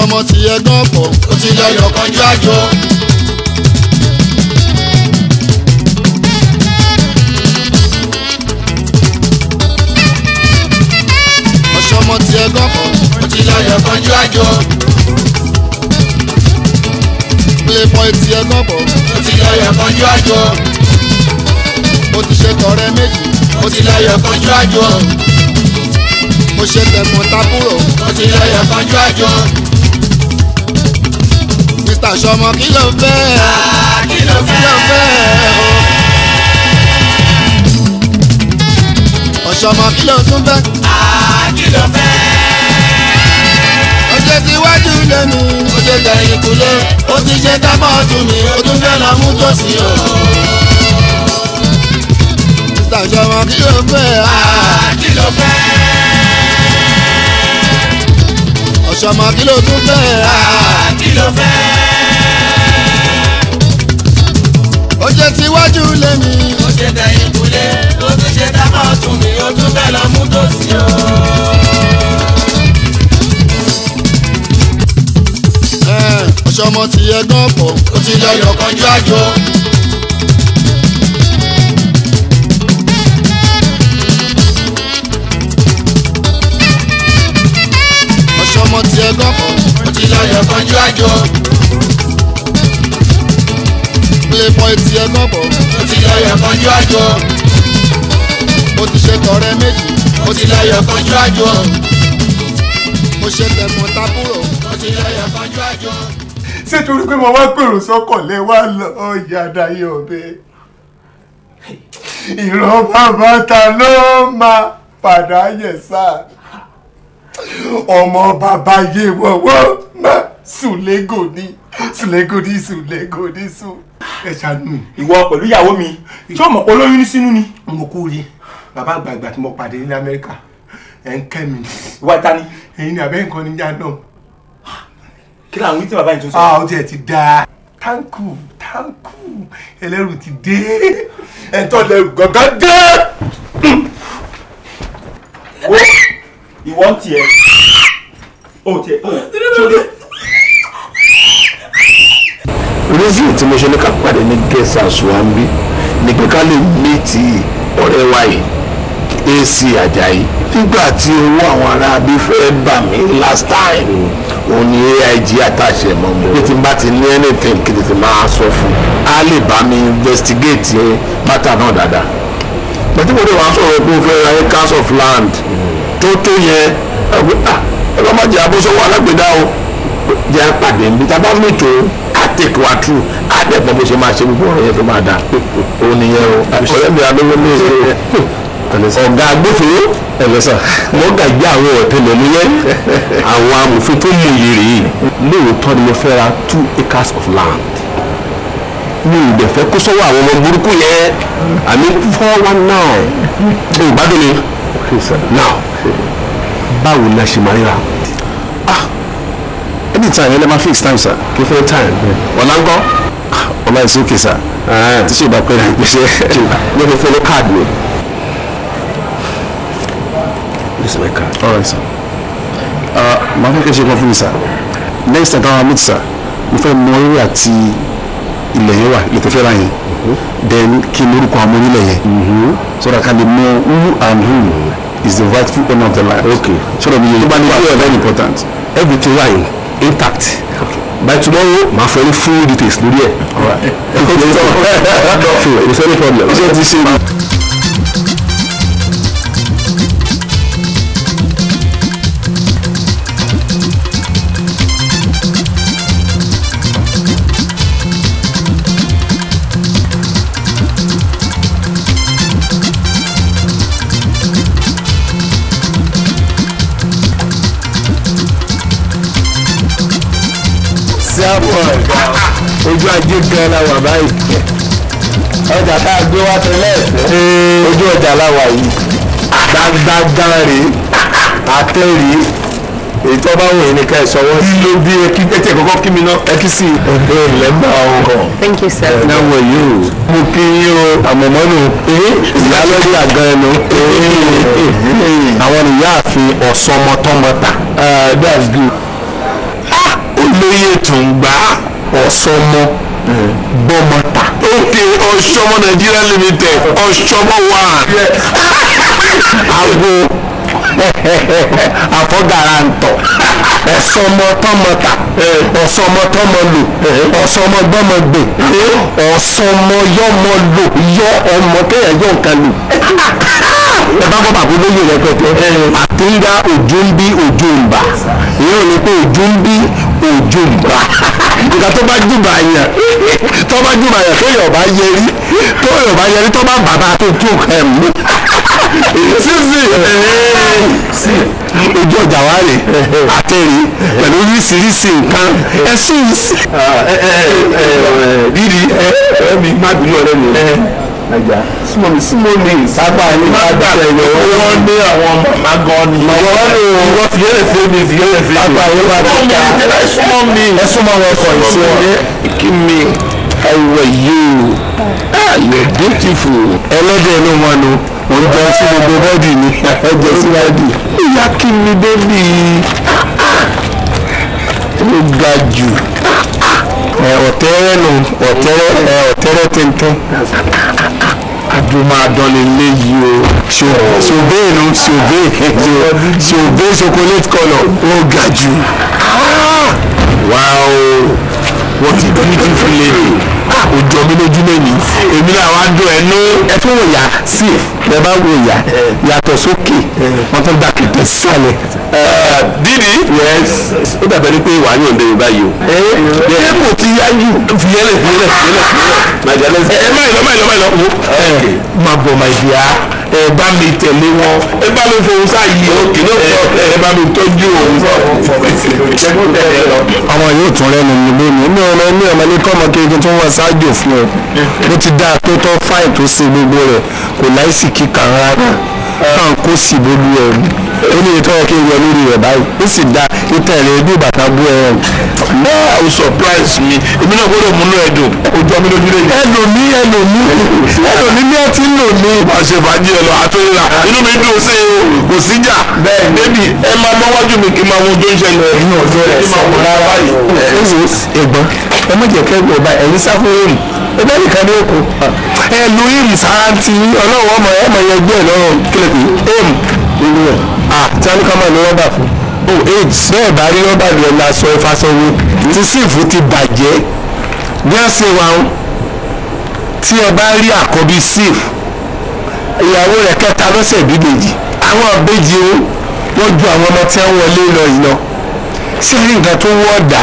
àtọmọ ti ẹgbọ́n pọ̀ ó ti lọ́yọ̀ kọjú àjọ. ọ̀ṣọ́mọ ti ẹgbọ́n pọ̀ ó ti lọ́yọ̀ kọjú àjọ. playboy ti ẹgbọ́n pọ̀ ó ti lọ́yọ̀ kọjú àjọ. mo ti ṣe tọrẹ méjì ó ti lọ́yọ̀ kọjú àjọ mo ṣe tẹ̀gbọ́n tábúrò. mo ti lọ yẹ kanjú àjọ àṣọmọ kí ló fẹ́ ah, kí ló fẹ́ ọ̀ṣọ́mọ kí ló tún fẹ́ ah, kí ló fẹ́. oṣù tíwájú lẹ́nu oṣù tẹ̀yìn kúlẹ̀ ó ti ṣe tábọ̀ ọ̀tún mi ó tún fẹ́ lọ mú tòsí o. àṣọmọ kí ló fẹ́ ah, kí ló fẹ́. ọ̀ṣọ́mọ kí ló tún fẹ́ kí ló fẹ́. ó jẹ́ tiwájú lé mi. ó ṣe tẹ̀yìn kúlé ó tún ṣe tá máa mi ó tún fẹ́ lọ mú tòsí o. ọ̀ṣọ́mọ ti yẹ gan pọ̀ ó ti lọ yọ̀ kọjú àjò. ọ̀ṣọ́mọ ti yẹ gan ó ti lọ yọ̀ kọjú lè mọ etí ẹ náà bọ̀. mo ti lọ yẹ kanjú àjọ. mo ti ṣe tọrẹ méjì. mo ti lọ yẹ kanjú àjọ. mo ṣe tẹ̀mọ̀ tábúrò. mo ti lọ yẹ kanjú àjọ. ṣé torí pé mo wá pèrò sọ́kọ̀ lẹ wá lọ ọ̀yà dayé ọ̀bẹ. ìran bàbá ta ló máa padà yẹ sáà ọmọ bàbá yé wọ́wọ́ má sùn lẹ́gòdì sùn lẹ́gòdì sùn lẹ́gòdì sùn ẹ ṣàánú. ìwọ pẹ̀lú ìyàwó mi ṣé o mọ̀ pé olóyún ní sínú ni. mo kú rí bàbá àgbààgbà tí mo pàdé ní amẹ́ríkà ẹ̀ ń kẹ́ mi. ìwà ta ni. ẹ̀yin ni àbẹ́ nǹkan níjà náà. kí ló àwọn tí bàbá yìí tún sọ. a ah, tiẹ̀ ti da tanku tanku ẹlẹ́rù ti dé ẹ̀ńtọ́ lẹ́rù gọ́gán dé. ìwọ ń tiẹ̀ o tiẹ̀ o ṣọdẹ reason tí mo ṣe ní ká pàdé ní guest house wa ń bí ni ọ̀rẹ́ wa ac ajayi nígbà tí owó àwọn ará abí fẹ́ bà mí last time òun ni aig àtàṣe mọ́ mi bí ti bá ti ní anything kí ti máa sọ fún a lè bá mi investigate matter náà dáadáa pẹ̀tí mo dé wàá sọ̀rọ̀ pé mo fẹ́ ra acres of land tó tó yẹn ẹ ah, bá má jẹ́ abóṣọ́wọ́ alágbèdá o jẹ́ pàdé níbi tá a bá mètò take wa through á dẹ̀ mọ bó ṣe máa ṣe gbogbo ọ̀rọ̀ yẹn tó máa dà òun nìyẹn o ọ̀rẹ́ mi alówó ní èdè ọ̀gá agbófinró ẹ̀lẹ́sà wọ́n gàgbé àwọn ọ̀tẹ̀ lẹ́nu yẹn àwọn amòfin tó mú iye rèé lóòótọ́ ni mo fẹ́ ra two acres of land mi ò dẹ̀ fẹ́ kó sọ́wọ́ àwọn ọmọ burúkú yẹn àmì four one nine o gbádùn mi now báwo ni a ṣe máa ríra ah any time ẹlẹ́mà fix time sir. kí fẹ́ time. ọ̀la ń kọ́. ọ̀la is okay sir. Ah. tí ṣe ìbá pẹ́ ní ìpèsè ní ìpèsè ní card mi. this is all right sir. Uh, màá fẹ́ kí ẹ ṣe kan fún mi sir. next time táwọn meet sir mo fẹ́ mọ eré àti ilẹ̀ yẹn wà ilẹ̀ tó fẹ́ ra yẹn mm-hmm. then kí n orúkọ àwọn onílẹ̀ yẹn mm-hmm. so that I can dey know who and who is the rightful owner of the land. okay sọ̀rọ̀ mi yẹn. tó bá ní bí ọ̀rẹ́ important. everything wà intact by tomorrow màá fẹ́ ní full details lórí ẹ̀ kò sí any problem. airport ojú ajé gan la wà báyìí ọjà tá a gbé wá tẹ́lẹ̀ ojú ọjà la wà yìí gbangbangan rèé àtẹ rèé èyí tó bá wọ̀nyí ni ká ẹ sọ sí. ló bí ẹtì kọ́kọ́ kí mi náà ẹkí sí i. ẹ ẹ lẹ́gbà ọkọ̀. thank you sir. ẹ wọ mo kí yín o àmọ̀mọ́ nù. Eh? ìyálóde àgàn ẹnu. Eh. Eh. àwọn ìyáàfin ọ̀sọ́mọtọ́mọta. Ah, that's good olóyè tùǹgbà ọ̀sọ́mọ hmm. bọ́mọta. ok ọ̀ṣọ́mọ Nigeria limited ọ̀ṣọ́mọ one. àgbo àfọ̀gàràǹtọ̀ ọ̀sọmọtọ́mọta hmm. ọ̀sọmọtọ́mọlò hmm. ọ̀sọmọgbọ́mọgbè ọ̀sọmọyọmọlò yọ ọmọ kéèyàn yọ nǹkan lò. ẹ bá bọ́ bàbá olóyè rẹpẹtẹ àtúndà òjò ń bí òjò ń ní pé òjò pé ojú ìgbà ìgbà tó bá jùbà yẹn tó bá jùbà yẹn tó yọ̀ bá yẹrí tó yọ̀ bá yẹrí tó bá bàbá tó tún ẹ̀ mú sísì ojú ọjà wa rè àtẹ̀rí pẹ̀lú oríṣiríṣi nǹkan ẹ̀sùn. rírì ẹ ẹ mi má bínú ọ̀rẹ́ mi ajá símọ́lì sábà ní adúlẹ̀ yọ wọ́n ní àwọn màmá gan ni. màmá gan ni o wọ́n ti yẹ́rẹ̀ fún mi ti yẹ́rẹ̀ fún mi. bàbá yóò bá ti ta ẹ̀sùnmọ́ mi ẹ̀sùnmọ́ wọn kọ̀ ìṣe wọn. kí mi ẹ̀wẹ̀ yìí o you're beautiful. ẹlẹ́dẹ̀ ló mọ̀ nù òun jẹ́ sí gbogbo bọ́ọ̀dì ni ẹ̀jẹ̀ síwájú. ìyá kí mi bébì ó ga jù ọ̀tẹ́rẹ́ nù ọ̀tẹ́rẹ́ ọ̀tẹ́rẹ́ tẹ̀ntẹ̀n dùn máa dánlé léyìí o ṣòbé inú ṣòbé ṣòbé chocolate colour ó ga jù. Ah! wow what a beautiful lady ojú ọmọ lójú lẹ́yìn èmi náà wá dùn ẹ̀ ní ẹ tó wọ̀ yá sí i ẹ bá wo ìyá eh. yàtọ̀ sókè eh. wọ́n tó dàkì tẹ̀ sálẹ̀. Eh, dídì ó dàbẹ̀ ni pé wàá yóò lè báyìí o. ẹ kò ti yá yù. fìyẹ́lẹ̀ fìyẹ́lẹ̀ fìyẹ́lẹ̀. ẹ má ìlọ má ìlọ má ìlọ. má bọ̀ má ìdí ẹ bá mi tẹ̀lé wọn ẹ bá mi fowó sáyé òkè ló sọ ẹ mi tọ́jú òun. ọmọ yóò tún rẹnu mi lónìí mi ò lọ ní ọmọ ní tó ń wá ṣáájú fún ọ ti dáa tó tọ́ fáìn tó ṣe gbogbo rẹ̀ kò láìsí kíkà náà kó sì bójú ẹ ó ní ìtọ́ kí n yọ lórí rẹ̀ báyìí ó sì da ìtẹ̀ rẹ̀ bàtà bú ẹ. náà o surprise mi èmi náà gbọ́dọ̀ múnú ẹ ojú ọmọ lójú lè ẹlòmí ẹlòmí ẹlòmí ni ẹ ti ń lò ní. má ṣe fàájì ẹ lọ àtúnyìnlá inú mi dùn sí kò sí jà. bẹ́ẹ̀ débi ẹ máa mọ́wájú mi kí n máa wo ojú ìṣẹ́ lọ. ẹ̀yin ọ̀dọ́ rẹ̀ sọ rárá ẹ̀yin ẹ̀gbọ́n ẹ má jẹ́ kẹ́gbẹ́ ẹ bẹ́ẹ̀ nìkan ọlọ́wọ́ ọmọ ẹ̀ mọ̀ yẹn gbé ẹ̀ lọ́rùn kílẹ̀ pé m nínú ẹ̀ àtàní kan máa ní rọ́bà fún o aids bẹ́ẹ̀ bá rí rọ́bà rẹ̀ la sọ ìfàsọ̀wé tí sífù ti bàjẹ́ bí wọ́n ṣe wà ń tí ẹ bá rí àkọ́bí sífù ìyàwó rẹ̀ kẹta lọ́sẹ̀ bí bèjì àwọn àbèjì o wọ́n ju àwọn ọmọ tí wọ́n wọlé lọ yìí lọ ṣé rí nǹkan tó wọ́ ọ̀dà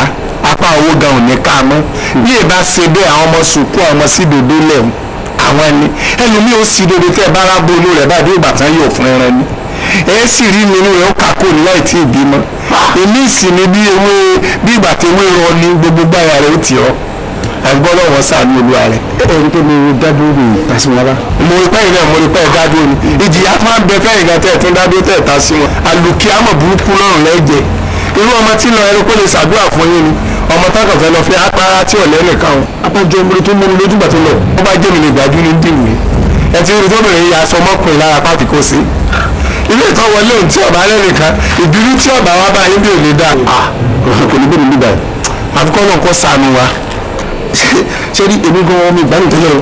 apá owó gan ò ní ká mọ́ bí èèbá ṣe bẹ́ẹ̀ àwọn ọmọ sùkú àwọn ọmọ sídòdó lẹ́hùn àwọn ni ẹlòmíì ó sì dodo tẹ bá rábò olú rẹ báyìí ó bàtà yóò fún ẹran ni ẹ sì rí nínú rẹ ó kàkó ní láì tí ì bímọ èmi sì ni bí ewé bí ìgbà tí ewé rọ ni gbogbo gbára rẹ ó ti rọ àgbọ́dọ̀ wọn sàánú olúwa rẹ. ẹni tó mo dádúró mi Tasimola. mo rí pẹ́yìn náà mo rí pẹ́yìn dádúró ni ìjìyà tó máa ń bẹ fẹ́yìn náà tẹ̀ tún dádúró tẹ̀ Tasimola. àlùkí àmọ̀ burúkú lọ́rùn lẹ́jẹ̀ẹ́ irú ọmọ tí lọ ẹni kó lè ṣàdúrà fún yín ni ọmọ tá kàn fẹ́ lọ fi apara tí ọ̀lẹ́ nìkan o apájọ omi tó múni lójú gbà tó lọ ó bá jẹ́ mi lè gbàdú ní dìbò yìí ẹ ti rí tóbi rẹ̀ yà aṣọ ọmọkùnrin lára pàtì kó sí ilé ìtọ́ wọlé òun tí ọba alẹ́ nìkan ìbínú tí ọba wa bá yín bí ò lè dà kò ní bẹ́ẹ̀ nígbà yìí àfikún náà kọ́ sànù wa ṣé rí èmi gan ọmọ ìgbàlódé o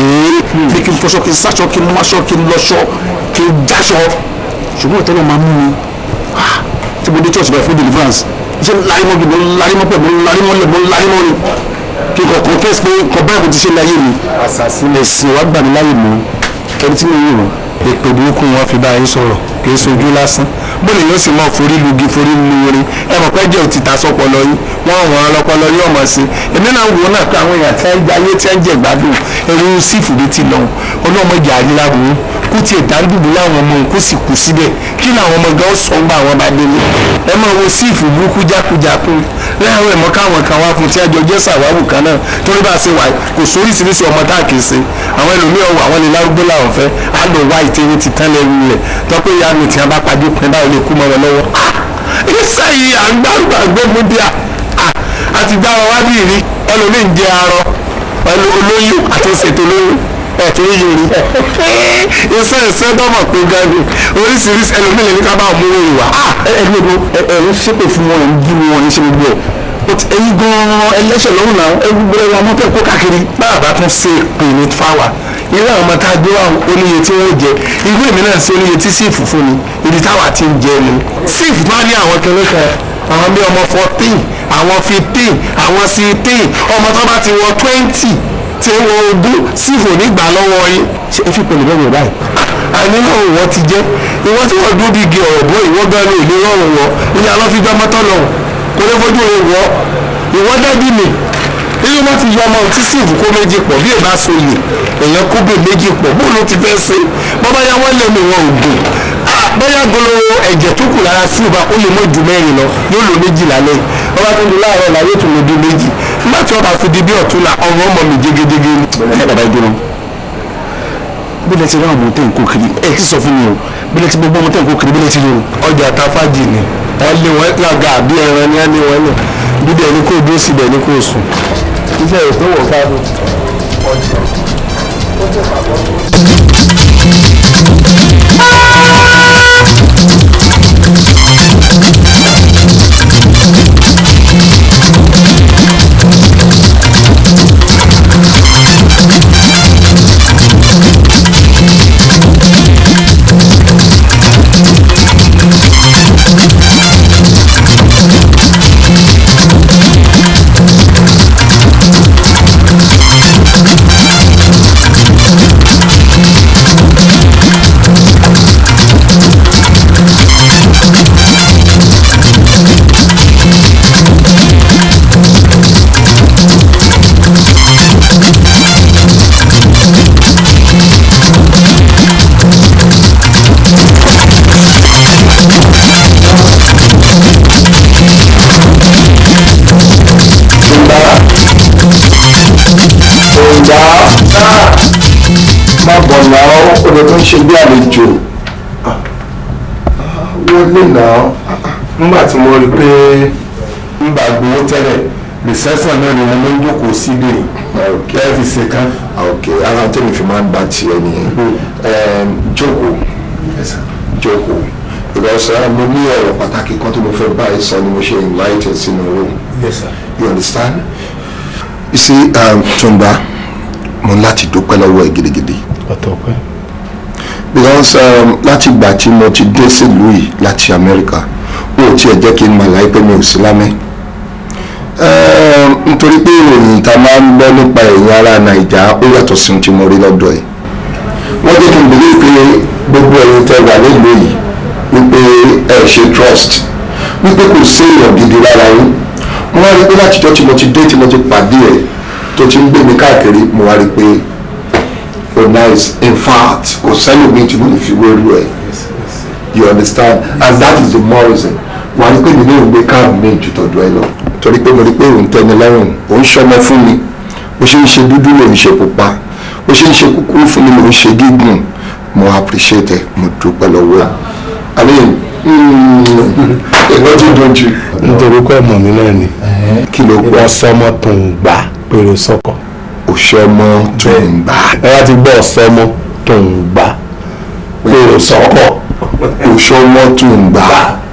èé kí n fọṣọ kí n sáṣọ kí n máṣọ kí n lọṣọ kí n jáṣọ ṣùgbọ́n ìtọ́nà máa mú mi tí mo dé church bẹ́ẹ̀ fún deliverance ṣé lárímọ́ gbogbo lárímọ́ pẹ̀ mo lárímọ́ lẹ̀ mo lárímọ́ ni kí n kò confess pé nǹkan báyìí kò ti ṣe láyé mi. àṣàṣì ẹ̀sìn wa gbà mí láyè mọ́ ẹni tí mo yìí rò èpè burúkú wọn fi bá yín sọ̀rọ̀ kì í sojú lásán bóyá yóò sì mọ forí lugi forí lu ẹ mọ̀ pé jẹ́ òtítà sọpọlọ yìí wọ́n wọ́n ọlọpọlọ yìí ọmọ sí èmi náà wò náà pé àwọn èèyàn tí wọ́n ayé tí wọ́n jẹ gbádùn ẹ̀rú sífù bí ti lọ ọlọ́mọdé àríláwò kó tiẹ̀ dáńdùbù láwọn ọmọ kó sì kú síbẹ̀ kí làwọn ọmọ gan sọ ń bá àwọn bá délé ẹ máa wo sífù burúkú jákujákun láàárọ̀ ẹ̀mọ́ káwọn kan wá fún tí ẹjọ́ jẹ́ sàwáwù kan náà torí bá a ṣe wà kò sóríṣiríṣi ọmọ tá a kì í ṣe àwọn ẹlòmíràn wà wọ́n lè lárúgbó làwọn fẹ́ á wá ìtẹ́wé ti tán lẹ́rú rẹ̀ tọ́pẹ́ ìyá mi tí wọ́n bá pàdé pin báyìí lè kú mọ́ wọn lọ́wọ́ ìṣe yìí à ń gbàgbà gbẹ́mú díà àti gbá wọn wá bí ìrí ọlọ́mí ń jẹ arọ olóyún àti ṣètò olóyún ẹ̀tọ́ yìí iṣẹ́ ìṣẹ́ dọ́mọ̀ pé gani oríṣiríṣi ẹlòmí lè ní ká bá mú òye wá. ẹgbẹ́ ẹ̀rọ ṣépè fún wọn ń bí wọn ń ṣe gbogbo ẹ̀ ẹ̀yin gan-an ẹlẹ́ṣẹ̀ lọ́wọ́ náà ẹgbẹ́ wọn mọ́tò kó káàkiri. bá a bá tún ṣe ìpinnu fáwa irú àwọn ọmọ tá a gbé wá oníye tí wọ́n jẹ irú èmi náà sí oníye tí sífù fún mi ibi táwa ti ń jẹ ni sífù máa ní àwọn kẹlẹ́ kan àwọn bí ọmọ fourteen àwọn fifteen àwọn sixteen ọmọ tó bá ti wọ twenty tí wọ ogún sífù nígbà lọ́wọ́ yín ṣé ẹ fi pẹ̀lú bẹ́ẹ̀ wọ̀ báyìí àní náà wọ́n ti jẹ́ ìwọ́n tí wọ́n dúró bí igi ọ̀rọ̀ bó ìwọ́n gan ló ìlú rọrùn wọ̀ ìyá lọ́ fi gbá mọ́tọ́ lọ́wọ́ kò lè fojú rẹ̀ wọ́ ìwọ́n dẹ́bí mi nínú wọn ti yọ ọmọ tí síìfù kó méjì pọ̀ bí èèbá so yè èèyàn kú bè méjì pọ̀ bó ló ti fẹ́ ṣe bọ́bá yá wọ́n lè mú wọn ògùn bóyá gbolo ẹ̀jẹ̀ tó kù lára sí ìbá ó lè mọ ju mẹ́rin lọ yóò lo méjì lálẹ́ ọba tó ń lo láàárọ̀ làwọn ètò ló di méjì nígbà tí ọba fi di bí ọ̀tún la ọmọ ọmọ mi jégéjégé ní. ẹ bàbá ìdúró bílẹ̀ ti rí àwọn ọmọ tẹ̀ ń kó kiri ẹ ti sọ fún mi o bílẹ̀ ti gbogbo ọmọ tẹ̀ ń kó kiri bílẹ̀ ti rí o. ọjà tafájì ni wọ́n lé wọn gàgà bí ẹran ní á ní wọn náà ni kò dúró síbẹ̀ ni kò sùn iṣẹ́ rẹ̀ tó wọ̀ sáré. já má bọ̀ náà ó lè tún ṣe bí àlejò ah. ah, wọlé náà nígbà tí mo rí pé ń bá gbowó tẹ́lẹ̀ rìsẹ́sàn náà ni wọ́n ń jókòó sílé kẹ́ẹ̀fì ṣèkan. ok ara tẹ́lẹ̀ fi máa ń bá tiẹ̀ nìyẹn hmm. jókòó jókòó because eh, mo ní ọ̀rọ̀ pàtàkì kan tó mo fẹ́ bá ẹ sọ ni mo ṣe invite ẹ sínú room you understand you see um, mo ní láti dúpẹ́ lọ́wọ́ ẹ gidigidi. ọ̀tọ̀pẹ́. because um, láti ìgbà tí mo ti dé sílùú yìí láti Amẹ́ríkà ó tiẹ̀ jẹ́ kí n mà láì pé mi ò sí lámẹ́. Um, nítorí pé ìròyìn ta máa ń gbọ́ nípa ẹ̀yìn ara Nàìjà ó yàtọ̀ sí ohun tí mo rí lọ́dọ̀ ẹ̀. wọ́n jẹ́ kí n bèlè pé gbogbo ẹ̀yin tẹ́ wà nílùú yìí wípé ẹ ṣe trust wípé kò sí èèyàn gidi lára yín. wọ́n rí pé látijọ́ tí mo ti dé tí mo ti pàdé ẹ̀ tó ti ń gbé mi káàkiri mo wá rí i pé o nice in fact kò sẹ́lòmíì tí mo lè fi wé rú ẹ̀ you understand and that is the more reason wà á rí pé mi ní òun gbé káàmù mi jù tọ̀dọ̀ ẹ lọ torí pé mo rí pé òun tẹ́ni lẹ́rùn òun ṣọmọ fún mi bó ṣe ń ṣe dúdú lòun ṣe pupa bó ṣe ń ṣe kúkúrú fún mi lòun ṣe gígùn mo appreciate ẹ mo dúpẹ́ lọ́wọ́ ẹ i mean ìwọ́n ti dùn jù. nítorí pé ọmọ mi náà ni kí ló kọ́ sọmọ tó ń gbà pèrè sọkọ. òṣèmọ tó ń gbà. ẹ láti gbọ́ ọ̀sẹ́mọ tó ń gbà pèrè sọkọ òṣèmọ tó ń gbà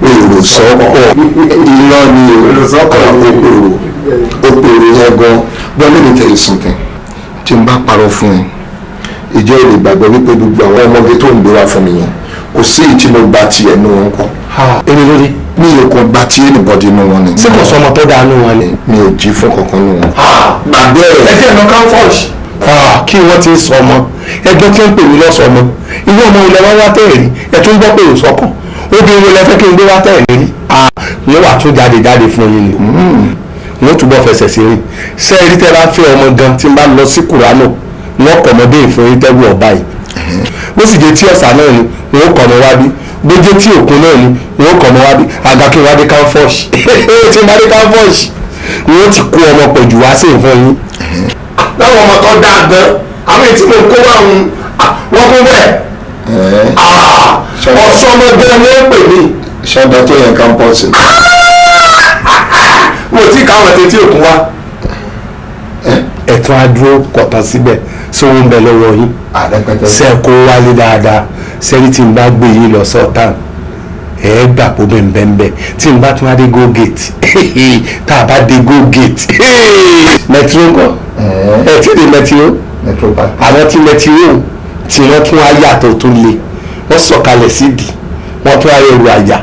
pèrè sọkọ iná ni òpèrò òpèrò yẹn gan bọ́lá mi tẹ̀lé sùnkẹ́ tí n bá parọ́ fún ẹ ìjọ ìlè gbàgbọ́ wípé gbogbo àwọn ọmọge tó ń gbéra fún mi yẹn kò sí ìtìmọ̀ gba tiẹ̀ ní wọn kọ́. ẹni lórí mi ò kàn gba tí anybody nu wọn ni. ṣé kò sọmọ tó dáa nu wọn ni. mi ò jí fún kankan nu wọn. gbàgbé ẹ ẹ jẹ́ ẹ̀nà káfọ́ọ̀ṣì. kí wọ́n ti sọ ọmọ ẹgbẹ́ tí ń pè mí lọ́sọ̀ọ́mọ ilé ọmọ ilẹ̀ wọn wá tẹ̀rí ẹ tún gbọ́ pé ò sọkàn obìnrin wo lẹ fẹ́ kí n gbé wá tẹ̀rí rí. wọ́n wà tún jáde jáde fún yín ni hmm. wọ́n túbọ̀ fẹsẹ̀ sí rìn sẹ́ẹ̀rí tẹ́ bá fẹ́ ọmọ gan tí n bá lọ sí kùránù wọ́n kọ̀ ọmọdé ọ̀bá yìí bó sì jẹ́ tí ọ̀sà náà ni wọ́n kọ̀ mọ́ wábí bó jẹ́ tí òkun náà ni wọ́n kọ̀ mọ́ wábí àgàkí wádé káfọ́ọ̀ṣì tí wádé káfọ́ọ̀ṣì wọ́n ti kó ọmọ pọ̀ jù wá sí ìfọ́n yín. láwọn ọmọ tó dáa gan àwọn ètí mo kó àwọn wọn kó bẹ́ẹ̀ ọ̀sọ́mọdé ló ń pè mí. ṣọ́dọ̀ tó yẹ kámpọ́ọ̀sì. mo ti káwọn tètè òkun wá. ẹ̀tún adúró kọ̀tàn síbẹ̀ sọ wọn bẹ lọ́wọ́ yín ṣe kó wálé dáadáa sẹ́ni tí n bá gbé yín lọ sọ́tàn ẹ gbà pọ̀ bẹ́ẹ̀nbẹ́ẹ̀nbẹ́ tí n bá tún adé go gate tá a bá dé go gate mẹtiro kọ ẹ tí ì mẹtiro àwọn tí mẹtiro tí wọ́n tún ayàtọ̀ tó le wọ́n sọ̀kalẹ̀ sídìí wọ́n tún ayẹ̀rù àyà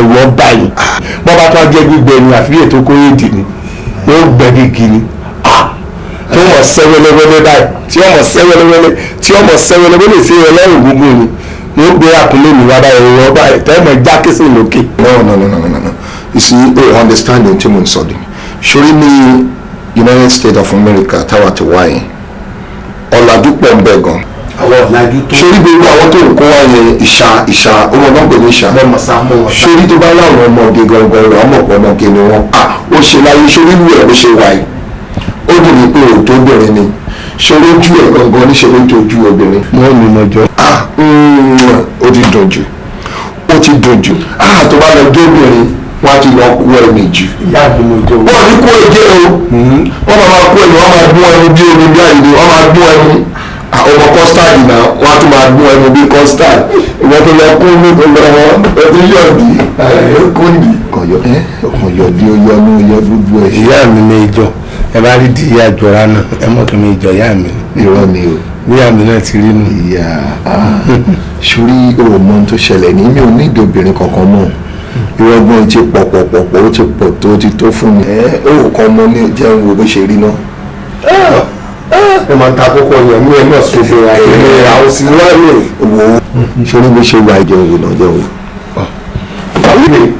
ẹ̀wọ̀n báyìí wọ́n bá tún ajẹ́ gbígbẹ ni àfi ètò kóyè dì ní wọ́n gbẹ gígì ni tí ó mọ̀ sẹ́ báyìí tí ó mọ̀ sẹ́ tí ó mọ̀ sẹ́ sí ẹlẹ́rìn gbogbo ni ni gbé àkúnlé mi wá báyìí ọ̀rọ̀ báyìí tẹ́mọ̀ já késì lókè. no no no no no no you see o oh, understand ohun tí mo ń sori ní United States of America táwa ti wá yẹn ọ̀làjú pọ̀ ń bẹ gan. àwọn ọ̀làjú tó. sori gbogbo àwọn tó ń kó wá ìṣà ìṣà ọmọ náà pè ní ìṣà. sori tó bá láwọn ọmọdé gangan ọmọ ọmọge ni wọn. ó ṣe láyé sori wúwo ẹ̀ bó ṣe wáyé ó dùn mí pé òjò obìnrin ni ṣeré ojú ẹ̀ gangan níṣẹ́ lójú ojú obìnrin. wọ́n mi mọ̀ jọ. Mm, ó ti dùn jù ó ti dùn jù tó bá lọ jóbìnrin wọ́n á ti lọ kú ẹ̀mí jù. ìyá mi mo jọ. wọ́n ní kó èdè o mm-hmm. wọ́n máa kó ẹ̀mí wọ́n máa gún ẹni bí omi bí àyè wọ́n máa gún ẹni ọmọ custard náà wọ́n á tún máa gún ẹni bí custard ìwọ́n tó lọ kún ní kó lọ wọ́n ẹ ti yọ̀dí ẹ kúndì. kọ̀yọ̀ ẹ kọ̀yọ̀ di oyọ́nú oyọ́ gbogbo ẹ̀. ìyá mi ni ìjọ ẹ bá rí di ìyá àjọra náà ẹ mọ̀ kí mi ìjọ ìyá mi. irọ́ ni o. ìyá mi náà ti rí nù. ìyá sórí òòmọ tó ṣẹlẹ̀ ní mi ò ní ìdí obìnrin kankan mọ́ ìrọ́gbọ́n ti pọ̀ pọ̀ pọ̀ pọ̀ ó ti pọ̀ tó ti tó fún mi. ẹ ó kàn mọ ní jẹun wo bó ṣe rí náà. ẹ máa ta kókó yẹn mí ẹ náà ṣoṣo àìní àwọn sì lọ́ọ̀lù. wo sórí ṣe wà jẹun wò náà jẹun wò. Ah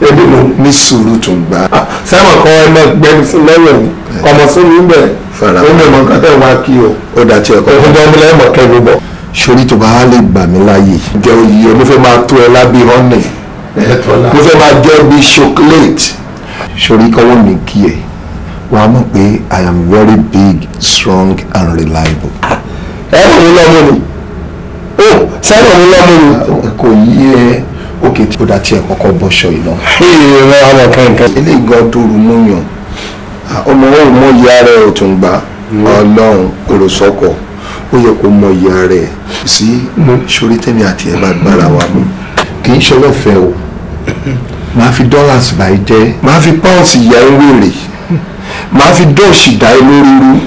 ebi mu. ní sùúrù tó ń gbà. Ah, sẹ́wọ̀n kan ẹ lẹ́gbẹ̀rún sí lẹ́wọ̀n ọmọ sínú ibẹ̀ ó mẹ́mọ́ kátà ìwà kí o. ó dà tí ẹ kọ́. ẹ̀fọn jẹ́ ọmọlẹ́yìn mọ̀ kẹ́mi bọ̀. sori tó bá lè gbà mí láàyè. jẹ́ oyè mo máa tó ẹ lábí honey. mo máa jẹ́ bí chocolate. sori kọ́wọ́ mi kí ẹ wàá mọ̀ pé I am very big strong and reliable. ẹ ah, ẹ̀ mi lọ́mọ ni. ó oh, sẹ́wọ̀n mi lọ́mọ ni. kò yí ẹ òkè tí kò dá tiẹ̀ kọ́kọ́ bọ́ṣọ iná. ìrẹ́ àwọn kankan. eléyìí gan dòrò mú yàn ọmọ wọn ò mọ ìyá rẹ ò tún gbà mm. Ọlọ́run kòrò sọkọ ó yẹ kó mọ ìyá rẹ sí mm. sórí tèmi àti ẹ bá gbára wa mú kì í ṣe lọ́fẹ̀ẹ́ o máa fi dọ́làsì báyìí jẹ́ máa fi pọ́ùnsì ìyá ewé rè máa fi dọ́ọ̀ṣì dá ẹ lórí irú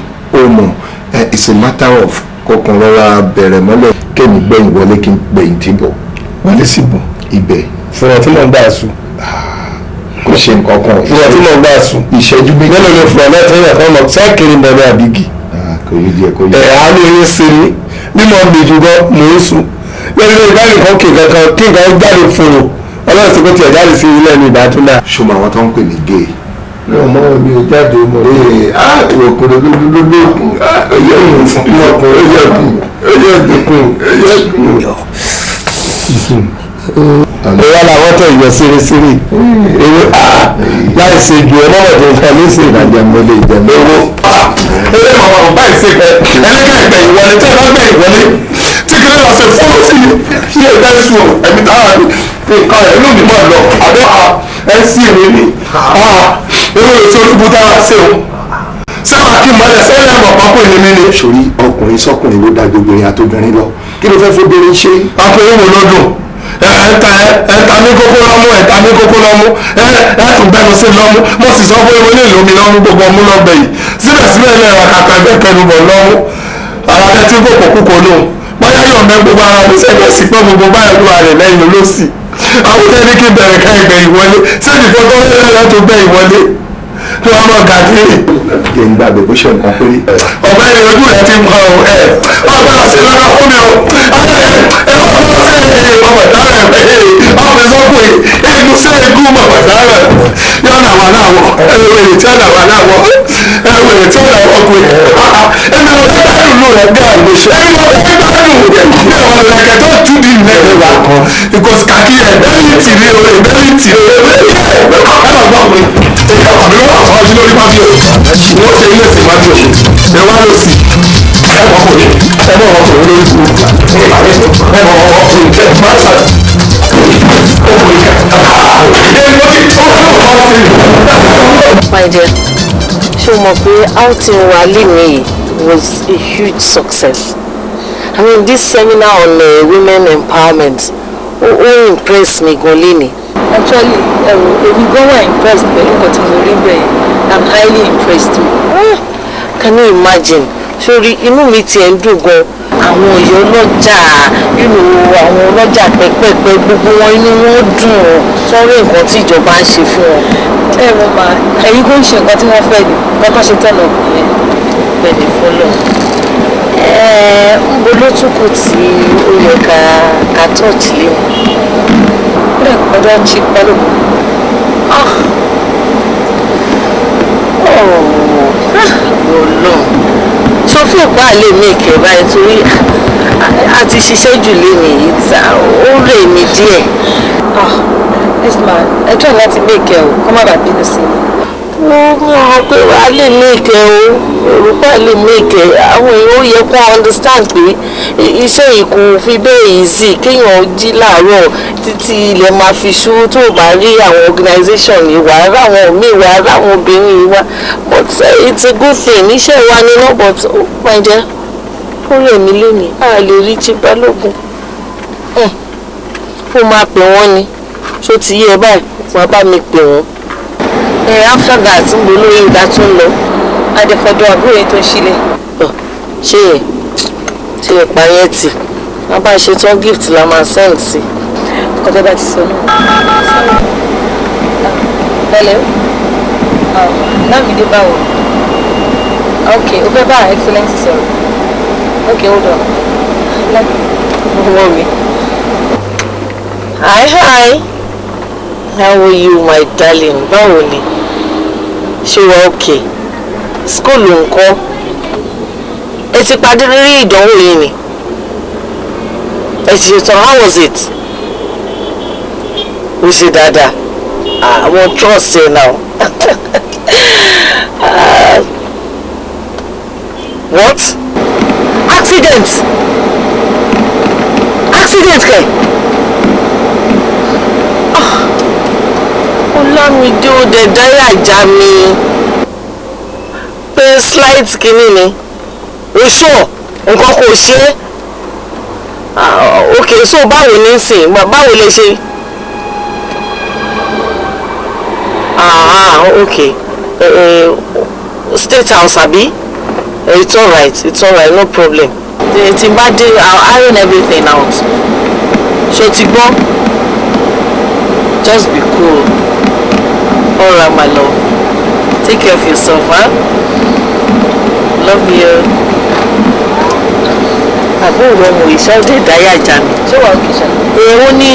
o mọ̀ eh, it's a matter of kọkànlọ́ra bẹ̀rẹ̀ mọ́lẹ̀ kẹ́mi gbẹ̀yìn wọlé kí n gbẹ̀yìn tí bọ̀ wọlé sí bọ̀ ibẹ̀. fúnra tí mò ń gbà sùn. Ah, kò ṣe nǹkan kan. fúnra tí mò ń gbà sùn. ìṣẹ́jú méjì. mélòó ni fúra náà tẹ́yìn kan lọ sẹ́ẹ̀kiri bẹ̀rẹ̀ àbígì. Ah, kò yí díẹ̀ kò yí. ẹ̀ àánú yín sinmi bí mo gbèjú gan mò ń sùn. lórí ìgbà nìkan kì kankan kí nǹkan ó jáde fún un ọlọ́run sì kó tiẹ̀ jáde sí ilé mi ìdádúrà. ṣùgbọ́n àwọn tó ń pè ní gay náà mọ mi ò jáde mọ ẹ á ọkùnrin lólólólógún ẹyẹ ah, òun fún ọkùnrin ẹyẹ ògùn ẹyẹ ògùn ẹyẹ ògùn ìyá làwọn tẹ̀ yọ sírísírí ewu láì ṣe ju ọlọ́wọ́ tó fẹ́ ló sì ìrajà mọ́lẹ̀ ìjẹ̀mọ́. ewu eré màmá ò báyìí ṣe bẹ ẹlẹ́gà ìgbẹ̀yìn wọlé tẹ́ ẹ bá gbẹ̀yìn wọlé tí kìnìún lọ ṣe fọ́ọ̀rọ̀ sí i ṣé ẹ sùn ẹ̀mí táwọn nǹkan ẹ̀ inú mi mọ̀ lọ àbẹ́ ẹ sì rí ni ewu èso olúbu táwa ṣe o sábà kí mọ́lẹ̀ sẹ́lẹ̀ mọ̀ pápó ìnimi ni. sori ọkùnrin sọkùnrin ló da gbogbo ìyá tó gbẹrin lọ kí ló fẹ́ fún bẹ́ẹ̀ ṣe. pápó ìwò lọ́dún ẹ̀ẹ́ta ẹ̀ẹ́ta mi kókó lọ́mú ẹ̀ẹ́ta mi kókó lọ́mú ẹ̀ẹ́tùn bẹ́nu sí lọ́mú mo sì sọ pé mo lè lómi lọ́mú gbogbo ọmú lọ́bẹ̀ yìí síbẹ̀síbẹ̀ lẹ́ẹ̀rọ kàkà ẹ̀bẹ̀ kẹnu bọ̀ lọ́mú àwọn ẹtí kò kò kúkò lóhùn báyà yọ̀ mẹ́ gbogbo ara mi sẹ́yìn sí pé gbogbo báyà lu àrẹ̀ lẹ́yìn olóòsì àwọn ẹni kí bẹ̀rẹ̀ ká ìgbẹ̀ ìwọlé sẹ́yìn kọ́kọ́ lẹ́yìn tí wọ́n mọ̀ gàdí. jẹ́ ń gbàgbé bó ṣe nǹkan péré. ọ̀pẹ́ ni ojú rẹ̀ ti mọ ọ ẹ ọ̀pẹ́ lọ sí lọ́dọ̀ fún mi o ẹ ẹ wọ́n mọ̀ sí ẹ ọ̀pẹ̀ dára ẹ ọ̀pẹ̀ sọ́kùn ẹ ẹ gùn sí ẹ gùn mọ̀ pẹ̀ dára yọ̀nà wà láwọ̀ ẹ̀wẹ̀rẹ̀ tí ọ̀nà wà láwọ̀ ẹ̀wẹ̀rẹ̀ tí ọ̀nà ọkùnrin ẹ̀mí ọ̀rẹ́ bẹ́ẹ̀rù rẹ̀ bí àgbèṣe ẹ̀mí ọ̀rẹ́ bẹ́ẹ̀rù rẹ̀ bí ọ̀rẹ́kẹ̀ tó tú di ilẹ̀ wa kan because kàkí ẹ̀ bẹ́ẹ̀rì tì rí o ẹ̀ bẹ́ẹ̀rì tì rí o ẹ̀ bẹ́ẹ̀rì tì rí o ẹ̀ My dear, show o mọ̀ pé outing wa lénìí was a huge success. I mean this seminar on uh, women empowerment ó ó impress mi gan Actually, um, èmi gan wà impressed pẹ̀lú nǹkan tí mo I'm highly impressed. Ah, can you imagine? Sori you know, tiẹ̀ ń dùn gan-an àwọn òye ọlọ́jà irú àwọn ọlọ́jà pẹ́pẹ́pẹ́ gbogbo wọn inú wọn dùn sọ́rọ́ nǹkan tí ìjọba ń ṣe fún wọn. ẹ mo máa ẹ̀yin kò ń ṣe nǹkan tí wọ́n fẹ́ ni nǹkan tó ṣe tọ̀nà nìyẹn bẹ́ẹ̀ ni fọlọ́ ńbo ló tún tí ó yẹ ká ká tọ́ọ̀tì lé wọn. bẹ́ẹ̀ kọjá chi pálọ̀mù. ọ̀rọ̀ ọ̀rọ̀ náà so fún òpá lè make ẹ̀ báyìí torí a ti ṣiṣẹ́ jù lẹ́nu yìí ta ó rè mí díẹ̀. ah this man ẹ jọ̀ọ́ láti make ẹ o kó má bàa bínú sí i mo mọ̀ pé wà á lè mèkè o olùkọ́ lè mèkè àwọn èèyàn ó yẹ kó understand pé iṣẹ́ ìkù fi bẹ́ẹ̀ easy kéèyàn jí láàárọ̀ títí ilẹ̀ máa fi ṣú tó bá rí àwọn organisation yìí wà á ráwọn míì wà á ráwọn obìnrin yìí wá but it's a good thing iṣẹ́ wa ni náà but ó máa jẹ́ ó rẹ̀ mí lónìí a lè rí jí balógun ó máa pè wọ́n ni ṣó ti yé ẹ báyìí wọ́n bá mi pè wọ́n ẹ eh, after that ń bo lórí ìgbà tó ń lọ adẹfọdọ àbúrò yẹn tó ń ṣílẹ. ṣé ẹ ṣe lè parí ẹ tì wọn bá ṣe tán gift la máa send sí. kọjá bá ti sọ náà. hello lámìdé oh, báwo ok o fẹ́ bá excellence sọ̀rọ̀ ok hold on. Mommy. Hi, hi how are you my darling báwo ni ṣé wà òkè skóòlù ńkọ́ ẹ ti padì rírí ìdánwò yìí ni ẹ ti ṣe tán how was it ó ṣe dáadáa àwọn ah, trust ẹ náà ah. what accident accident kẹ. Okay? Olamide ó dẹ̀ dáyà já mi pé slight kìíní ni o ṣọ́ nǹkan kò ṣe é ah, ok so báwo ni ń sìn báwo lè ṣe ah, ah ok uh, state house àbí uh, it's alright it's alright no problem tí n bá dé I'll iron everything out So, ti gbọ́ just be cool. All right, my love. Take care of yourself, huh? Love you. Àbúrò wọn wò ìṣẹ́jú ìdáyà ìjà mi. Ṣé wàá kìí ṣe? Èèwọ̀ ni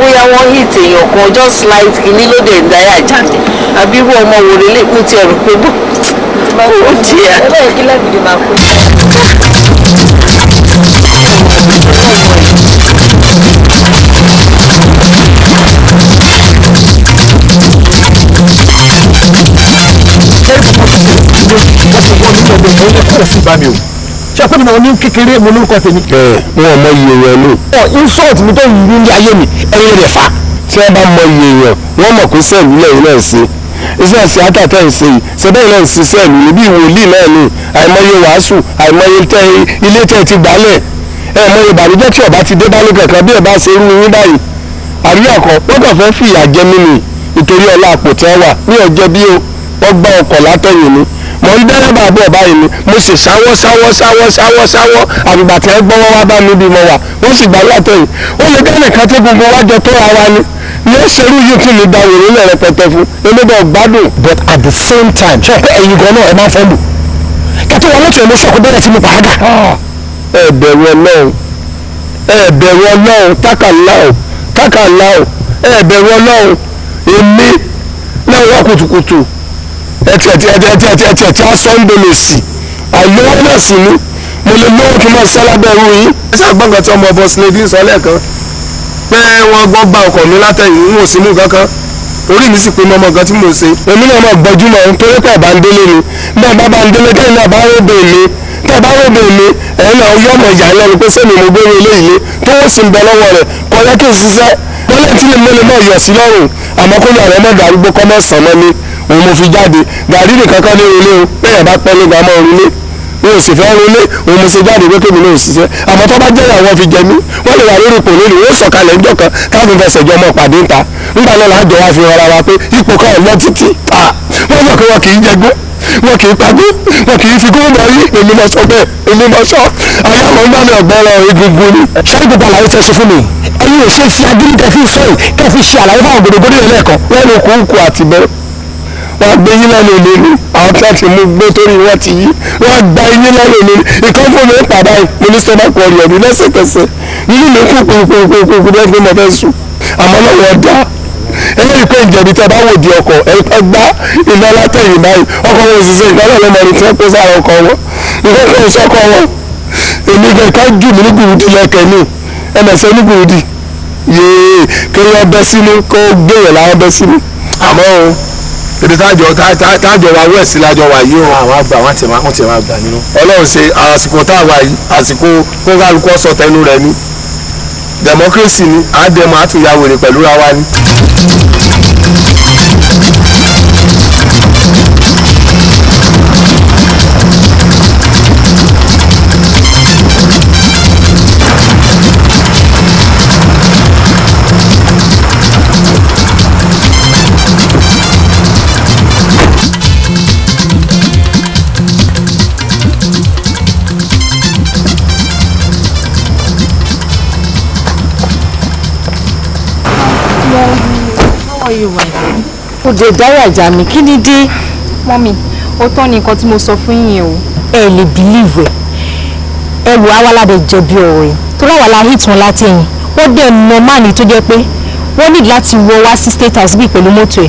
bóyá wọ́n hit èèyàn kan just light kìíní ló dé ìdáyà ìjà mi. Àbí irú ọmọ wò lè lè kú ti ẹ̀rù pé bó. Ó di ẹ̀. Ẹgbẹ́ ìkílẹ̀ gidi máa kú. ṣe pé mo ní kékeré mo lórúkọ tèmi. ẹ wọn mọ iye yẹn lò. ọ insult mi tó yìí ní ayé mi ẹyin rẹ fa. tí wọn bá mọ iye yẹn wọn mọ kó sẹẹlú lẹ́yìn náà ṣe iṣẹ́ ẹ̀sìn àtàtà ìṣe yìí ṣẹ́bẹ́ ìlànà ìṣiṣẹ́ ìlú níbí ìwòlíì náà ni àìmọye wàásù àìmọye ilé tẹ̀ ti gbálẹ̀ ẹ mọ ìbànújẹ́ tí ọba ti dé bá ní kankan bí ẹ bá ṣe ń ní yín báyìí àríyàkọ wọn kàn fẹ́ fìyà jẹ mí nìyí nítorí ọlá àpò tí wọ́n wà ní ọjọ́ bí o wọ́n gbá ọkọ̀ ni mo ń dẹ́rẹ́bà bọ̀ báyìí ni mo sì sáwọ́ sáwọ́ sáwọ́ sáwọ́ sáwọ́ àgbà tí wọ́n gbọ́wọ́ wá bá mi bí mo wà wọ́n sì gbá látẹ̀yìn ó lè dẹ́rẹ́ kan tó gbogbo wá jọ tó ara ni ní ẹsẹ̀rú yìí tún lè da wèrè lẹ̀ rẹpẹtẹ fún elébẹ̀ ọ̀gbádùn. but at the same time ṣe pé ẹ̀yin gan náà ẹ máa ń fẹ́ lù kẹ́tọ́ wọn lọ́tọ̀ ẹ̀mí ṣọ́ọ̀kú bẹ̀rẹ̀ sí mi pàágà. ẹ bẹ̀rù ọlọ́run ẹ bẹ̀rù ọlọ́run kákàlá ọ kákàlá ọ ẹ bẹ̀rù ọlọ́run èmi lẹ́wọ́ kùtùkùtù ẹtì ẹtì ẹtì ẹtì ẹtì ẹtì ẹtì asọ́ńdọ̀lẹ̀sì àìlówó náà sì ni mo lè lówó kí n máa sálábẹ́ ẹrú yìí. ẹ ṣáà gbọ́ngàn tí ọmọ ọbọ̀ sinmi fi ń sọ lẹ́ẹ̀kan pé wọ́n gbọ́ gba ọkọ̀ mi látẹ̀yìn n ò sí mú kankan orí mi sì pé mọ́mọ́ kan tí mo ṣe. èmi náà máa gbọ́júmọ̀ nítorí pé ọba ń délé ni bí ọba bá ń délé kẹ́yìn náà bá rògbò mi tẹ́ bá rògbò mi ẹ̀yin náà yọ̀mọ̀ ìyá ẹ̀ lọ́nu pé sẹ́mi mo gbé mi eléyìí tó wọ́n sì ń bẹ lọ́wọ́ rẹ̀ kọ́ wọ́n lè tí mo lè mọ̀ yọ̀ sí lọ́rùn àmọ́ kó yàrá mọ̀ darúgbó kọ́ mọ̀ sàn mọ́ ni òun mo fi jáde gàrí nìkan kọ́ ní ilé o bẹ́ẹ̀ bá pẹ́ nígbà mọ́ orílẹ̀ mi ò sì fẹ́ ronú òun mo ṣe jáde pé kébì náà ṣiṣẹ́ àmọ́ tó bá jẹ́ ìyàwó fi jẹ mí wọ́n lè wà lórí ipò lónìí wọ́n sọ̀kalẹ̀ ńjọ́ kan káàdùn fẹsẹ̀ jọ ọmọ pàdé ńta nígbà náà láàjọ wa fi rọra wa pé ipò kan lọ títí ta wọ́n mọ̀ pé wọn kì í jẹgbó wọn kì í pagó wọn kì í fi gómìnà yí èmi mọ̀ sọ bẹ́ẹ̀ èmi mọ̀ sọ àyàwó ń bá mi ọ̀gbọ́n lọ egungun ni ṣáà ìgbàgbọ́ làwọn ṣe ṣe fún mi ẹ̀yin ò ṣe fi agídí tẹ́ fi sọ yìí kẹ́ fi ṣe àlàyé fáwọn gbòdògbòdò yẹn lẹ́ẹ̀kan. lẹ́nu kúnkù àti bẹ́ẹ̀ wọ́n gbé yín lẹ́nu lórí àwọn tí wọ́n ti mú gbé torí wọ́n ti yí wọ́n gba yín lẹ́nu lórí ìkan fún mi pàdá mínísítà bá kọ̀ ọ̀rọ̀ mi lẹ́sẹ̀kẹsẹ̀ nínú mi kú kúkúkúkú lẹ́gbẹ́ mo fẹ́ sùn àmọ́ lọ́wọ́ dá ẹlẹ́yìn pé ìjẹ̀bi tẹ́ bá wò di ọkọ̀ ẹ gbá iná látẹ̀yìn báyìí ọkọ̀ wọn òṣìṣẹ́ ìgbàlẹ̀ lọ́mọ ni tí wọ́n pèsè àwọn ọkọ̀ wọn ìfẹ́ fẹ́ sọ́kọ̀ wọn èmi gẹ̀ ká jù mí ní gbùdú lẹ́kẹ̀ẹ́ nìyí ẹnẹsẹ onígbòdì yéé kéèyàn bẹ sínú kó gbèrè làwọn bẹ sínú. àmọ́ o ebi tájọ tájọ wa wẹ̀sí lájọ wa yìí o. àwọn àgbà wọn ti máa wọn ti máa gbà nínú. ọlọ́run ṣe àsìkò tá a wà yìí àsìkò kókàlùkọ sọ tẹnu rẹ ni democracy ni àádẹ́mọ̀ àtúnyàwó rẹ pẹ̀lú ra wa ni. are you my dear? ó de dáyà ìjà mi kí ni dé. mọ́mì ó tán ní nǹkan tí mo sọ fún yín o. ẹ lè bílíìvù ẹ ẹ wò àwa ládẹ jẹ̀bi ọ̀rọ̀ yìí torí àwa la hit wọn láti ẹ̀yìn wọ́n dẹ̀ mọ máàní tó jẹ́ pé wọ́n ní láti wọ wá sí state house bíi pẹ̀lú mọ́tò ẹ̀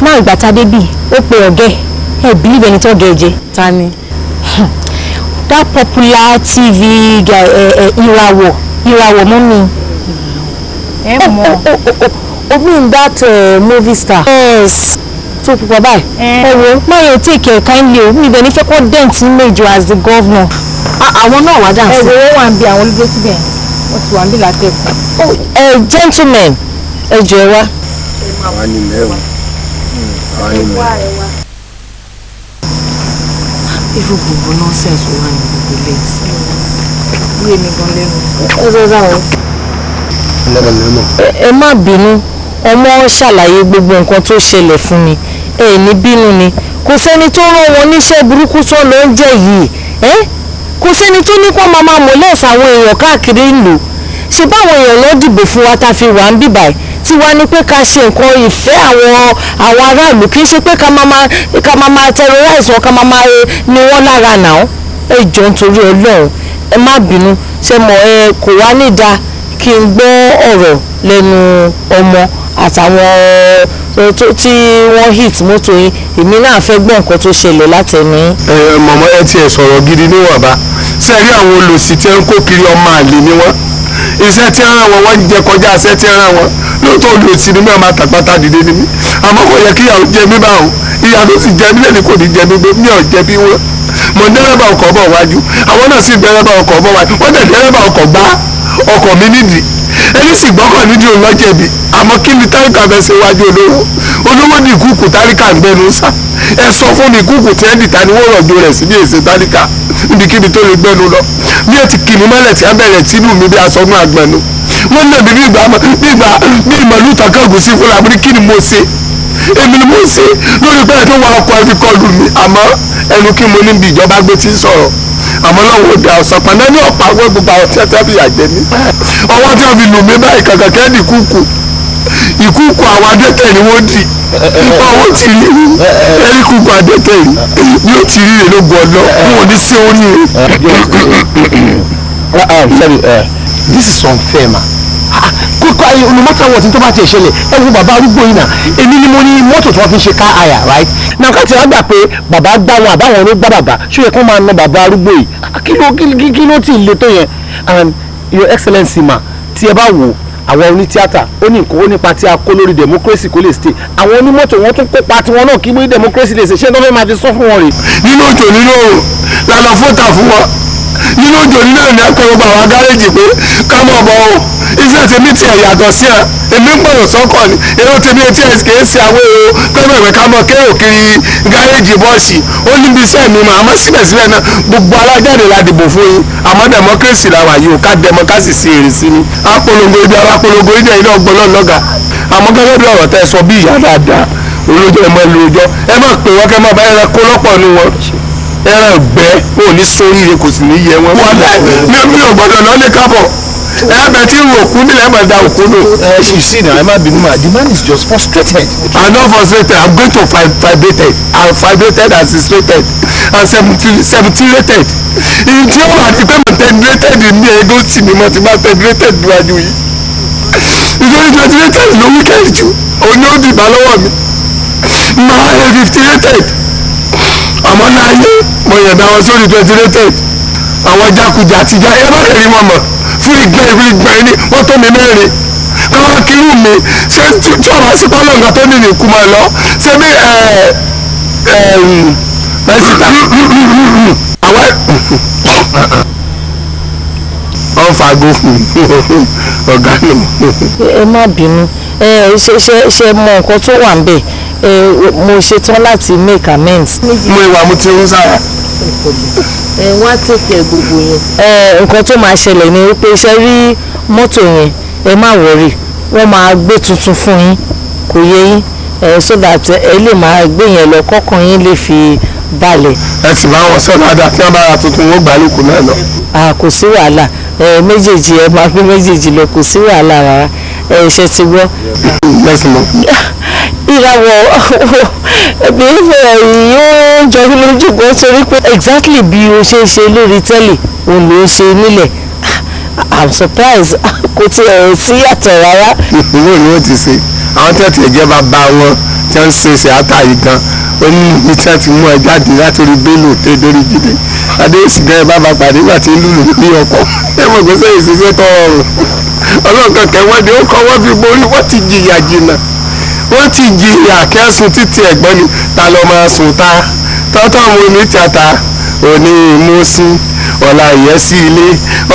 náà ìgbà tá a dé bíi ó pe ọ̀gẹ́ ẹ bílíìvù ẹni tó ọ̀gẹ́ ẹ jẹ. ta ni. Hmm. that popular tv guy ẹ ẹ ìràwọ̀ ìràwọ̀ mọ́mì. ẹ mọ̀ o oh, that uh, movie star. yes So tó pupa Oh eh. well, wo you take care kindly o mi ìbẹ̀ ní fẹ́ kó dent méjọ as the governor. Ah, àwọn náà wá dáhùn sí. Eh, wo wọn wà ń bi àwọn olùdó síbẹ̀ wọ́n ti wà ń bí oh, eh, ẹ Eh, ẹ jọ ẹ wá. àwa ni mẹ́wàá hmm, àwa ni mẹ́wàá. irú gbogbo nonsense wo wà ní gbogbo ilé yìí. wúre mi gan lẹ́nu. ẹ rọra o. ẹ má bínú ọmọ ṣàlàyé gbogbo nǹkan tó ṣẹlẹ̀ fún mi ẹ ní bínú ni kò sẹ́ni tó rán wọn níṣẹ́ burúkú tó ló ń jẹ́ yìí ẹ́ kò sẹ́ni tó ní kó máa máa mọ̀lẹ́sà àwọn èèyàn káàkiri ìlú ṣe báwọn èèyàn lọ dìbò fún wa tá a fi wà ń bìbà ẹ̀ tí wàá ní pé ká ṣe nǹkan ìfẹ́ àwọn àwọn aráàlú kì í ṣe pé ká máa máa terrorize wọn ká máa máa eh, ni wọ́n lára nàá ẹ jọ̀ọ́ nítorí Ọlọ́run ẹ má bínú ṣe mọ̀ ẹ kò wá ní dáa kí n gbọ́ ọ̀rọ̀ lẹ́nu ọmọ àtàwọn eh, tó tí wọ́n hit mọ́tò yín èmi náà fẹ́ gbọ́ nǹkan tó ṣẹlẹ̀ látẹnu. ẹ mọ̀mọ́ ẹ tiẹ̀ sọ̀rọ̀ gidi níwọ̀nba sẹ́ẹ̀rí àwọn olòṣì tí ń kó kiri ọmọ àlè ni wọ́n iṣẹ́ tí ń ràn wọ́n wọ́n jẹ kọjá iṣẹ́ tí ń ràn wọ́n lóòótọ́ olòṣì ni mẹ́wàá máa tàpátá dìde ni mí àmọ́ kò yẹ kí ìyàwó jẹ mí báwọn ìyàwó sì jẹ mí lẹ́ni kò ní jẹ mí gbé mi ò jẹ bí wọ́n mọ̀ dẹ́rẹ́bà ọkọ̀ bọ̀ wájú àwọn náà sì dẹ́rẹ́bà ọkọ̀ bọ̀ wájú wọ́n dẹ́rẹ́bà ọkọ̀ gbá ọkọ̀ mi nídìí ẹni sì gbọ́kàn nídìí òun lọ́jẹ̀bi àmọ́ kí ni táríkà fẹ́ ṣe wájú olówó olówó ni ìkúùkù táríkà ń gbẹnu sá ẹ sọ fún ní ìkúùkù tí ẹ dìta ni wọ́n rọ̀jò rẹ̀ sí ní èsè táríkà tó lè gbẹnu lọ bí ẹ ti kì mọ́lẹ̀ tí a bẹ̀rẹ̀ mi bí asọ́nú àgbẹ̀nu wọ́n nà bí ìgbà bí bí ìmọ̀lú sí kí ni mo ṣe èmi ni mo ṣe lórí tó ọkọ̀ fi àmọ́ lọ́wọ́ òde àwòsàn pàdé ní ọ̀pá àwọn gbogbo àwọn tí wọ́n fi yàjẹ́ ní. ọwọ́ tí wọ́n fi lù mí báyìí kankan kẹ́ni kúkú ìkúkú àwọn adẹ́tẹ̀ ni wọ́n dì ọwọ́ ti rí rí ẹ̀rí kúkú adẹ́tẹ̀ yìí ni ó ti rí rè lógun ọ̀lọ́ wọn ò ní sí orí rẹ̀. Ah, ah, uh, this is unfair ma kókó no matter what tó bá ti ṣẹlẹ̀ ẹ wo bàbá arúgbó yìí náà èmi ni mo ní mọ́tò tí wọ́n fi ṣe car hire right na nǹkan tí gbà pé bàbá gbá wọn àbáwọn ló gbá bàbá ṣó kó máa na bàbá arúgbó yìí ah, kí ló kí ló ti le tó yẹn and your excellency ma tí ẹ bá wò àwọn onítíátà ó ní nǹkan nípa tí a kó lórí democracy kó lè stay àwọn onímọ́tò wọn tún kópa tiwọn náà kí bí democracy lè ṣe ṣé lọ́fẹ́ máa fi sọ iṣẹ́ tèmi tí ẹ̀ yàtọ̀ sí ẹ èmi ń gbọ̀dọ̀ sọ́kọ̀ ni èrò tèmi etí ẹ̀ kì í ṣe àwọn èrò pẹ́ẹ́mọ̀ ìwé ká mọ̀ kéèrò kiri gáréèjì bọ́ọ̀sì ó níbi iṣẹ́ mi mà àmọ́ síbẹ̀síbẹ̀ náà gbogbo alájáde la dìbò fún yín àmọ́ democracy la wà yìí o ká democracy sí èrè sí ni apolongo ibi àwọn apolongo ibi ẹ̀yin náà gbọ́ lọ́gà àmọ́ gẹ́gẹ́ bí ọ̀rọ̀ tẹ́ sọ bí ìyá dáadáa olójó ẹ máa lo ọjọ́ ẹ máa pè wọ́n kẹ́ máa bá ẹran kó lọ́pọ̀ nu wọn ẹran gbẹ́ òní sóríire kò sì ní yẹ wọn. wọ́n dẹ́ mi ò gbọ́dọ̀ lọ́ọ́ lè kábọ̀ ẹbẹ tí òkú nílẹ̀ máa da òkú nù. Uh, you see now emma bin ma the man is just frustrated. i'm not frustrated i'm going to fib fibrated i'm fibrated and frustrated, and seventirated ìdí ọ̀rọ̀ àti pé mo tẹ̀dúrétẹ̀d ní ẹgbẹ́ òsì ni mo ti máa tẹ̀dúrétẹ̀d níwájú yìí ìdórí tẹ̀dúrétẹ̀d ló wíkẹ́ẹ̀dì jù òun ni ó dìbà lọ́wọ́ mi máa ẹ fiftirated àmọ́ náà yé mo yẹ̀dá wọn sórí tẹ̀dúrétẹ̀d àwọn jákujá àtijọ́ ẹ bá kẹ́rin mọ̀ mọ̀ fún ìgbẹ́ ìwé ìgbà yìí ni wọ́n tó mi mẹ́rin káwá kírú mi ṣé tí ọ̀rọ̀ àṣepá lọ́nà tó ní nìkú máa lọ ṣé bí ẹ ẹ pẹ́sìtà um, àwọn ọ̀ ń fago ọ̀gá nù. ẹ má bínú ẹ ṣe ṣe ṣe mọ nǹkan tó wà ń bẹ̀ mo ṣetán láti make amends. mo ìwà mo ti ń sára. ẹ wọ́n á tètè gbogbo yẹn. ẹ nǹkan tó máa ṣẹlẹ̀ ni wípé iṣẹ́ rí mọ́tò yẹn ẹ má wọ̀rì wọ́n máa gbé tuntun fún yín kò yẹ yín so that ẹ lè máa gbé yẹn lọ kọ́kàn yín lè fi balẹ̀. ẹ sì máa wọ sọ dáadáa kí wọn bá ra tuntun wọn gbà lóko náà lọ. a kò sí wàhálà ẹ méjèèjì ẹ máa gbé méjèèjì lọ kò sí wàhálà rárá ẹ ṣe ti gbọ́. yes ma'am. ìràwọ̀ ẹ̀mí ìfẹ́ yóò jọ mí lójú gan torí pé exactly bí o ṣe ń ṣe lórí tẹ́lẹ̀ òun ló ń ṣe nílẹ̀ i'm surprised kò tiẹ̀ ò sí yàtọ̀ rárá. ìpínlẹ̀ ni wọ́n ti ṣe àwọn tẹ̀tì ẹ̀jẹ̀ bá bá wọn tí wọ́n ń ṣe ṣe àtàyè gan onímọ̀ tí wọ́n ti mú ẹ jáde látòrí bélò tẹ lórí jíde adéhùsì gan ẹ bá bá pàdé nígbà tí ń lùlù ní ọkọ̀ ẹ mọ̀ pé sẹ́yìn ṣiṣẹ́ tọ́ ọlọ́ọ̀kan kẹwọ́n ni ó kọ́ wọ́n fi borí wọ́n ti jìyà jìnnà wọ́n ti jìyà kẹ́sùn títí ẹ̀gbọ́n mi ta ló máa sùn ta tọ́tọ́ mu ní tíata òní ìmúsìn ọ̀la ìyẹ́sí ilé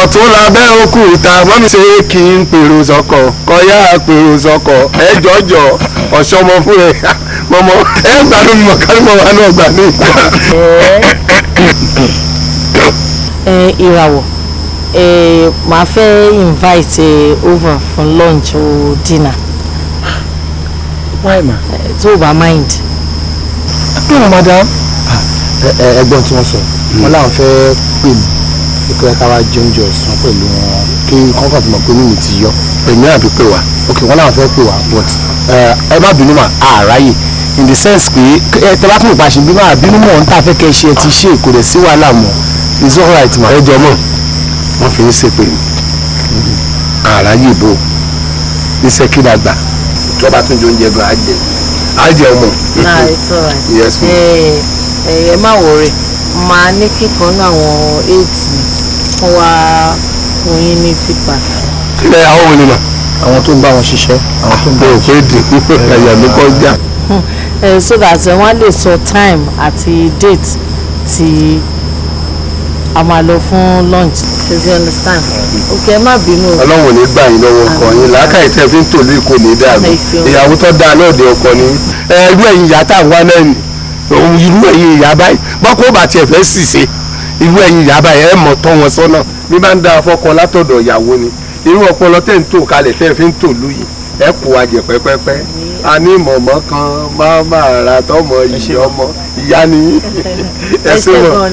ọ̀tún labẹ́ òkúta mọ́mí ṣe kí n pèrò sọkọ̀ kọ́yà pèrò sọkọ̀ ẹ jọjọ ọ̀ṣọ́mọ fún ẹ mọ́mọ́ ẹ gbàdúrà mi mọ̀ kárí mọ̀ wá náà gbà mí. ẹ ìràwọ̀ màá fẹ́ invite eh, over for lunch or oh, dinner why ma. It's over bá mind. no madam ah, ẹ̀gbọ́n tí wọ́n sọ hmm. wọn làwọn fẹ́ pè mí ìpínlẹ̀ káwá jẹ́ńjọ sàn pẹ̀lú wọn kí kọ́ńkàn tí mo pè mí mi ti yọ pẹ̀lú àbí pè wá ok wọn làwọn fẹ́ pè wá but ẹ má bínú mà àráyè in the sense pé ẹ tẹ bá fún ìpàṣẹ bínú àbínú mọ̀ ń tà fẹ́ kẹ́ ṣe ẹ ti ṣe kò dẹ̀ sí wàhálà mọ́ it's alright ma. ẹ jọ mọ wọn fi ń ṣe pé àráyè bò iṣẹ́ kí la tó bá tún jẹ oúnjẹ gan àjẹ àjẹ ọmọ. na it's alright. ẹ eh, eh, ẹ má wọrẹ màá ní kíkan náà àwọn aids fún wa fún yín ní pípa. ẹ àwọn wo ni mà. àwọn tó ń bá wọn ṣiṣẹ́ àwọn tó ń bá wọn ṣiṣẹ́. òkè dì ẹ̀yà ló kọ́ jà. Eh, so that wọ́n lè sọ time àti date ti a máa lọ fún lunch ṣe understand ok ẹ má bínú. ọlọ́run ò ní gbà yín lọ́wọ́ ọkọ yín làákàyè tẹ́ fi ń tò lórí kò ní dàrú ìyàwó tó dáa náà dé ọkọ ni irú ẹ̀yin ìyá tá à ń wá náà nì irú ẹ̀yin ìyá báyìí bọ́kọ́ bá tiẹ̀ fẹ́ sì ṣe irú ẹ̀yin ìyá báyìí ẹ̀ mọ̀ tọ́ wọn sọ́nà bí bá ń da afọ́kọ látọ̀dọ̀ ìyàwó ni irú ọpọlọ tẹ́ ń tò kalẹ̀ tẹ́ fi ń tò lóyìí ẹ kó ajẹ pẹpẹpẹ a ní mọ̀mọ́ kan máa máa ra tọmọ yìí ọmọ ìyá ni ẹ mọ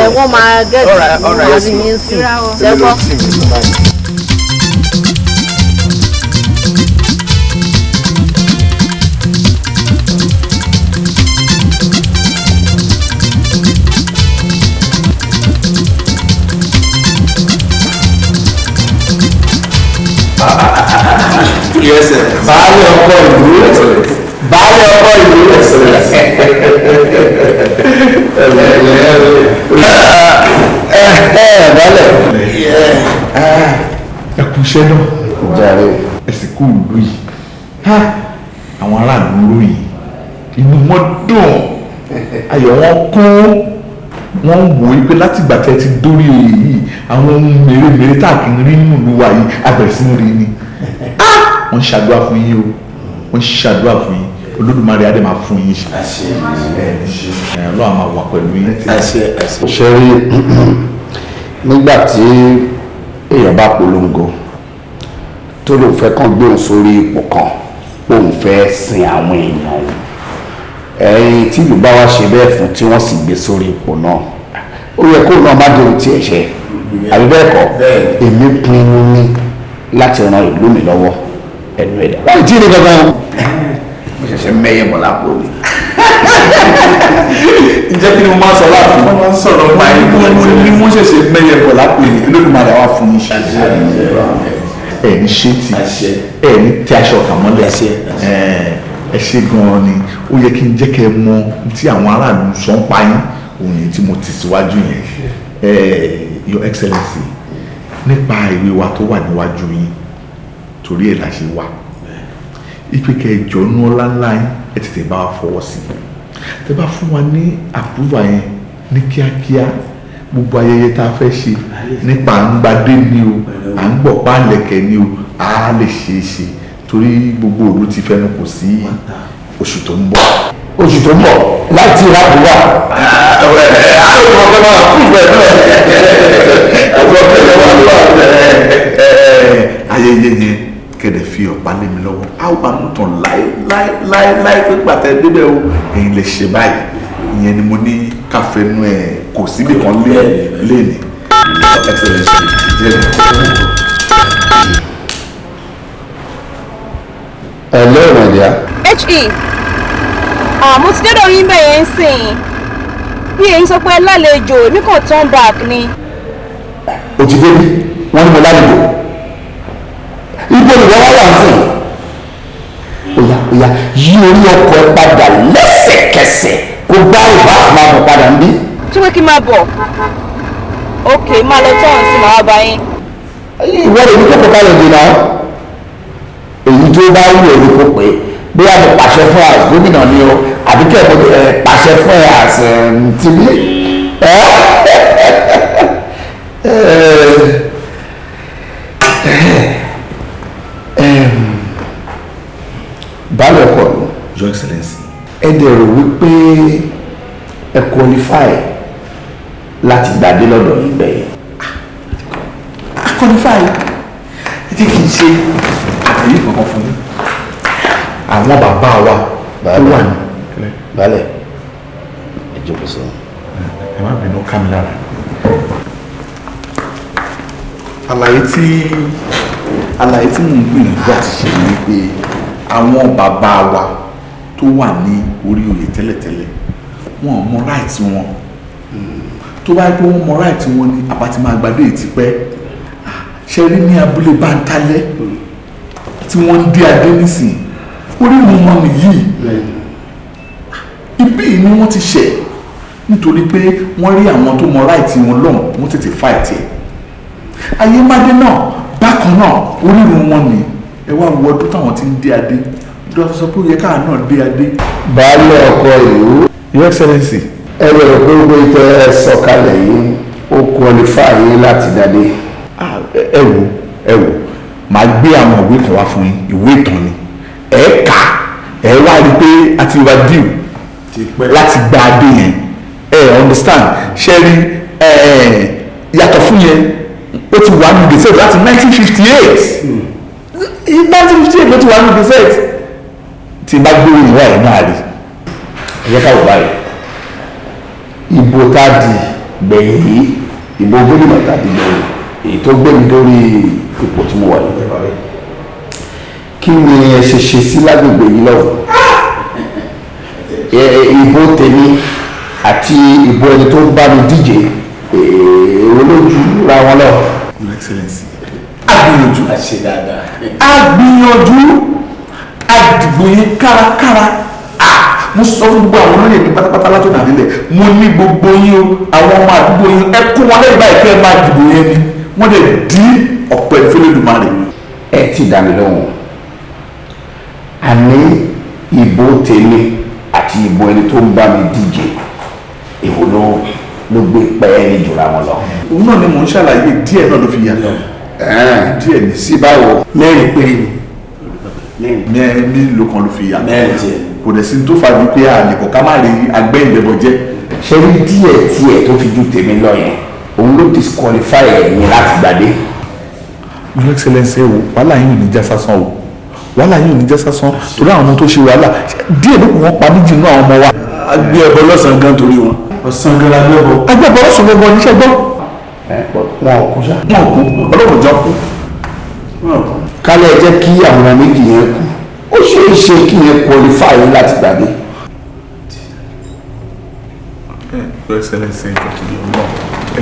ẹ wọ́n máa gẹ̀ẹ́sì ní àríyìn sí ṣẹ́gbọ́n. baálé ọkọ ìlú baálé ọkọ ìlú. baálé. ẹ kú iṣẹ́ náà ẹ sì kú ìlú yìí àwọn aráàlú lóyìn inú wọn dùn ayọ̀ wọn kún wọ́n ń wòye pé látìgbà tẹ́ ti dórí èyí àwọn ohun mèremère tá a kì í rí nínú ìlú wa yìí abẹ̀rẹ̀ sí ń rí ni wọ́n ń ṣàdúrà fún yín o wọ́n ń ṣàdúrà fún yín olódùmarè á dẹ̀ máa fún yín ṣe ọlọ́run á máa wà pẹ̀lú yín. ṣe rí nígbà tí èèyàn bá polongo tó lóun fẹ́ kàn gbé òun sórí ipò kan òun fẹ́ sin àwọn èèyàn òun ẹ̀yin tí ìlú bá wá ṣe bẹ́ẹ̀ fún tí wọ́n sì gbé sórí ipò náà ó yẹ kó náà má dé ohun tí ẹ̀ ṣe àbí bẹ́ẹ̀ kọ́ èmi pinnu ní láti ran ìlú mi lọ́wọ́ ẹnu ẹ̀dá láì tí ì ní kankan. mo ṣẹ̀ṣẹ̀ mẹ́yẹ̀ mọ̀ lápò mi. ǹjẹ́ kí ni mo máa sọ láàfin. mo máa ń sọ̀rọ̀ pa ẹni tó ń ni mo ṣẹ̀ṣẹ̀ mẹ́yẹ̀ mọ̀ lápò mi Olódùmarè wá fún mi ṣe. ẹ ní ṣe ti ẹ ní tí aṣọ kà mọ́lẹ̀ ẹ ṣe gan-an ni ó yẹ kí n jẹ́ kẹ́ mọ tí àwọn aráàlú sọ ń pa yín tí mo tì síwájú yẹn Your Excellency nípa ìwé wa tó wà níwájú yín torí ẹ̀ la ṣe wà ipe kẹjọ nú ọlá ńlá yín ẹ tètè bá wa fọwọ́ sí i tẹ bá fún wa ní àpúrúwà yẹn ní kíákíá gbogbo ayẹyẹ tá a fẹ́ ṣe nípa à ń gbadé ni o à ń gbọ̀ pálẹ̀kẹ̀ ni o a lè ṣe é ṣe torí gbogbo òru ti fẹnu kò sí oṣù tó ń bọ̀. oṣù tó ń bọ̀ láti ìràbùwà. àwọn ayẹyẹ yẹn kẹ̀dẹ̀ fi ọ̀pá lé mi lọ́wọ́ a ó bá mú tàn láé láé láé láé pé pàtẹ́ débẹ̀ o ẹ̀yin lè ṣe báyìí ìyẹn ni mo ní káfẹ́nu ẹ̀ kò síbì kan lé lẹ́ni excellence jẹ́rìí. he e, àmọ́ ti dẹ́dọ̀ yín bẹ́ẹ̀ yẹn ń sìn bí èyí sọ pé lálejò èmi kò turn back ni. òtítọ́ bí wọ́n ní mo lálejò ibo ìwọ wá wà fún oya oya yí orí ọkọ ẹ padà lẹ́sẹ̀kẹsẹ̀ kó gbá ìbá máa bọ̀ padà ń bí. tí wọ́n kí máa bọ̀ òkè máa lọ tọ́hún sí màá bá yín. ìwọ èyí tó kọta lè dènà èyí tó bá wù èyí kò pé bóyá mo pàṣẹ fún ààrẹ gómìnà ni o àbí kẹ́ mo pàṣẹ fún ẹ àṣẹ eh, tìlí. ẹ dẹ̀ rò wípé ẹ qualify láti gbàdé lọ́dọ̀ yìí bẹ́ẹ̀. a qualify tí kì í ṣe àtẹ̀lé kankan fún mi. àwọn bàbá wa tó wà ní. balẹ̀ ẹ jókòó sọ. ẹ má bínú ká mi lára. àlàyé tí àlàyé tí mò ń gbìyànjú àti ṣe ni pé àwọn bàbá wa tó wà ní orí oyè tẹ́lẹ̀tẹ́lẹ̀ wọn ò mọ right wọn tó bá yẹ pé mọ right wọn ni àbátí máa gbàdé yìí ti pẹ́ ṣe rí ní abúlé báńtálẹ́ tí wọ́n ń dé adé nísìnyí orí mi wọn nìyí ibí ni wọ́n ti ṣẹ̀ nítorí pé wọ́n rí àwọn tó mọ right wọn lọ́hùn wọ́n tètè fight ẹ̀ ayémádé náà bákan náà orírun wọn ni ẹ wá wo ọdún táwọn ti ń dé adé ló fi sọ pé ó yẹ káà náà dé adé. baálẹ̀ ọkọ ìlú. your excellency. ẹ bẹ̀rẹ̀ pé gbogbo ìtọ́ ẹ sọ̀kalẹ̀ yìí ó qualify yín láti dáadé. ẹ wò ẹ wò màá gbé àwọn ìwé kan wá fún yín ìwé ìtàn ni ẹ kà ẹ wá rí i pé a ti wá deal láti gba adé yẹn ẹ understand ṣe rí yàtọ̀ fún yẹn ó ti wà ní gbèsè láti nineteen fifty eight hmm. nineteen fifty eight ló ti wà ní gbèsè tí bá gbóòrò ìwà ẹ̀ náà rí ẹ̀yẹ́ káwọ̀ báyìí ìbò tá a di gbẹ̀yìn yìí ìbò gómìnà tá a di gbẹ̀yìn èyí tó gbé mi lórí ipò tí mo wà ní ìjọba rẹ̀ kí ni ẹ ṣe ṣe sí lágbègbè yìí lọ́wọ́ ìbò tèmi àti ìbò ẹni tó bá mi díje èrò ra wọn lọ. a gbìyànjú a ṣe dáadáa a gbìyànjú àdìbò yín kárakára mo sọ fún gbogbo àwọn olóyè mi pátápátá látọ̀ nàbí lẹ̀ mo ní gbogbo yín o àwọn ọmọ àdúgbò yín ẹ kó wọn lẹ́yìn báyìí kẹ́ ẹ máa dìbò yẹn ni wọ́n lè dí ọ̀pẹ ìfẹ́lẹ́dùmarè. ẹ ti dá mi lóhùn àní ìbò tèmi àti ìbò ẹni tó ń bá mi díje èwo ló ló gbé pẹ́ẹ́lí jùlọ àwọn lọ. òun náà ni mò ń ṣàlàyé díẹ̀ náà ló fi yàtọ̀ díẹ̀ ní sí mẹ́rin péré ni mẹ́rin ló kan ló fi yà kò dẹ̀ sí tó fà mí pé àlèkò ká má rí agbẹ́ ìdẹ̀bọ̀ jẹ́. ṣé ní díẹ̀ tiẹ̀ tó fi ju tèmi lọ yẹn òun ló disqualify ẹ̀yìn láti gbàdé. your excellence ẹ wo wàhálà yìí ò ní já sásán o wàhálà yìí ò ní já sásán torí àwọn ọmọ tó ṣe wàhálà díẹ̀ ló kù wọ́n pa méjì nínú àwọn ọmọ wa. agbé ẹbọ lọ́sàn-án gan torí wọn. ọ̀sán gan la gbé lọ́sàn-án gan oníṣẹ́ gbọ́. wọn ò kú kálẹ̀ jẹ́ kí àwọn méjì yẹn kú ó ṣeé ṣe kí yẹn qualify láti gbàgbé.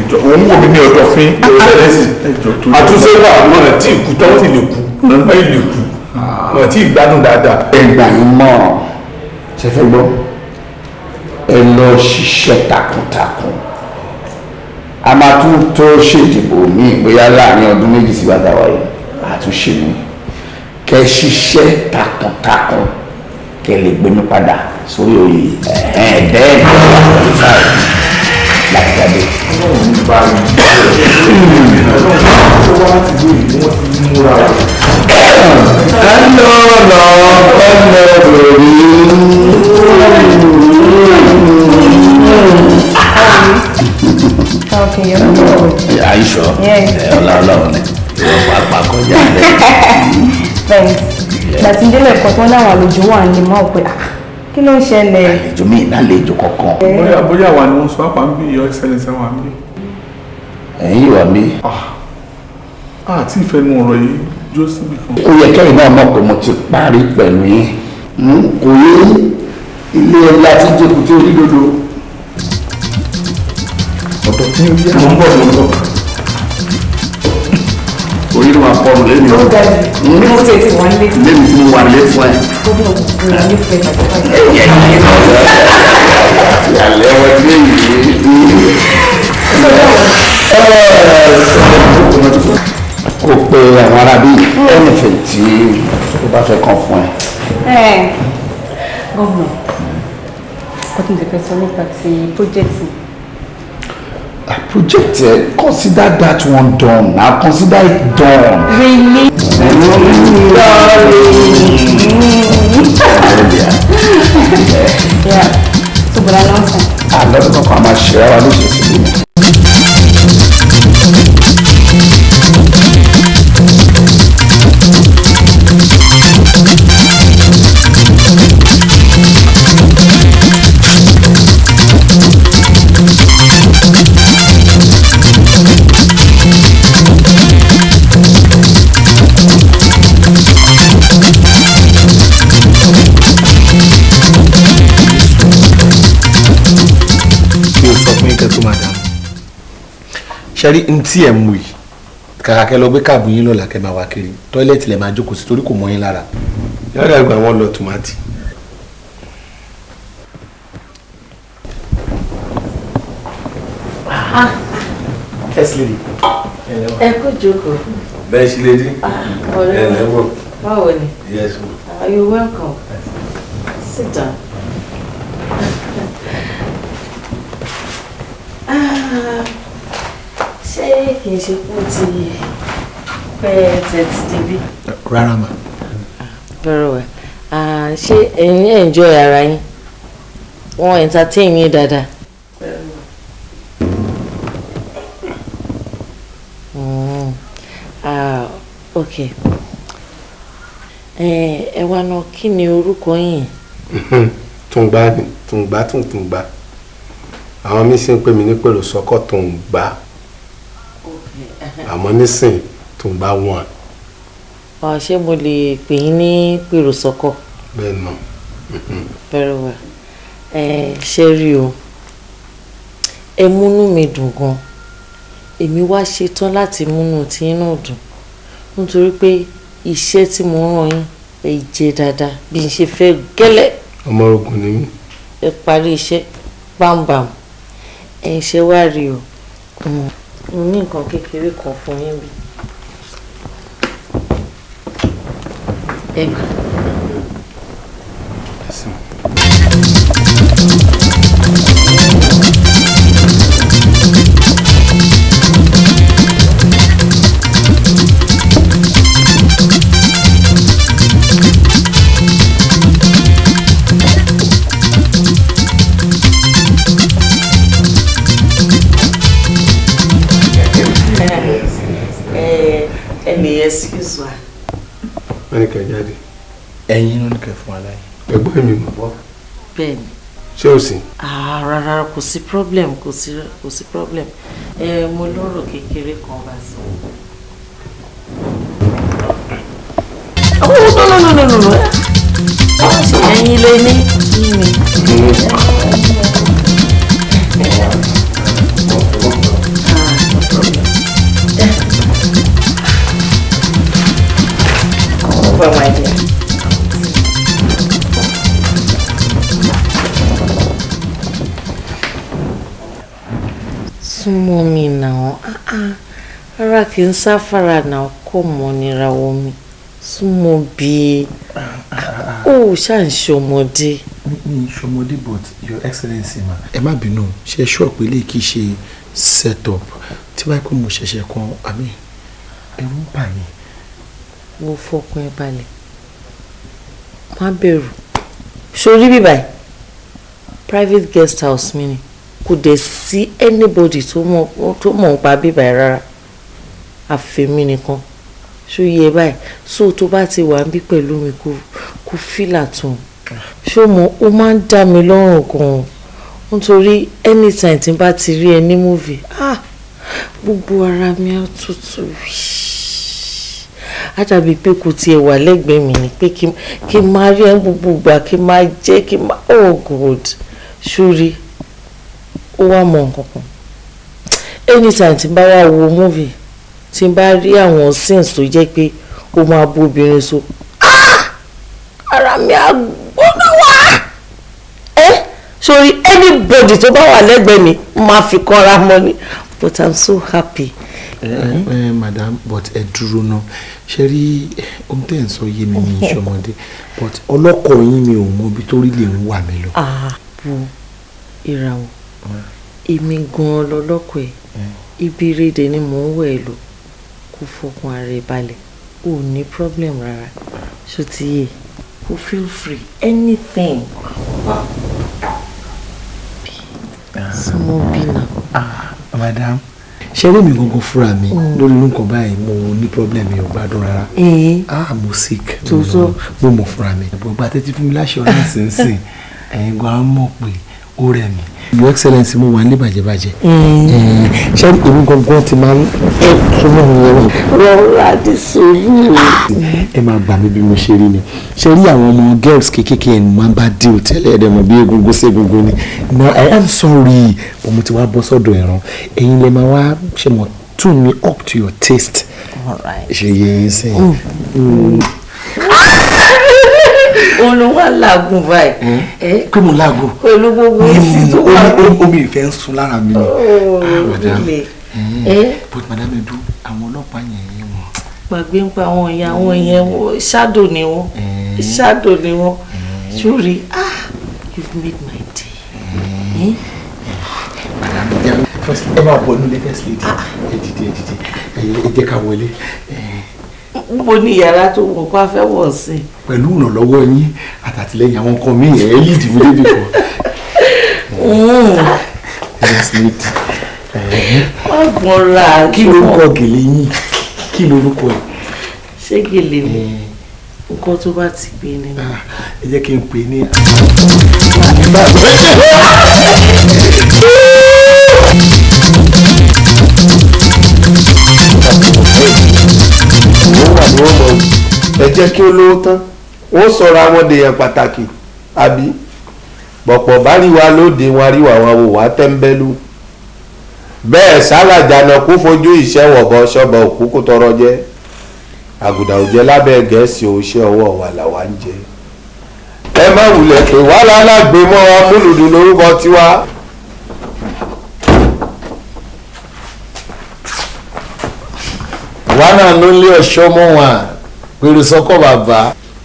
ẹjọ́ òun wò mí ní ọjọ́ fín àtúnṣe wà wọn ẹ̀ tí ìkú tọ́wọ́ sì lè kú wọn ẹ̀ lè kú wọn ẹ̀ tí ìgbádùn dáadáa. ẹgbà yín mọ̀ràn ṣe fẹ́ ẹ lọ ṣiṣẹ́ takuntakun a máa tún tó ṣèdìbò míì bóyá láàrin ọdún méjì sí wàdà wáyé àtúnṣe ni kẹ́ ṣiṣẹ́ takuntakun kẹ́ lè gbémi padà sórí oyè ẹ̀ẹ́dẹ́gbẹ̀rún àti fáìlì láti jáde. Kánò lọ kọ́nà lórí. Okay, you're not. Yeah, are you sure? Yeah. Ọlá Ọlọ́run ni wọ́n wá pa kọjá rẹ̀. gbàtí délẹ̀ kan tó láwọn àlejò wà ní mọ́ pé kí ló ń ṣẹlẹ̀. àlejò mi ìnálejò kankan. bóyá bóyá wà ní wọn sọ àpá ń bí your excellence wà ń bí. ẹ̀yin wà ń bí. àti ìfẹnu ọ̀rọ̀ yìí jó síbi kan. ó yẹ kẹ́yìn náà mọ̀ pé mo ti parí pẹ̀lú yín kò yé ilé ńlá tí jẹ́kù tí ó rí dodo. ọ̀dọ̀ tí ó yẹ. mo ń bọ̀ lọ́wọ́ èmi ló máa pọ̀ nù lẹ́nu. ó ga jù ní mo tẹ̀ ti wà nílé. lẹ́nu tí mo wà nílé fún ẹ. ó ní òkùnkùn ní fẹ́ yàlẹ́ wọn dé yìí. kò pe àwọn arábí ẹnìfẹ̀ tí ó bá fẹ́ kàn fún ẹ. gómìnà kọ́tùn ti fẹ́ sọ nípa ti pọ́jẹ́tì I projected. Consider that one done. Now consider it done. Really? Sorry. yeah. So, but I lost him. Ah, I love to come and share our wishes. Thank you. so madam ṣẹ́rí n tí ẹ̀ ń mú yìí kàkà kẹ́ lọ gbé káàbù yín lọ́la kẹ́ máa wá kiri tọ́ílẹ̀tì lẹ̀ máa jókòó sí torí kò mọ́ yín lára. yàrá àgbà wọn lọ tòmátì. first ah. lady. ẹ kú jókòó. bẹ́ẹ̀ ṣe lady. Ah, ọ̀rẹ́ mi báwo ni. yes ma. you welcome. sit down. kì í ṣe kú ti pẹ́ tẹ̀tì débi. rárá mà. very well ṣé ẹ̀yin enjoy ara yín wọ́n entertain yín dáadáa. Mm. ok ẹ wá náà kí ni orúkọ yín. tùǹgbà tùǹgbà tùǹgbà àwọn míín sì ń pè mí ní pẹ̀lú sọ́kọ̀ tùǹgbà àmọ́ nísìn tó ń bá wọn. ọ̀ ṣé mo lè pè yín ní pèrò sọ́kọ̀. bẹ́ẹ̀ nà. very well ẹ ṣe rí o ẹ múnú mi dùn gan èmi wá ṣetán láti múnú tí inú dùn nítorí pé iṣẹ́ tí mo ràn yín ẹ jẹ́ dáadáa bí n ṣe fẹ́ gẹ́lẹ́. ọmọ ogun ni mí. ẹ parí iṣẹ́ bámbàm ẹ ṣe wá rí o mo ní nǹkan kékeré kan fún yín bí. Thank you. excuse wa. wọ́n ní ká jáde. ẹ̀yin ló ní kẹ́ fún aláyé. ẹ̀gbọ́n mi mọ̀ bọ́. bẹ́ẹ̀ni. ṣé o sì. Ah, rárá kò sí problem kò sí kò sí problem ẹ mo lọ́rọ̀ kékeré kan bá sọ. oh no no no no no no ẹ̀yin lè ní. over, my dear. Súnmọ́ ah, ah. ah, oh, mi náà, ara kì í sáfara náà kò mọ́ nira wọ́n mi. Súnmọ́ bíi ó ṣàǹṣe ọmọdé. Mi ṣọmọdé but your excellency ma. Ẹ má bínú, ṣe ṣọ́ọ̀pù ilé kìí ṣe set up. Tí wàá pé mo ṣẹ̀ṣẹ̀ kan, àmì ẹ̀rù ń bà yín mo fọkàn ẹ balẹ̀ má bẹ̀rù sórí bíbá ẹ̀ private guest house mi ni kò dẹ̀ sí anybody tó mọ̀ ń pa bíbá ẹ̀ rárá àfẹ́mi nìkan ṣó yẹ báyìí so tó bá ti wà ń bí pẹ̀lú mi kò fìlà tán ṣó mo ó máa ń dá mi lọ́rùn gan-an nítorí anytime tí n bá ti rí ẹ ní movie ah gbogbo ara mi á tutù yìí á dàbí pé kò tiẹ̀ wà lẹ́gbẹ̀ẹ́ mi ni pé kí n máa rí ẹ́ gbogbo ìgbà kí n máa jẹ́ kí n máa oh god ṣúrí ó wá mọ nǹkan anytime tí n bá wá wo movie tí n bá rí àwọn scenes tó jẹ́ pé ó máa bú obìnrin so ah! ara mi á gbóná wá ẹ sórí anybody tó bá wà lẹ́gbẹ̀ẹ́ mi máa fi kanra mọ́ ni but i'm so happy. ẹ eh, ẹ eh, madam but ẹ dúró náà ṣe rí ohun tẹ́ ẹ̀ ń sọ yé mi ní ìṣọmọdé but ọlọ́kọ̀ yín mi ò mọ ibi tó rí lè ń wà mí lọ. ààbò ìràwọ̀ hm. èmi gan-an lọ́lọ́kọ̀ ẹ̀ hm. ibi rédè ni mò ń wẹ̀ lò kó fọkàn ara balẹ̀ ò ní problem rárá ṣó ti yé kó feel free anything. Ah. small bill now. ah madam ṣé rí mi gangan fúnra mi mm. lórí irú nǹkan báyìí mo ní problem mi ò gbádùn rárá eh. ah mo sick mo mọ̀ fúnra mi ìbọn gba tẹ́tí fún mi láṣọ ọ̀rẹ́ ìsinsìn ẹ̀yin gan-an mọ̀ pé ó rẹ̀ your excellence mo wà ní bàjẹ́bàjẹ́. ṣé èmi gangan ti máa ń tún mọ́ mi lọ́wọ́. rọra di sùúrù. ẹ máa gbà mí bí mo ṣe rí ni ṣé rí àwọn ọmọ girls kéékèèké ẹni máa bá dé òtẹ́lẹ̀ ẹ̀dẹ̀ mọ̀ bí egungun sí egungun ni no i am sorry òun ti wá bọ́ sọ́dọ̀ ẹ̀ràn ẹ̀yin lè máa wá ṣe mọ̀ tune me up to your taste. ṣe yẹ yín sẹ́yìn òun ló wá làágùn báyìí. pé mo làágùn. pẹ̀lú gbogbo èsì tó wà lórí. omi ìfẹ́ ń sun lára mi ni. bó oh, ah, mm. madam edu àwọn ọlọ́pàá yẹn wọn. gbàgbé ń pa àwọn ìyá àwọn yẹn ṣáàdò ni wọn mm. ṣáàdò ni wọn mm. sórí ah you've made my day. Mm. Eh? madam ẹ máa bọ̀ nílé first lady ẹ dìde ẹ dìde ẹ jẹ́ ká wọlé. Eh, mo ní yàrá tó wọ̀ pa fẹ́ wọ̀ sí. pẹ̀lú ìrànlọ́wọ́ yín àtàtìlẹ́yìn àwọn nǹkan mi ẹ̀ yìí dìbò débi kan. wọ́n gbọ́n ra kí lorúkọ gèlè yín kí lorúkọ ẹ̀. ṣé gèlè mi nǹkan tó bá ti gbé ni. Ah, ẹ jẹ́ kí n pè é ní. Thank you wà ní ọmọ òsì ẹ jẹ́ kí ó lówó tán wọ́n sọ̀rọ̀ àwọn dèèyàn pàtàkì àbí pọ̀pọ̀ bá rí wa lóde wọn rí wa wọn wò wá tẹ́ńbẹ́lú bẹ́ẹ̀ sálàjànà kó fojú ìṣẹ́ wọ̀bọ ṣọ́bọ òkú kó tọrọ jẹ́ àgùdà òjẹ́ lábẹ́ gẹ̀ẹ́sì oṣẹ́ ọwọ́ wa làwa ń jẹ ẹ má wulẹ̀ pé wàhálà alágbèémọ́ amúlùdùn lórúkọ tiwa. bàbá náà ló lé ọ̀ṣọ́ mọ́ wọn pèrè sọ́kọ̀ bàbá.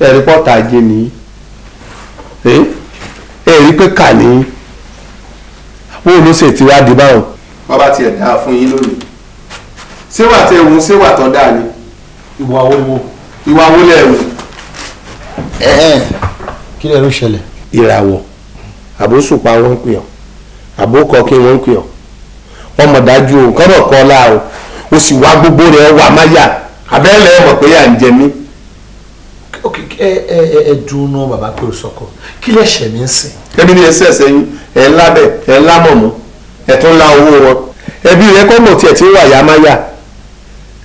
ẹ̀rí pọ́tà ajé ni ẹ̀rí pé kà ní wọ́n ló ṣe ti wá di báwọn. wọ́n bá tiẹ̀ dáa fún yín lónìí ṣéwà tẹ òun ṣéwà tó dáa ni. ìwà wo wo. ìwà wo lẹ̀ wò. ẹ ẹ kí lẹ ló ṣẹlẹ̀. ìràwọ̀ àbóṣùpá wọn ń pè ọ́ àbókọ kí wọ́n ń pè ọ́ ọmọ dájú òun kọ́nà kọ́ láàrún o sì wá gbogbo rẹ̀ wà máyà abẹ́rẹ́ ẹ̀ mọ̀ pé à ń jẹ mí. ẹ ẹ ẹ dunu bàbá pé o sọkọ kí lè ṣe mí sìn. ẹbí ni ẹsẹ ẹsẹ yín ẹ ń lábẹ ẹ ń lámọmọ ẹ tún la owó wọn ẹbí rẹ kọ́ mọ̀ tiẹ̀ tí wà yá máyà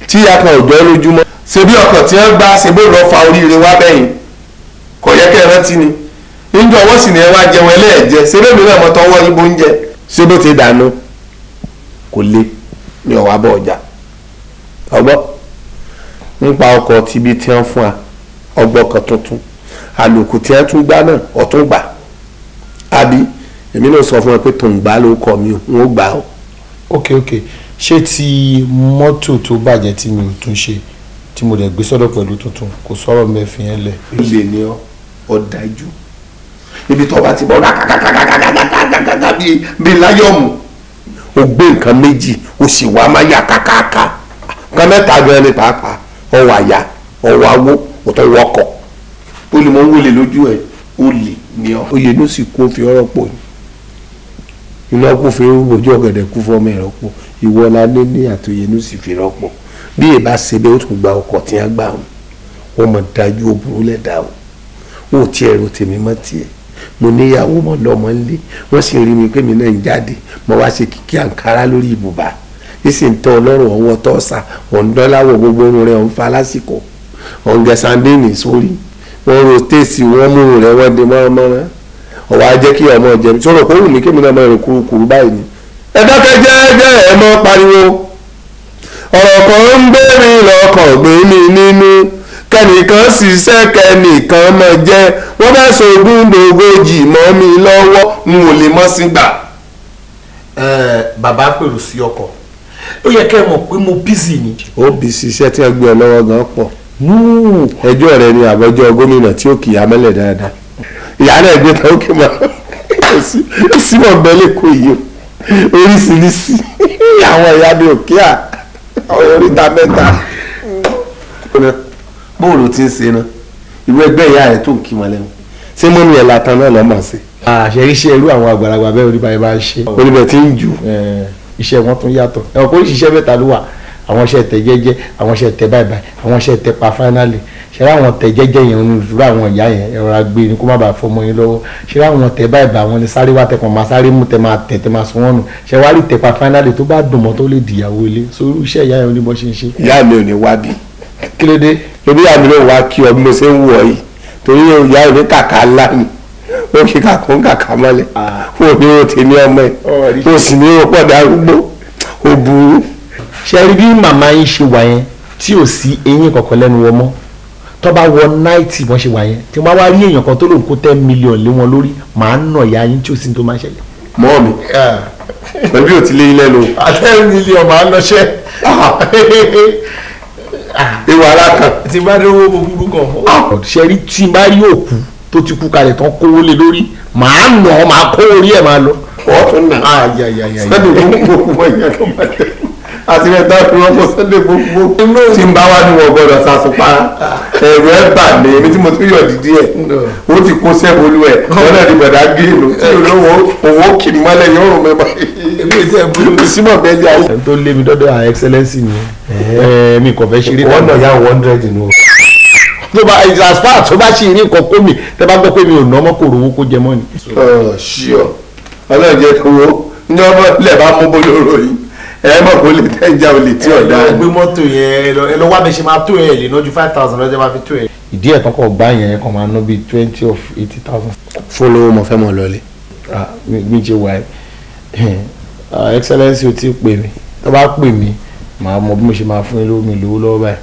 tí akàn ò jọ lójúmọ́ ṣebí ọkàn tí wọ́n gbá ṣebí lọ fa oríire wá bẹ́yìn kò yẹ kẹ́ rántí ni níjọ ọwọ́ sì ni ẹ wá jẹun ẹlẹ́ẹ̀jẹ ṣebí mi náà mọ tọwọ́ ibo oúnjẹ ṣebí ti dànù kò le ní ọ̀wá bọ̀ ọjà ọgbọ́ nípa ọkọ̀ tibí tí wọ́n fún wa ọgbọ́ kan tuntun àlòkù tí wọ́n tún gbá náà ọ̀tún gbà àbí èmi náà sọ fún wọn pé tòun gbà ló kọ mi wọn ò gbà o. ok ok ṣé ti mọ́tò tó bàjẹ́ tí mi ò tún ṣe tí mo dẹ̀ gbé sọ́dọ̀ pẹ̀lú tuntun kò sọ̀rọ̀ mẹ́fì yẹn lẹ̀. ilé ni ọ ọ̀dájú ibi tó bá ti bọ̀ kàkàkàkàkàkàkàkà bíi láyọ̀mù o gbé nǹkan méjì o sì wá máa yà kàkàkà nǹkan mẹ́ta gan ni pàápàá ọwọ́ àyà ọwọ́ awó ọ̀tọ̀wọ́ ọkọ̀ ó lè mọ owó lè lójú ẹ̀ ó lè ní ọ. oyè ló sì kó fi ọ̀rọ̀ pò ní iná kó fi rúbọ ojú ọ̀gẹ̀dẹ̀ kú fọmọ ẹ̀rọ pọ̀ ìwọ la lé ní àtòyè ló sì fi rọ́pò bí ìbá ṣe bẹ́ẹ̀ ó tún gba ọkọ̀ tí wọ́n gbà wọn wọ́n mọ̀ dájú oburu lẹ́dà o ó tiẹ̀ ro tèmi mọ́ tiẹ̀ mo níyàwó mọ́ lọ́mọ́ ńlé wọ́n sì rí mi pé mi náà ń jáde mo wá ṣe kìkì àǹkárá lórí ibùba ìsì ń tẹ ọlọ́run ọ̀wọ́ tọ́sà ọ̀ndọ́láwọ̀ gbogbo irun rẹ̀ ọ̀nfà lásìkò ọ̀ngẹ̀sàndínì sórí wọ́n ro téèsì wọ́n mú rẹ̀ wọ́n di mọ́rànmọ́rán ọ̀wọ́ á jẹ́ kí ọmọ jẹ̀bi sọ̀rọ̀ kó wù mí kémi náà máa rìn kúrukùrú báyìí ni. ẹ dákẹ́ jẹ́ẹ́jẹ́ ẹ mọ́ pariwo ọ̀rọ̀ kan ń béèrè lọ́kàn gbé mi nínú kẹnìkan ṣiṣẹ́ kẹnìkan mọ̀ jẹ́ wọ́n bá sọ̀gùn dògójì mọ́ mi lọ́wọ́ n ò lè mọ́ sí gbà. ẹ bàbá pèrò sí ọkọ̀ ó yẹ kẹ́ ẹ mọ̀ pé mo bízì ni. ó bí ṣiṣẹ́ tí wọ́n gbé ọ lọ́wọ́ gan pọ̀ ẹjọ́ rẹ ni àbọ̀jọ́ gómìnà tí ó kì í amẹ́lẹ̀ dáadáa ìyá rẹ̀ gbé tán ó ké mọ́ símọ̀ bẹ́lẹ̀ kó yìí o oríṣiríṣi àwọn ìyá mi ò kí à oríta mẹ́ta. bóòlù ti ń ṣe náà ìwé ẹgbẹ́ ìyá rẹ̀ tó ń kí wọn lẹ́wọ̀n ṣé mọ́mí ẹ̀ latan náà lọ́mọ̀ sí. àṣẹ iṣẹ́ irú àwọn àgbàlagbà bẹ́ẹ̀ oníbàyẹ̀ bá ń ṣe. oníbẹ̀ ti ń jù iṣẹ́ wọn tún yàtọ̀ ẹ̀wọ̀n kó ìṣiṣẹ́ mẹ́ta ló wà àwọn iṣẹ́ tẹ jẹ́jẹ́ àwọn iṣẹ́ tẹ báyìí báyìí àwọn iṣẹ́ tẹ pa fáínàlì ṣẹlẹ àwọn tẹ jẹ́jẹ́ yẹn onírúurú àwọn ìyá yẹn ẹrọra gbé ni kó má bàa fọmọ yín lọ́wọ́ ṣẹlẹ àwọn tẹ báyìí báyìí àwọn ni sáré wá tẹkàn máa sáré mú tẹ máa tẹ tẹ máa sún wọn nù wá rí tẹ pa fáínàlì tó bá dùn mọ́ tó lè dìyàwó ilé sórí iṣẹ́ ìyá yẹn oníbọ ṣe ń ṣe. ìyá mi ò ní wá bí. kí ló dé. ebi ìyá ló wá kí ọ bí mo ṣe ń wọ yìí torí ìyá mi kàkà ńlá ó kí kàkó ń kàkà mọ́lẹ̀ ah. ó ní o tèmi ọmọ ẹ̀ ó sì ní o pọ̀ darúgbó ó burú. ṣe rí bí màmá yín ṣe wà yẹn tí ò sí eyín kankan lẹ́nu wọn mọ́ tó bá wọ náìtì wọ́n ṣe wà yẹn tí wọ́n wá rí èèyàn kan tó lòun kó ten million lé wọn lórí màá nà ya yín tí ò sí ní tó máa ṣẹlẹ̀. mọ mi pẹ̀lú ò ti lé ilé lo. ten million màá lọ ṣẹ́ ìwà ah. alákan. Ah. tí bá dé owó gbogbo kan. ṣe rí tí bá rí òkú tó ti kú kalẹ̀ tán kówó lé lórí màá nà ọ́ màá kó orí ẹ̀ máa lọ. ọ̀tún náà sẹ́ni gbogbo ìyẹn ló máa jẹ́ àti rẹ̀ dáhùn ní ọmọ sẹ́ni gbogbo tí ń bá wá ní wọn gbọ́dọ̀ sàṣùpá ẹ̀rọ ẹ̀ bà mí èmi tí mo tún yọ̀ dídí ẹ̀ ó ti kó sẹ́ẹ̀bù olú ẹ̀ lọ́nà ní bọ̀dá gíìlù tí olówó òwò kì í mọ́lẹ̀ yóò rún mẹ́mọ́ èmi ìṣe ẹ̀bùrú símọ̀ bẹ́ẹ̀ tó bá as far tó bá sì rí nǹkan kó mi tẹ bá gbọ́ pé mi ò ná ọmọ kò rówó kó jẹ mọ́ ni. ṣíọ ọlọ́jẹ kúrò ní ọmọ ilẹ̀ bá mú bólóró yìí ẹ mọ̀ kó lè tẹ́ ìjà olè tí ọ̀dà. ẹ gbé mọ́tò yẹn ẹ lọ wá mi ṣe máa tó ẹ lè ná ju five thousand lọ́jọ́ máa fi tó ẹ. ìdí ẹ̀ tọkọ gbá yẹn kan máa ná bíi twenty of eighty thousand. fọlọ́wọ́ mo fẹ́ mọ̀ lọ́lẹ̀. Ah, mi jẹ́ wa ah, excellence excellency o ti pè mí tó bá pè mí màá mọ bí mo ṣe máa fún ilé omi lówó lọ́wọ́ báyìí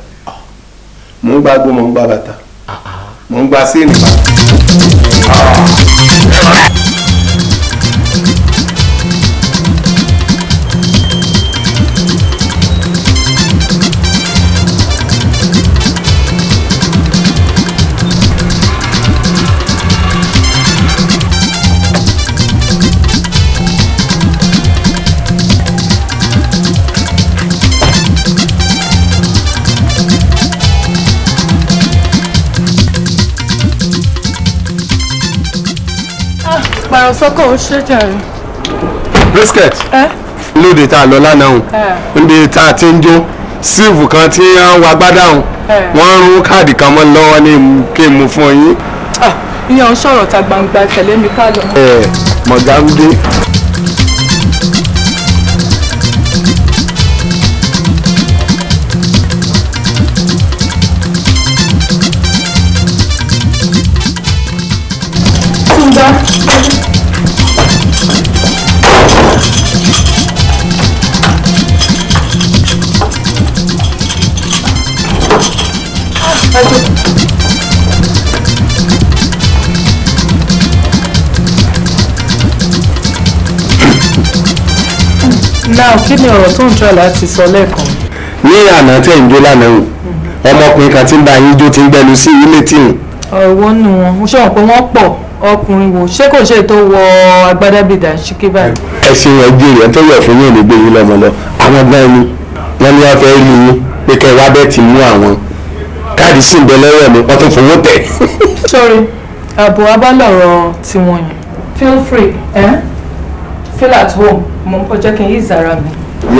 mò ń gbàgbó mò ń gbà bàtà ah, ah. mò ń gbà séènì rárá sọ́kọ̀ ó ṣe brisket lóde tá a lọ lánàá o níbi tá a ti ń jó síìfù kan tí wọ́n wá gbádà o wọ́n ń rún káàdì kan mọ́ lọ́wọ́ ní kí n mú fún yín. Ah, ìyẹn ń sọ̀rọ̀ ta gbangba tẹ̀lé mi ká lọ. ẹ mọ̀gá ń dé. now kí ni ọ̀rọ̀ tó ń tọ́ láti sọ lẹ́ẹ̀kan. ní àná tẹ̀ ń jó lánàá o ọmọkùnrin kan tí ń bá yín jó ti ń gbẹnu sí ilé tì í. ọ̀wọ́ nù wọn mo ṣe wọn pé wọ́n pọ̀ ọkùnrin wo ṣé kò ṣe tó wọ agbádá bíi dànṣíkí báyìí. ẹ ṣe yẹn jẹ èèyàn tó yẹ fún yín ní gbé yín lọmọ lọ àwọn gan ni wọn ní wọn fẹẹ lu yín pé kẹ wá bẹẹ ti mú àwọn káàdì sì ń bẹ mi wọn tún fowó tẹ. sọrí àbò abálọ̀rọ̀ tiwọn yẹn feel free. Eh? feel at home mo ń kọjá kí n yí ìzára mi.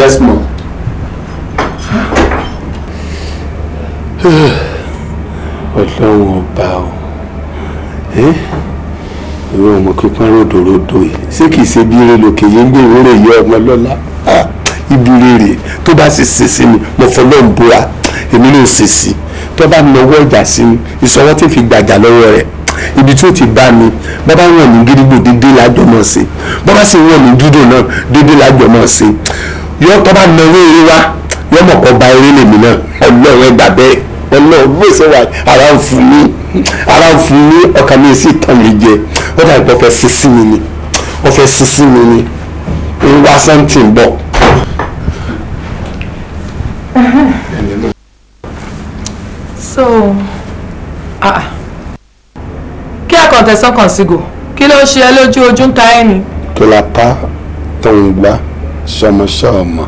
yes ma. ọlọ́run ọba o ìwé ọmọ pípọ́n ròdòròdò yìí ṣé kìí ṣe bí eré lòkè yìí ń gbé ìwúrò yìí ọmọ lọ́la my Lola. Ah, bá sì ṣe sí mi mo fọlọ́ ń bóra boy. ló ṣe sí tó bá nawọ́ ìjà sí mi ìṣọwọ́ tí fi gbàjà lọ́wọ́ rẹ̀ ibi tí ó ti bá mi bàbá wọn ní gídígbò dédé lájọ mọ̀ sí bàbá sì wọn ní júdò náà dédé lájọ mọ̀ sí yọ tọ́ bá náwó eré wa yọ mọ̀ ba eré lèmi náà ọlọ́run ẹgbà bẹ́ẹ̀ ọlọ́run bó ṣe wà ara ń fún mi ara ń fún mi ọkàn mi sì tàn mí jẹ ó dà gbọ́ fẹ́ sísí mi ni ó fẹ́ sísí mi ni ń wá something bọ̀. so ah. Uh, nǹkan tẹ̀sọ́kàn sígò kí ló ṣe ẹ lójú ojú ń ta ẹ ni. kí la pa tóun gbá sọmọṣọ ọmọ.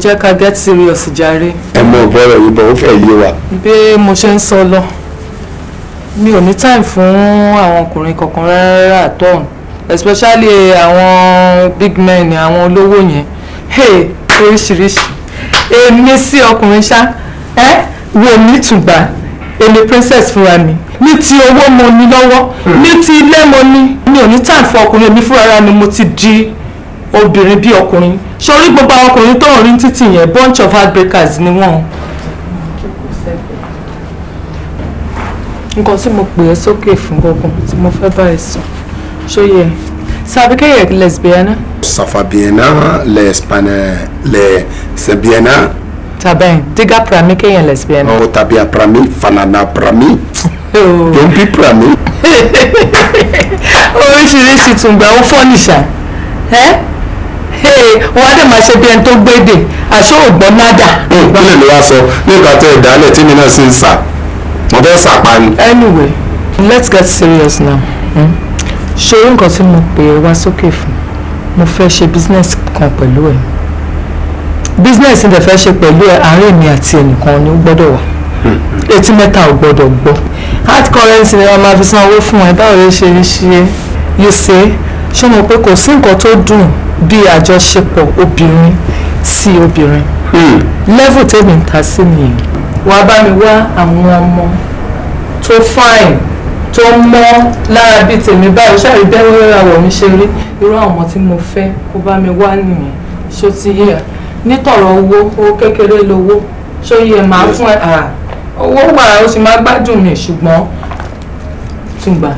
jẹ́ ká get serious jàre. ẹ mọ bọ́rọ̀ yìí bọ̀ ó fẹ́ yé wa. bí mo ṣe ń sọ lọ mi ò ní time fún àwọn ọkùnrin kankan rárá àtọ̀hún especially àwọn big men àwọn olówó yẹn hey oríṣiríṣi èmi sí ọkùnrin ṣá ẹ wo mi tùgbà èmi princess fúnra mi ní ti owó mo ní lọ́wọ́ hmm. ní ti ilé mo ní mi ò ní time fún ọkùnrin èmi fúnra mi mo ti di obìnrin bí ọkùnrin sórí gbogbo àwọn ọkùnrin tó ń rí títì yẹn bunch of heartbreakers ni wọ́n. nǹkan tí mo pè é sókè fún gbogbo tí mo fẹ́ bá ẹ sọ ṣóyè sàbíkẹ́yẹ lesbiana. safabiena lesbiana Tabɛn diga prami ke yɛn lesbienne. Ɔ a prami fanana prami. Yompi prami. Oríṣiríṣi tùǹgbà ó fọ́ nìṣà. Wọ́n á dẹ̀ máa ṣe bí ẹni tó gbédè àṣọ ògbọ́n nádà. Bílẹ̀ ló wá sọ nígbà tó ìdálẹ̀ tí mi náà sì ń sà. Mo fẹ́ sàpá ni. Anyway, let's get serious now. Hmm? Ṣé orí nǹkan tí mo pè é wá sókè fún? Mo fẹ́ ṣe business kan pẹ̀lú ẹ̀ business ndẹ̀ fẹ́ ṣe pẹ̀lú ẹ̀ àárín èmi àti ẹnìkan ni ó gbọ́dọ̀ wà hmm. etí mẹ́ta ò gbọ́dọ̀ gbọ́ hard currency ni wọ́n máa fi san owó fún ẹ báwo lè ṣe rí ṣe yé ṣe ṣé mo pé kò sí nǹkan tó dùn bí àjọṣepọ̀ obìnrin sí obìnrin hmm. level tèmi ń ta sí nìyẹn wàá bá mi wá àwọn ọmọ tó fine tó mọ́ lára bíi tèmi báyìí ṣáàrí bẹ́ẹ̀ wẹ́rẹ́ àwọ̀ mi ṣe rí irú àwọn tí mo fẹ́ kó bá mi wá nìyẹn ṣó ti yé nítọ̀rọ̀ owó owó kékeré lówó sóyè máa fún ẹ owó wà ó sì máa gbádùn mi ṣùgbọ́n tùgbà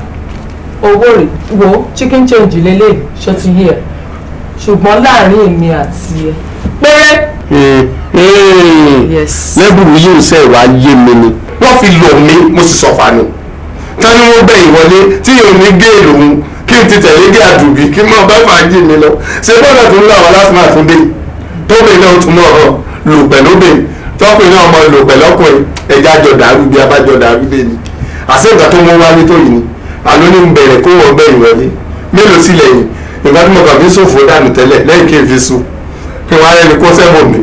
owó rẹ̀ wo chicken change lélẹ̀ ṣó ti yé ẹ ṣùgbọ́n láàrin èmi àti ẹ péré. Hmm, hmm, lẹ́bùrú yìí ń sẹ́ ìwà ayé mi ni wọ́n fi lò mí mo sì sọ̀fà ni tani wọ́n bẹ ìwọlé tí yóò ní géèlì òun kí n ti tẹ̀lé gé àdùgbì kí n mọ̀ bá fàájì mi lọ ṣé bọ́ọ̀lù tó ń lọ àwọn lásìmọ̀ àtúndé yìí tóbi náà tún mọ̀ ọ́ lò pẹ̀lóbì tọ́kùnrin náà mọ̀ lò pẹ̀lọ́kùnrin ẹja jọ dàrú bí abájọ dàrú dé ni àṣé ìgbà tó mú wáyé tó yìí ni àló ní bẹ̀rẹ̀ kó wọ́n bẹ̀rẹ̀ wọlé mélòó sí lẹ́yìn ìgbà tí mo kàn fi ṣòfò dànù tẹ́lẹ̀ lẹ́yìn kí n fi sùn kí wọ́n á yẹn kó sẹ́mọ̀ mi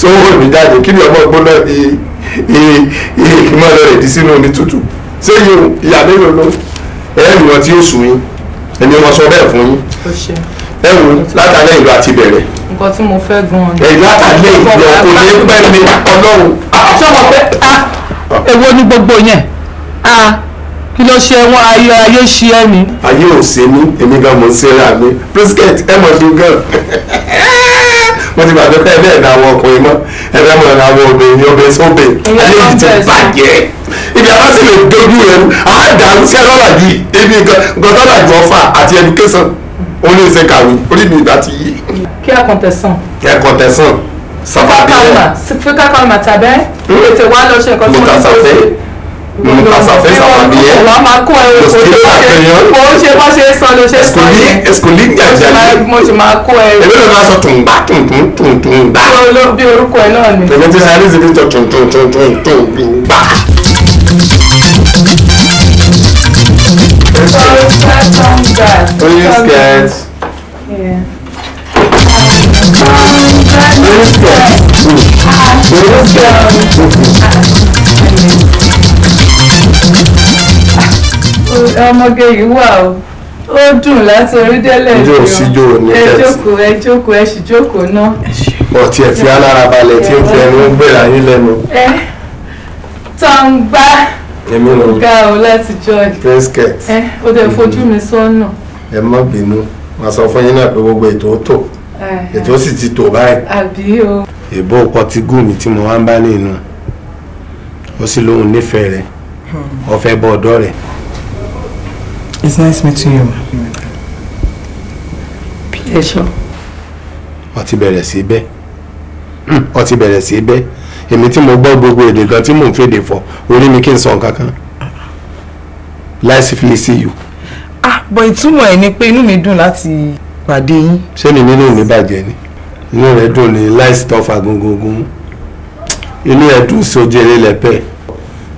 sówó mi jáde kí ni ọmọ gbóná ìmọ̀ lọ rẹ̀ di sínú omi tútù sẹ́yìn ìyá mélòó ló ẹ̀ẹ́nì wọn tí yóò sùn yín èmi wọn sọ bẹ́ẹ̀ fún yín ẹ̀wù látàlẹ́ ìlú àti bẹ̀rẹ̀ nǹkan tí mo fẹ́ gan-an ni. ẹ̀yọ́ àtàlẹ́ ìlọ kò ní pẹ́ mi ọlọ́run. sọ́mọ pé a ah, èwo ni gbogbo yẹn a ah, kí ló ṣe wọn ayé ayé ṣe ẹ ni. ayé ò ṣe mí èmi gan mo ń ṣe ra mi brisket ẹ mọ̀ ṣe gan mo ti gbàgbé pé ẹbẹ́ ẹ̀dá àwọn ọkùnrin mọ́ ẹbẹ́ mọ̀ ẹ̀dá àwọn obìnrin ní ọbẹ̀ sóbè ayé yìí ti bàjẹ́ ibi àwọn sì lè dojú ẹrú àádá ń ṣẹ́ lọ́làjì ibi nǹkan gọ́dọ́làjì ọ̀fà àti education ó ní ṣe kàwé orí mi ìgbà ti yí. kí a kọ̀ǹtẹ̀sán. ça? a kọ̀ǹtẹ̀sán. sàfàdé fait ça? kalma tàbẹ́. ètè wa lọ ṣe nǹkan tí mo ní kó ṣe. mutasafẹ́ sàfàdé yẹn. wà á ça kó ẹrù kò ní ṣe kò ń ṣe bá ṣe sọ ló ṣe sọ yìí. èsìkòlì ń jàjà yìí. mo ṣe máa kó ẹrù. èmi ló máa sọ tùǹgbà tùǹtùn tùǹtùn gbà. bí orúkọ ẹ náà ni. tèmi ti sáré bad. Only Yeah. Only scared. Only scared. ọmọge yìí wà o ó dùn láti orí délẹ̀ ìjọ síjó ní kẹtì ẹ jókòó ẹ jókòó ẹ sì jókòó náà. ọtí ẹ fi alára balẹ̀ tí ó fi ẹnu gbéra yín lẹ́nu. ẹ tàn gbá èmi ló ga ọ láti joy presket ó dẹ̀ fojú mi sọ́nà. ẹ má bínú màá sọ fún yín náà pé gbogbo ètò ó tò ètò ó sì ti tò báyìí. àbí o. èbó pọtí gùn mi tí mo wá ń bá ní inú ó sì lóun nífẹ̀ẹ́ rẹ̀ ọ̀fẹ́ hmm. bọ ọ̀dọ́ rẹ̀. it's nice meeting you. pleasure. ó ti bẹ̀rẹ̀ sí bẹ́ẹ̀ hmm, ó ti bẹ̀rẹ̀ sí bẹ́ẹ̀ èmi tí mo gbọ́ gbogbo èdè gan tí mò ń fèdè fọ orí mi kí n sọ nǹkan kan láìsí fílẹ̀ sí yìí. ah bọ̀ ìtumọ̀ ẹ̀ ni pé inú mi dùn láti pàdé yín. ṣé ni nínú mi bàjẹ́ ni inú rẹ̀ dùn ní láìsí tọ́fà gungungun inú rẹ̀ dùn sí ojú eré lẹ́pẹ́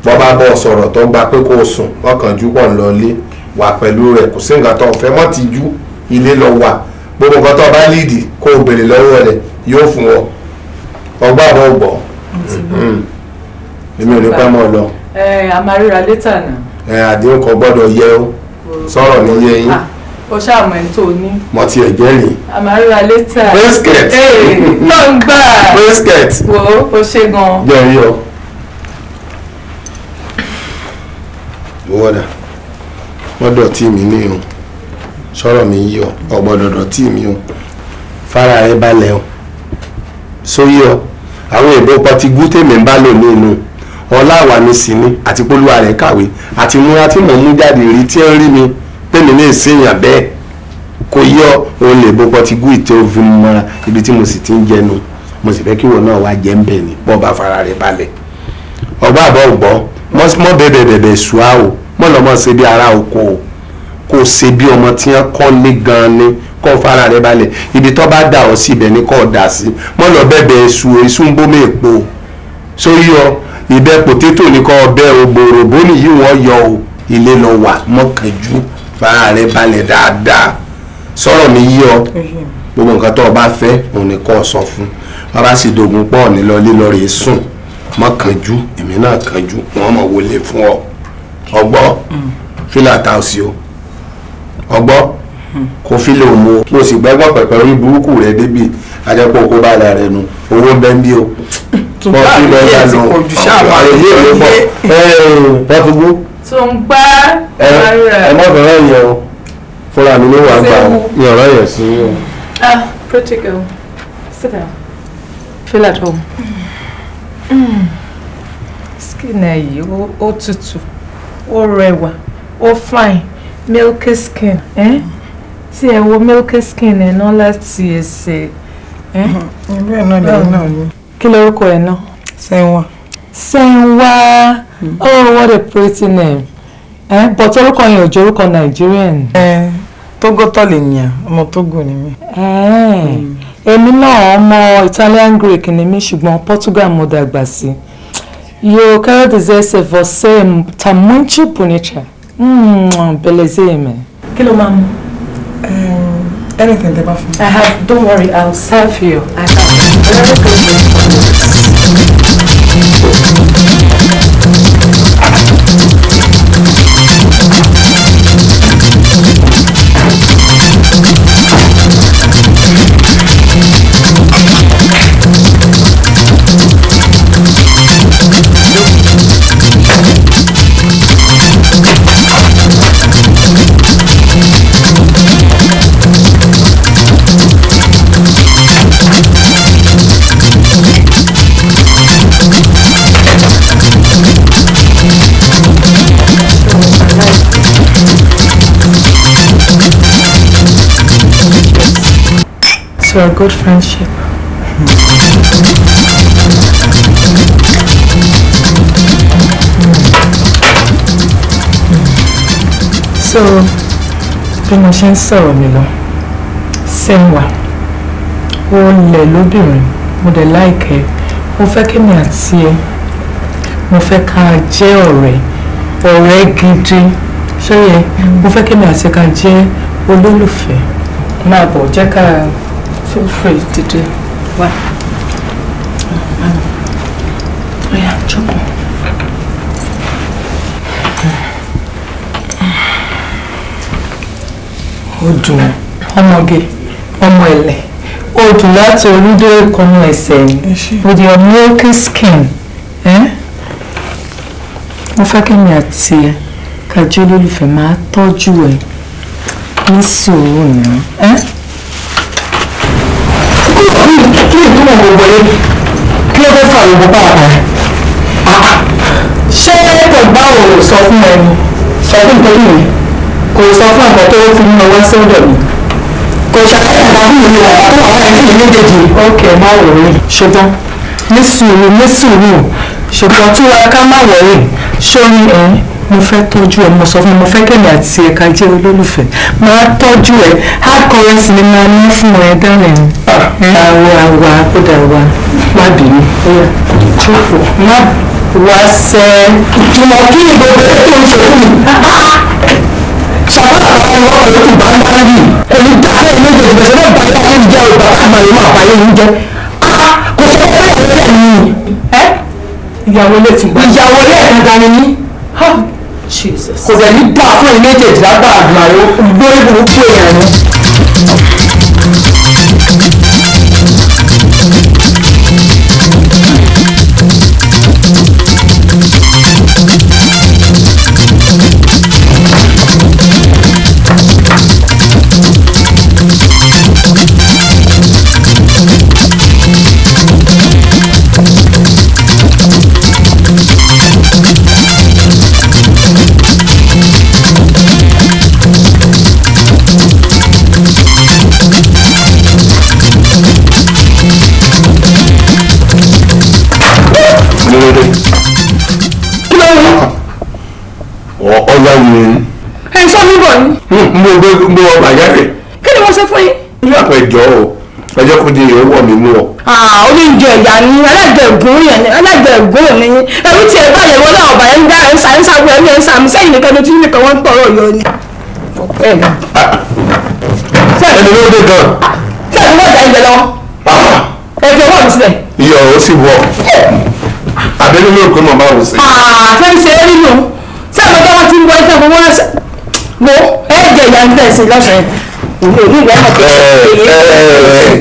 bọ́ bá bọ́ sọ̀rọ̀ tó gba pé kó sùn ọkàn jù pọ̀ ń lọ lé wà pẹ̀lú rẹ̀ kò sí nǹkan tó ń fẹ́ mọ́ ti jú ilé lọ wà gbogbo nǹkan tó bá lídìí kó o béèrè lọ́wọ́ rẹ̀ yóò fún ọ ọgbà àwọn ògbọ́n èmi ò ní pẹ́ mọ́ lọ. ẹ àmàríra létà náà. ẹ àdéhùn kan gbọ́dọ̀ yẹ ó sọ̀rọ̀ ní yẹ yín. Ah, o ṣàmọ̀ ẹni tó ní. mo ti ẹ̀ jẹ́rìí. àmàríra létà. brisket. ee ló ń gbà. brisket. wo o ṣe gan. jẹ́ rí o. mo wọ́dà wọ́n dọ̀tí mi ní o sọ̀rọ̀ mi yí o ọ̀gbọ́dọ̀ dọ̀tí mi o fara ẹ balẹ̀ o sóyí o. So, àwọn ìbò pọtigú tèmi ń bá lò ní inú ọlá àwà mi sì ni àti polúwa rẹ̀ kàwé àti múra tí mò ń mú jáde rí tí ń rí mi pé mi ní ìsìnyàn bẹ́ẹ̀ kò yọ òun lè bó pọtigú ìtẹ́ òfin mu mọ́ra ibi tí mo sì ti ń jẹnu mo sì fẹ́ kí wọn náà wá jẹ́ ń bẹ̀ ni bọ́ fara rẹ̀ balẹ̀ ọgbà àbọ̀ ògbọ́ mọ́ bẹ́ẹ̀ bẹ́ẹ̀ bẹ́ẹ̀ sùá o mọ́ lọ́mọ́ ṣe bí ara oko o kó o ṣe bí ọmọ tí wọ́n kọ́ lé gan-an ni kó o fara rẹ balẹ̀ ibi tó bá dà ọ́ sí ibẹ̀ ni kó o dà sí mọ́ lọ bẹ̀bẹ̀ èṣù èṣù ń bómi èpo sórí ọ ìbẹ pòtétò ní kó o bẹ́ o gbòòrò bóni yìí wọ́n yọ o ilé lọ wà mọ́kànjú fara rẹ balẹ̀ dáadáa sọ̀rọ̀ mi yí ọ gbogbo nǹkan tó o bá fẹ́ òun ni kó o sọ fún bàbá sì dogun pọ̀ ní lọ lílọ rèé sùn mọ́kànjú èmi náà kànjú wọ́n mọ̀ wọlé fún ọ ọgbọ́ mm. fílà tá o. Mm ọgbọ́ kò fi lè mú o mo sì gbẹ́gbọ́ pẹ̀pẹ́ orí burúkú rẹ débi àjẹpọ̀ kó bá ara rẹ nu owó ń bẹ́ ń bí o pọ̀ sí lọ́yà nu àyè ló pọ̀ pọ́tugú. tó ń gbá ẹ mọ́ fẹ́rẹ́ yẹn o fúnra mi ló wà gbà yọ̀rọ̀ yẹ̀ sí ah, o. ah protocol sit down feel at home. Mm. skin ẹ yìí ó tutù ó rẹwà ó fine Milk skin eh? tí ẹ wo milk skin ẹ̀ náà láti ẹsẹ̀. ìbéèrè eh? mm-hmm. náà lẹ́yìn oh. náà ni. kí lorúkọ ẹ̀ náà. Sẹ́wà. Sẹ́wà mm. oh what a pretty name eh? but orúkọ yẹn ò jẹ́ orúkọ Nigerian. Eh, Togo tọ́lẹ̀ nìyà ọmọ Togo ni mí. Eh. èmi náà ọmọ Italian Greek ni mi ṣùgbọ́n Portugal mo dàgbà sí. Io credo di essere forse tamunci punica. Hmm, pẹ̀lẹ́ sí èmi. kí ló máa mú. Eh, anything tẹ bá fún mi. I have don't worry I'll serve you. I have. to a good friendship. So, bí mo ṣe ń sọ̀rọ̀ mi lọ, Sẹ́wà, ó lẹ̀ lóbìnrin, mo dẹ̀ láìkẹ́, mo fẹ́ kí mi àti ẹ, mo fẹ́ ká jẹ́ ọ̀rẹ́, ọ̀rẹ́ gidi, ṣé yẹ, mo fẹ́ kí mi àti ẹ ká jẹ́ olólùfẹ́, máa bọ̀ jẹ́ ká feel free to do well. Um, oh, yeah, chop ó dùn ọmọge ọmọ ẹlẹ ó dùn láti orí dé ìkọnú ẹsẹ̀ yìí with your milky skin mo fẹ́ kí mi àti ẹ kájú olólùfẹ́ máa tọ́jú ẹ ní sùúrù náà. mọ̀ gbogbo yìí kí ló fẹ́ fà lóko pàápàá ṣé kò bá òun sọ fún ẹ sọ fún nítorí mi kò sọ fún àgbà tó fi mú ọwọ́ sọ́dọ̀ mi kò ṣàkóso àwọn fún mi wà tó àwọn ẹ̀fín mi méjèèjì ok má wò rí ṣùgbọ́n ní sùúrù ní sùúrù ṣùgbọ́n tí wàá ká má wọ̀ rí ṣó ní ẹ̀yìn mo fẹ́ tọ́jú ẹ mo sọ fún mi mo fẹ́ kẹ̀mí àti ẹ̀ka jẹ́ olólùfẹ́ máa tọ́jú ẹ hard currency ni máa mú fún ẹ dáhùn ah, ẹ. Eh. àwa àwa kódà wa má bínú jókòó má wá sẹ́ ìtumọ̀ kí ni gbogbo ẹ tó ń ṣe fún mi. ṣàkóso àwọn ọmọ ọmọ yòókù bá ń bá rí kò ní dáa ẹ méjèèjì bẹ̀rẹ̀ náà bá yá ẹni jẹ́ ògbà àgbà yìí máa bá yẹ oúnjẹ. kò sọ pé ẹ̀rọ ẹ̀ ní. ìyàwó lè ti gbà. ìyàwó lè ti gbà ni mí kò dẹ̀ ní fún ẹ̀yin méjèèjì lágbára àgbà yóò gbórí burúkú èèyàn ni. ya wèrè ni. ẹ sọ mi bọ̀ ni. mo gbé mo wọ bàjẹ́ rẹ̀. kí ni mo ṣe fún yín. ní àpẹjọ o ọjọ́ kò di ìyẹn wọ̀ mí mú ọ. ó ní ìjọ ìyá ni alájọ ìgbóhùn yẹn ni alájọ ìgbóhùn ni ẹrú tiẹ̀ báyẹn wọlé ọ̀bà yẹn ń dá ẹ̀ ń sa ẹ̀ ń sa gbọ́ ẹ̀ ń sa mi sẹ́yìn nìkan lójú nìkan wọ́n ń tọrọ yọ ni. Ah. ẹni ló dé gan. sẹ́yìn ló dá ibẹ̀ lọ. Ah. ẹ fi ọwọ́ mi sílẹ̀. iyọ̀ ó sì wọ̀ abẹ́lé ló kó mọ̀ máa wò sí. àfẹ́ ah, ń ṣe é nínú ọjọ́ wọn ti ń wọ iṣẹ́ fún wọn ṣe mo ẹ ìyá ń tẹ̀sí lọ́sàn-án ìlú òní ìwé ọmọ kẹsàn-án èyí èyí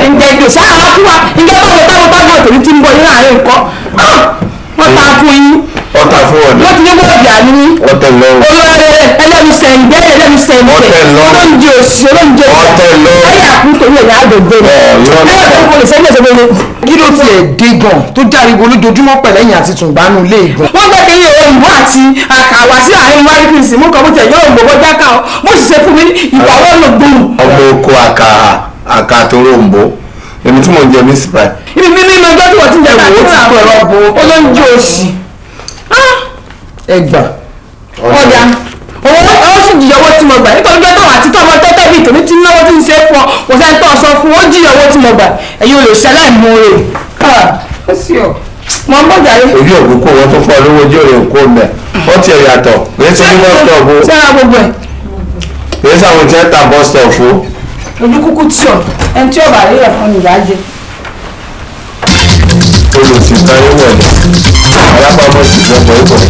èyí ǹjẹ́ gbèsè àwọn akúwa ǹjẹ́ báwo báwo báwo tòun ti ń bọ̀ nínú àárín nǹkan wọ́n ta fún yín ta fún ọ ni. wọ́n ti ní wọ́ọ̀dì àní. ọtẹ lọ. olóore ẹlẹ́nu sẹ̀ǹdẹ́ ẹlẹ́nu sẹ̀ǹdẹ́. ọtẹ lọ. olóńjẹ òsì olóńjẹ òsì. ọtẹ lọ. ayé àkúntò yóò ní àdògbò. ẹ yọ ní ẹ kí ló tiẹ̀ dé gan tó járiwo lójoojúmọ́ pẹ̀lẹ́yìn àti tùǹbánu ilé ìgbọ̀n. wọ́n gbé kiri òyìnbó àti àkàwà sí àárín wárí kìí sí mú kan bó tẹ̀ yọ òǹgbògbò jákà ó bó sì ṣe fún mi ìgbà wọ́n lò gbòòrò. ọmọ oko àkà àkà tó ròǹbó èmi tí mò ń jẹ mí sípà. ibi mímí ọjọ́ tí wọ́n ti jẹ ìwò ó ti pẹ̀lú ọ̀bùn olóńjẹ òsì ẹgbà ọ̀dà owó ọwọ́ sì jìyà owó tí mo gbà nítorí pé tọ́wọ́ àti tọ́wọ́ tẹ́tẹ́ bíi tèmi ti náwó tí ń ṣe fún ọ kò sẹ́ni tó sọ fún ó jìyà owó tí mo gbà ẹ̀yin ò lè ṣe aláìmoore ó sì ọ mọ mọ́ jàre. èmi ò kúkú wọn tó fọ olówó ojú òye òkú mẹ ó ti ẹ̀ yàtọ̀ kì í ṣe ní bọ́stọ̀ọ̀fù kì í ṣe àwọn tí wọ́n ta bọ́stọ̀ọ̀fù. ojú kúkú tí ọ ẹni tí ó bá rí ẹ̀fọn ìyá jẹ olùsìnkà yóò wọlé alábàámọ̀ ìjọba ìbọ̀.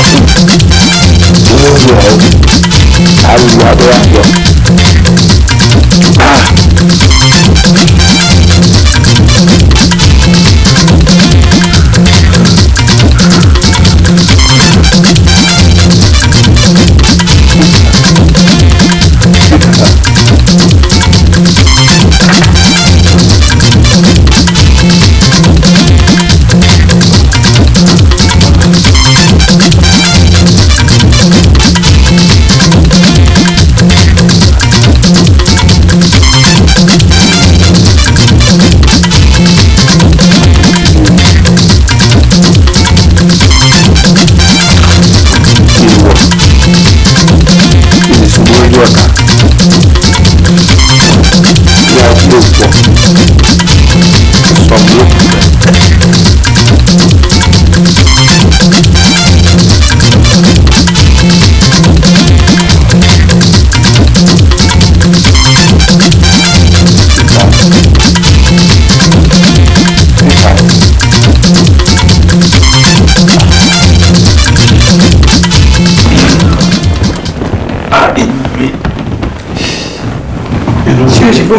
you know you are okay.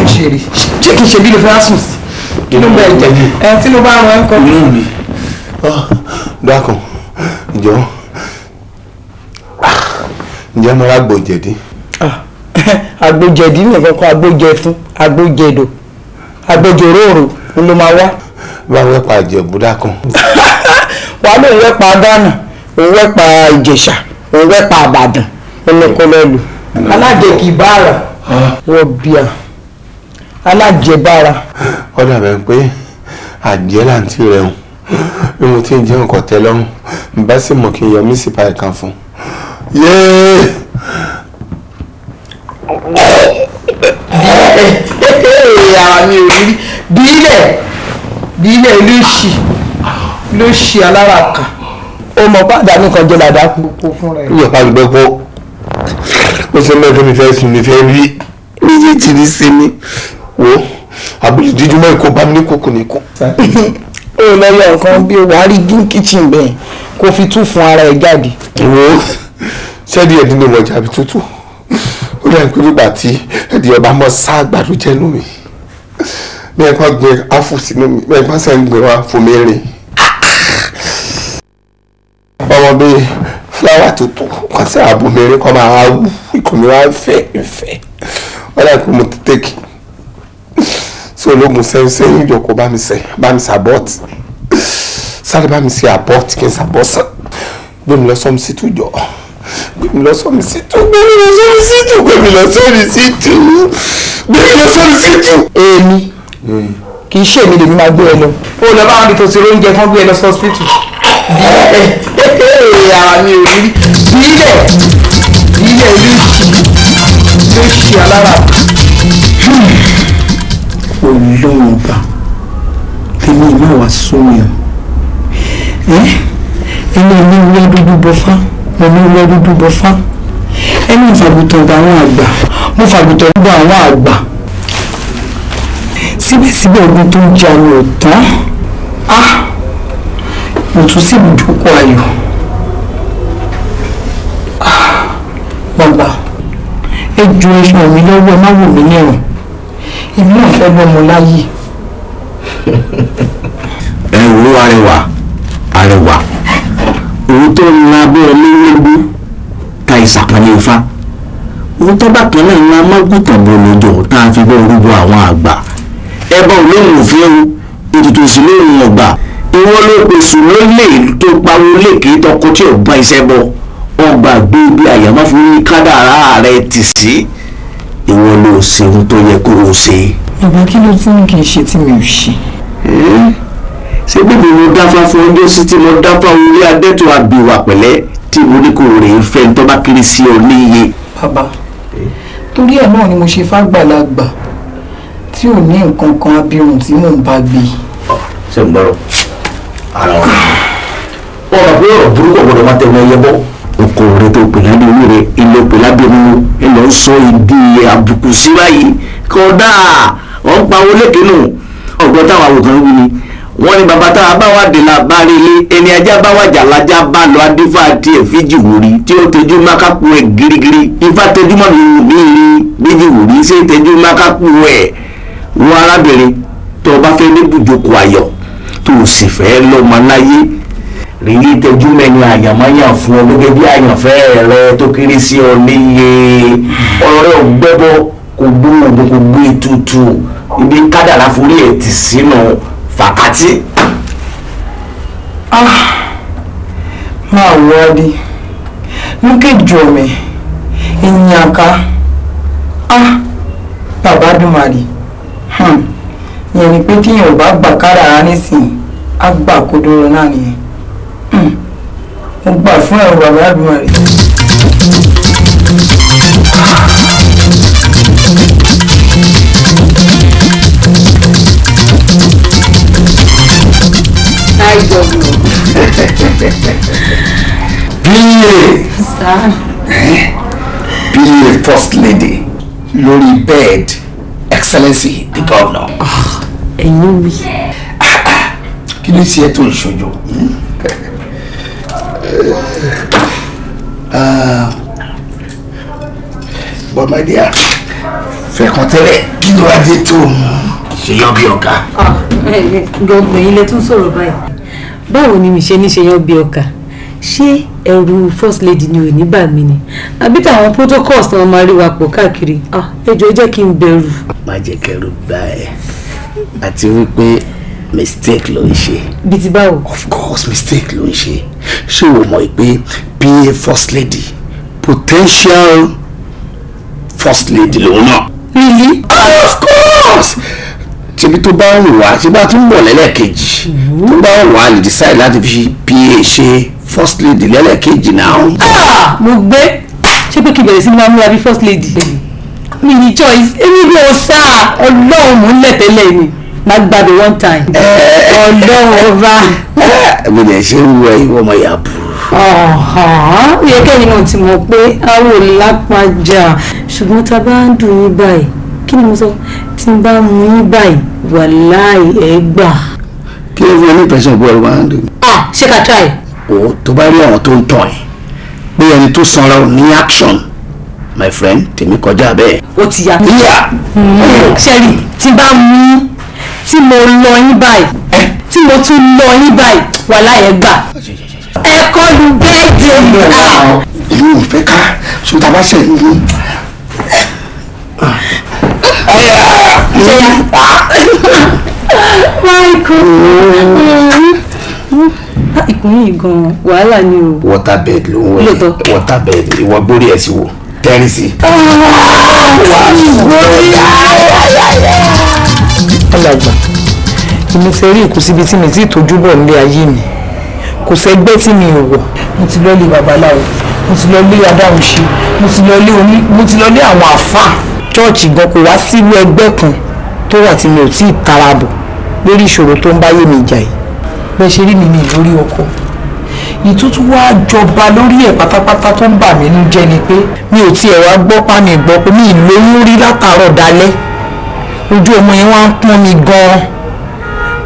ń ṣe rí ṣé kìí ṣe bí ló fẹ́ sùn sí kí ló bẹ̀ jẹ́ ẹ tí ló bá wọn kọ́. inú mi ah, dákun ìjọ ah, ǹjẹ́ mo rà gbòjẹ̀dí. Ah, agbójẹ̀dí nìkan kan agbójẹ̀fún agbójẹ̀dò agbójòróòrò ń ló máa wá. báwo pa àjẹ̀bú dákun. wàá lóun wẹ́pa gánà òun wẹ́pa ìjẹ̀ṣà òun wẹ́pa àbàdàn òun ni kò lọ lù alájẹkì báàrà wọ́n bíà alájẹbára. ó dàbẹ̀ pé àjẹ́ làǹtí rẹ̀ hùn bí mo ti ń jẹun kò tẹ́ lọ́rùn bá sì mọ̀ kí n yọ mí sí pa fún un. bílẹ̀ bílẹ̀ ló ṣì ló ṣì alára kan ó mọ padà nìkan jẹ́ làdá kó fún rẹ̀. yóò pàdé bẹ́ẹ̀ ó ṣe mẹ́fẹ́ mi fẹ́ sùn mi fẹ́ rí méjèèjì ní sinmi wo àbúlé dídúmọ́ èkó bá mi ní kókò ní kú. o lọ yọ nǹkan bí wàá rí gín kitchen bẹ́ẹ̀ kó fi tú fún ara ẹ̀ jáde. wo sẹ́ẹ̀dì ẹ̀dín ni wọ́n jàbí tútù ó dà pé nígbà tí ẹ̀dì ọba mọ́ sá àgbàdo jẹ́ nù mí bẹ́ẹ̀ kọ́ gbé áfù sínú mi bẹ́ẹ̀ kọ́ sẹ́ ń gbé wá fún mi rìn. ọmọ bíi fúláwà tuntun kọ́sẹ́ àbúmẹ́rin kọ́ máa wá wú ikùn mi wá fẹ́ fẹ́ wọ́n dà pé mo ti tẹ́kì so ológun sẹ́yìn sẹ́yìn ìjọkọ̀ bá mi sẹ́ bá mi sẹ́ abort sáré bá mi sẹ́ abort kí n sẹ́ abort sàn gbé mi lọ sọ́mi sítú jọ gbé mi lọ sọ́mi sítú gbé mi lọ sọ́mi sítú gbé mi lọ sọ́mi sítú gbé mi lọ sọ́mi sítú. èmi kì í ṣèmi lèmi máa gbé ẹ lọ ó lọ bá wọn bí tòsí oúnjẹ kan gbé ẹ lọ sọ́sítù bí ara mi ò rí bílẹ̀ bílẹ̀ orí ìtì ló ṣe alára ọlọ́run ọba tèmi náà wá sóyàn ẹni ìlú ìwé dúdú bọ́fá mo ní ìwé dúdú bọ́fá ẹni ìfàgùtàn bá àwọn àgbà mo fàgùtàn bá àwọn àgbà síbẹ̀síbẹ̀ ogun tó ń jalè ọ̀tán ah mo tún sì dúkọ ayọ̀ ah bàbá ẹ ju ẹṣin mi lọ́wọ́ ẹ má wò mí ní ẹ̀wọ̀n èmi náà fẹ́ gbọ́ mọ láyè. ẹ wo arẹwà arẹwà òun tó ń la bí ọlọ́wọ́gbó ta ìsàkànlẹ̀ ifá òun tó bá kan náà ń la mágùtàbọ̀ lọ́jọ́ tá a fi bọ́ orúbọ àwọn àgbà ẹ bá olóhùn òfin o ètùtù sí lóhùn ọgbà ìwọ ló pe sùn ló lè tó pawó lè kí tọkọ tí ò bá iṣẹ́ bọ̀ ọgbà gbé ibi àyàmáfin ní kádàrá rẹ tì sí ìwọ ló ṣe ohun tó yẹ kó o ṣe. bàbá kí ló tún ní kí n ṣe tí mi ò ṣe. ṣé bíbí mo dáfá fún ọjọ́ sí tí mo dáfá orí adẹ́tò àbíwá pẹ̀lẹ́ tí mo ní kò rè é fẹ́ tó bá kiri sí ọ níye. bàbá torí ẹ̀ náà ni mo ṣe fàgbàlagbà tí ò ní nǹkan kan abirùn tí mò ń bá gbé. ṣé n gbọ́dọ̀ ara wọn. ọ̀rọ̀ pé ọ̀rọ̀ burúkú ọ̀gbọ́dọ̀ máa tẹnu ẹyẹ bọ́ oko rẹ tó pè lábẹ́ omi rẹ ilé pè lábẹ́ omi mu ilẹ̀ ń sọ ìdí àbùkù sí báyìí kọ́dà wọ́n ń pa owó lékè nù ọ̀gbọ́n táwọn àwòkàn wí ni wọ́n ní bàbá táwa bá wà dènà àbárí ilé ẹni ajá bá wà jàlájà bá lọ adífá tiẹ̀ fíjì wòrí tí ó tẹjú mákàkú ẹ̀ girigiri ifá tẹjú mọ́ mi ní ìrí méjì wòrí ṣé tẹjú mákàkú ẹ̀ wọ arábìnrin tó o bá fẹ́ ní bùjókòó ayọ̀ tó o sì fẹ́ lọ́mọ láyé rírí tẹjú mẹ́nu àyànmọ́yàn fún ọ gẹ́gẹ́ bí àyànfẹ́ rẹ tó kéré sí ọ níye ọ̀rọ̀ rẹ ò gbẹ́bọ kò gbó oògùn kò gbó ètùtù ibi kádàrá forí ẹ̀ tì sínú fàkátì. Ah, máa wọ adé lókèjọ mi ìyìn àká ah, bàbá dùmarì hmm, yẹn ni pé tíyẹn ò bá gbà kádàrá nísìnyí á gbà kó dúró náà nìyẹn mo gbà fún ẹ̀rọ bàbá àdúrà rẹ̀. bíyè bíyè first lady lórí bed excellency the governor. Ah, ẹ̀yin wí. Ah, ah. kí ló ṣe é tó ń ṣojo. Hmm? Uh, but my dear fẹ̀kàn tẹ́lẹ̀ kí ló wá dé tó ṣe yán bí ọkà. Ah, eh, eh, gbogbo ilé tún sọ̀rọ̀ báyìí báwo ni mi ṣe ní ṣe yán bí ọkà ṣé ẹrù first lady ni ò ní bà mí ni àbí táwọn protocols tí wọn máa rí wa pọ̀ Ah, ẹjọ jẹ́ kí n bẹ̀rù. má jẹ́ kẹ́rù bá ẹ àti wípé mistake ló ń ṣe. bí ti báwo. of course mistake ló ń ṣé o mọ̀ pé pa first lady potential first lady lòun náà. really. Oh, of course ṣebí tó bá ń wá ṣe bá tún bọ̀ lẹ́lẹ́kejì mm-hmm. tó bá ń wá lè decide láti fi pa ṣe first lady lẹ́lẹ́kejì náà. Ah! mo gbé ṣé pé kí n bẹ̀rẹ̀ sí ní máa múra first lady mi ní choice èmi ni ọ̀sà ọlọ́run mò ń lẹ̀ tẹ́lẹ̀ ni má gbàdé one time. Eh, eh. ọlọ́run ọba. Eh, mo lè ṣe wú ẹ ìwọ ọmọ ìyá burú. ó yẹ kẹ́yìn náà ti mọ̀ pé àwọ̀ lápájà ṣùgbọ́n tá a bá ń dùn yín báyìí kí ni mo sọ tí n bá mú yín báyìí wàláì ẹ gbà. kí ló fún ẹ ní ìpẹ́sẹ̀ bọ́ọ̀lù máa ń dùn. ah ṣé ká try. o tó bá rí àwọn tó ń tọ̀ ẹ́ pé ẹni tó sanra ò ní action my friend tèmi kọjá bẹ́ẹ̀. ó ti yà. Hmm. ṣẹ́rí tí n bá mú tí mo lọ yín báyìí tí mo tún lọ yín báyìí wà láyé gbà ẹ kọlu bẹ́ẹ̀dì ọ̀la. inú ìfẹ́ ká sọ tá a bá ṣe ń yín. Michael. ìkùnrin ah, yìí gan wàhálà ni o. water bed ló ń wẹ̀ water bed ìwọ gbórí ẹ̀ sí wo tẹ́rì sí. wàá gbórí ayayaya alàgbà èmi ti rí ìkú síbi tí mi ti tọ́jú bọ̀ nílé ayé mi kò sẹ́gbẹ́ tí mi ò wọ̀ mo ti lọ lé babaláwo mo ti lọ lé adáhunṣe mo ti lọ lé oní mo ti lọ lé àwọn àáfàá chọ́ọ̀chì gan kò wá sílé ẹgbẹ́ kan tó wà tí mi ò tí ì tara bọ̀ lórí ìṣòro tó ń báyé mi jà yìí bẹ́ẹ̀ ṣe rí mi mi lórí ọkọ ìtútù wá jọba lórí ẹ̀ pátápátá tó ń bà mí nú jẹ́ ni pé mi ò tiẹ̀ wá gbọ́ pa mi gbọ́ pé mi ì lóyún rí látàárọ̀ dalẹ́ ojú ọmọ yẹn wá ń pọ́n mi gan-an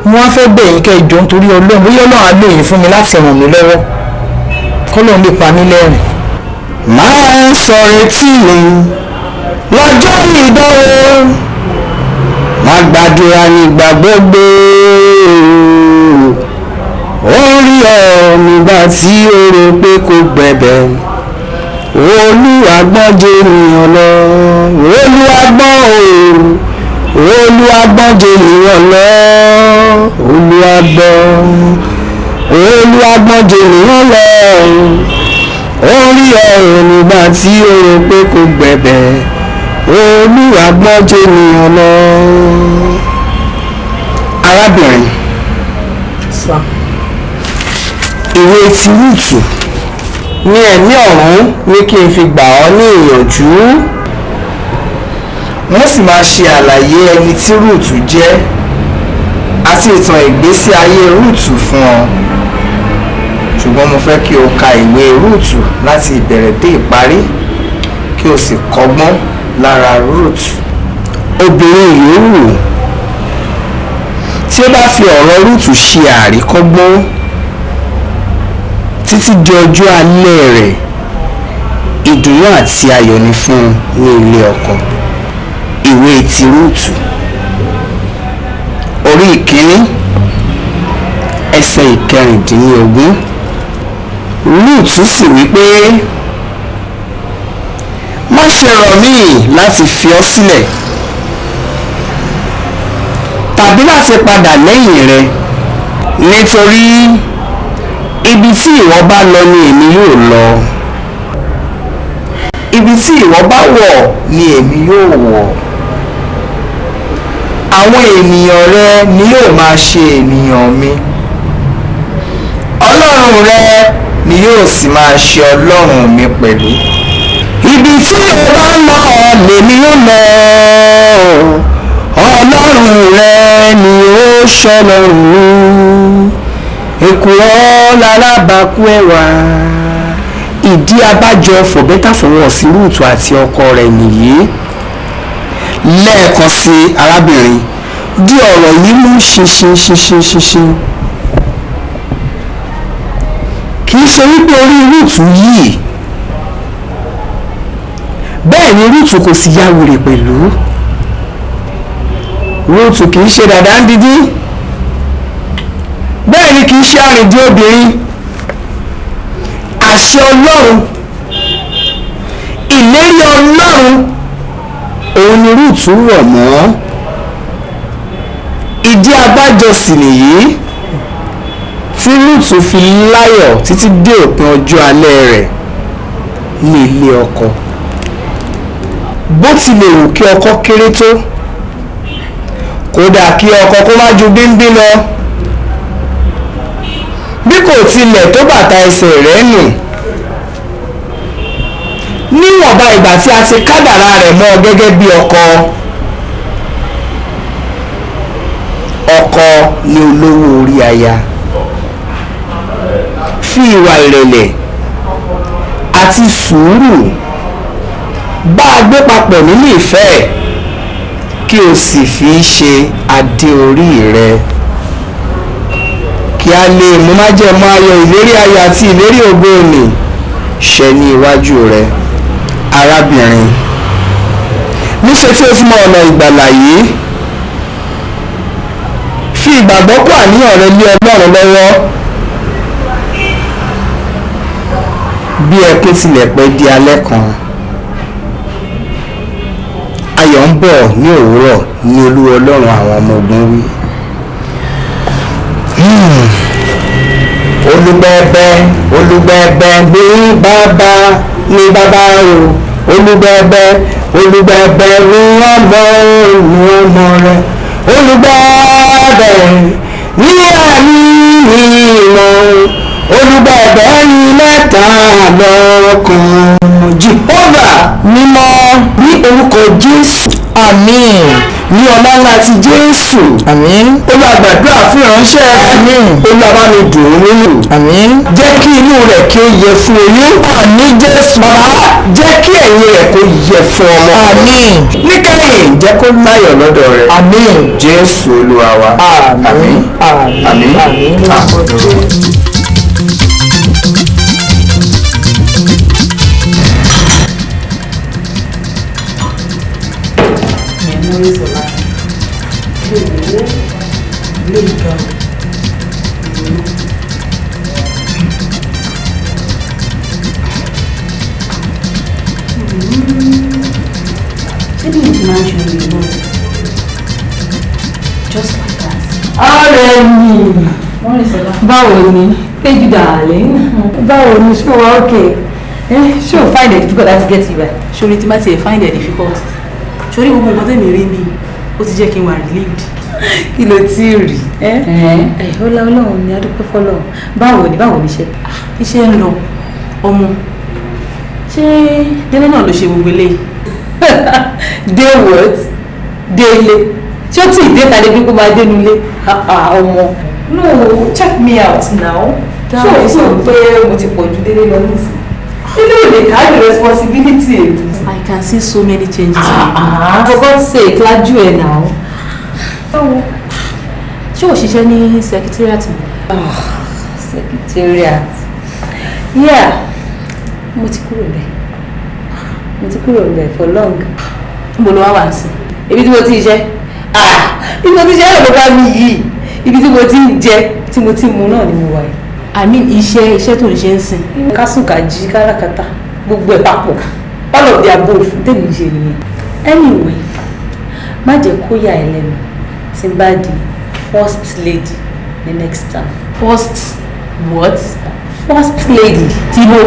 mo wá fẹ́ bẹ̀ yín kẹ́ ìjọ nítorí ọlọ́run bóyá ọlọ́run á lè fún mi láti ràn mí lọ́wọ́ kọ́lọ́run lè pa mí lẹ́rìn. máa ń sọ retí mi lọ́jọ́ ìdánwò máa gbàdúrà nígbà gbogbo ó rí ọ tí o rò pé kò gbẹ̀bẹ̀ olúwa jẹ́ ènìyàn lọ olúwa òòrùn olùwàgbọ́njẹ nìyàn lọ olùwàgbọ́ olùwàgbọ́njẹ nìyàn lọ orí ọ̀rọ̀ nígbà tí o pé kò gbẹ̀bẹ̀ olùwàgbọ́njẹ nìyàn lọ. arábìnrin ìwé tìrútù ni ẹ̀mí ọ̀run ní kí n fi gbà ọ́ ní ìyànjú wọ́n sì máa ṣe àlàyé ẹni tí rúùtù jẹ́ àti ìtàn ìgbésí ayé rúùtù fún ọ ṣùgbọ́n mo fẹ́ kí o ka ìwé rúùtù láti ìbẹ̀rẹ̀ dé ìparí kí o sì kọ́gbọ́n lára rúùtù. obìnrin yòówù tí ó bá fi ọ̀rọ̀ rúùtù ṣe àríkọ́gbọ́n títí di ọjọ́ alẹ́ rẹ̀ ìdùnnú àti ayọ̀ ni fún un ní ilé ọkọ ìwé ti rúùtù orí ìkíní ẹsẹ̀ ìkẹrìndínlógún rúùtù sì wípé má ṣe rọ̀ mí láti fi ọ́ sílẹ̀ tàbí láti padà lẹ́yìn rẹ nítorí ibi tí ìwọ bá lọ ni èmi yóò lọ ibi tí ìwọ bá wọ̀ ni èmi yóò wọ̀ àwọn ènìyàn rẹ ni yóò máa ṣe ènìyàn mi ọlọ́run rẹ ni yóò sì máa ṣe ọlọ́run mi pẹ̀lú. ibi tí o bá lọ lèmi ó lọ ọlọ́run rẹ ni ó ṣọlọ́run èkùrọ́ lálábàákú ẹ̀wà ìdí abájọ for better for worse rúùtù àti ọkọ rẹ̀ nìyí lẹ́ẹ̀kan sí arábìnrin di ọ̀rọ̀ yìí mú ṣinṣinṣinṣinṣin kì í ṣe wípé orí rúùtù yìí bẹ́ẹ̀ ni rúùtù kò sì ya wèrè pẹ̀lú rúùtù kì í ṣe dàdá ń dídí bẹ́ẹ̀ ni kì í ṣe àrìndí obìnrin àṣẹ ọlọ́run ìlérí ọlọ́run òun ni rúùtù rọ̀ mọ́ ìdí abájọ sì nìyí tí rúùtù fi láyọ̀ títí dé òpin ọjọ́ alẹ́ rẹ̀ ní ilé ọkọ bó tilẹ̀ wù kí ọkọ kéré tó kódà kí ọkọ kó má ju bíńbí lọ bí kò tilẹ̀ tó bàtà ẹsẹ̀ rẹ̀ nù. No níwọ̀nba ìgbà tí a ti kádàrá rẹ̀ mọ́ ọ gẹ́gẹ́ bí ọkọ ọkọ ni olówó orí aya fi ìwà ìrẹ̀lẹ̀ àti sùúrù bá a gbé papọ̀ nínú ìfẹ́ ẹ̀ kí o sì fi ṣe adé orí rẹ kí a lè mú májẹ̀mú ayọ̀ ìlérí ayọ̀ àti ìlérí ògo ṣẹ ní iwájú rẹ arábìnrin níṣe tí ó súnmọ́ ọ̀nà ìgbàlà yìí fi ìgbàgbọ́ kó àníyàn rẹ lé ọlọ́run lọ́wọ́ bí ẹkún tilẹ̀ pẹ́ di alẹ́ kan ayọ̀ ń bọ̀ ní òwúrọ̀ ní olúwa ọlọ́run àwọn ọmọ ogun wí. Hmm. olùgbẹ́bẹ́ olùgbẹ́bẹ́ bí bàbá ni bàbá o olùgbẹ̀bẹ̀ olùgbẹ̀bẹ̀ ni ọmọ òun ọmọ rẹ̀ olùgbẹ̀bẹ̀ ní àní ní ìmọ̀ olùgbẹ̀bẹ̀ ni mẹ́ta lọ́kàn jìhóvà mímọ́ ní orúkọ jésù àmín ní ọlá ńlá ti jésù olúwa gbàdúrà fún ìránṣẹ́ olúwa bá mi dùn ún nínú jẹ́ kí inú rẹ̀ kí ó yẹ fún oyún àmín jésù bàbá jẹ́ kí ẹ̀yìn rẹ̀ kó yẹ fún ọmọ àmín níkẹyìn jẹ́ kó láyọ̀ lọ́dọ̀ rẹ̀ àmín jésù olúwa wa àmín àmín àmín àmín. reason lè lé nǹkan ìrònú. síbi ìdí máa ń ṣe omi náà just like that. ọ̀rẹ́ mi báwo ni baby darling báwo ni ṣé wọ́n ókè eh, ṣé o find it difficult as get you by. ṣorí tí má ti find it difficult ṣorí gbogbo nǹkan tẹ̀mí rí mi ó ti jẹ́ kí n wà relieved. kí ló tí ì rí. ẹ ẹ ọlá ọlọ́run ni adúpẹ́ fọlọ́run báwo ni báwo ni iṣẹ́. Ah, iṣẹ́ ń lọ ọmọ ṣé délé náà ló ṣe gbogbo eléyìí. day what délé ṣé ó tí ì dé tàdé pé kó máa dénú ilé ah, ah, ọmọ. no check me out now ṣé òun sọ pé mo ti pọ̀ ju délé lọ nísìnyí. délé ò lè carry responsibility èdè. I can see so many changes. Ah, for God's sake, glad lájú ẹ̀ now. So, she was ní secretariat mi? Ah, secretariat. Yeah, mo ti kúrò bẹ́ẹ̀. Mo ti kúrò bẹ́ẹ̀ for long. Mo lọ wá wá sí. Ibi tí mo ti ṣe. Ah, ibi tí mo ti ṣe ẹ̀rọ bá mi yìí. Ibi tí mo ti jẹ tí mo ti mu náà ni mo wà yìí. I mean iṣẹ́ iṣẹ́ tó ń ṣe ń sìn. Kásùn kà jí káràkátà gbogbo ẹ̀ papọ̀ all of their both tèmi ṣe nìyẹn. anyway má jẹ́ kó yà ẹ́ lẹ́nu tí di first lady The next time. first what? first lady tìbò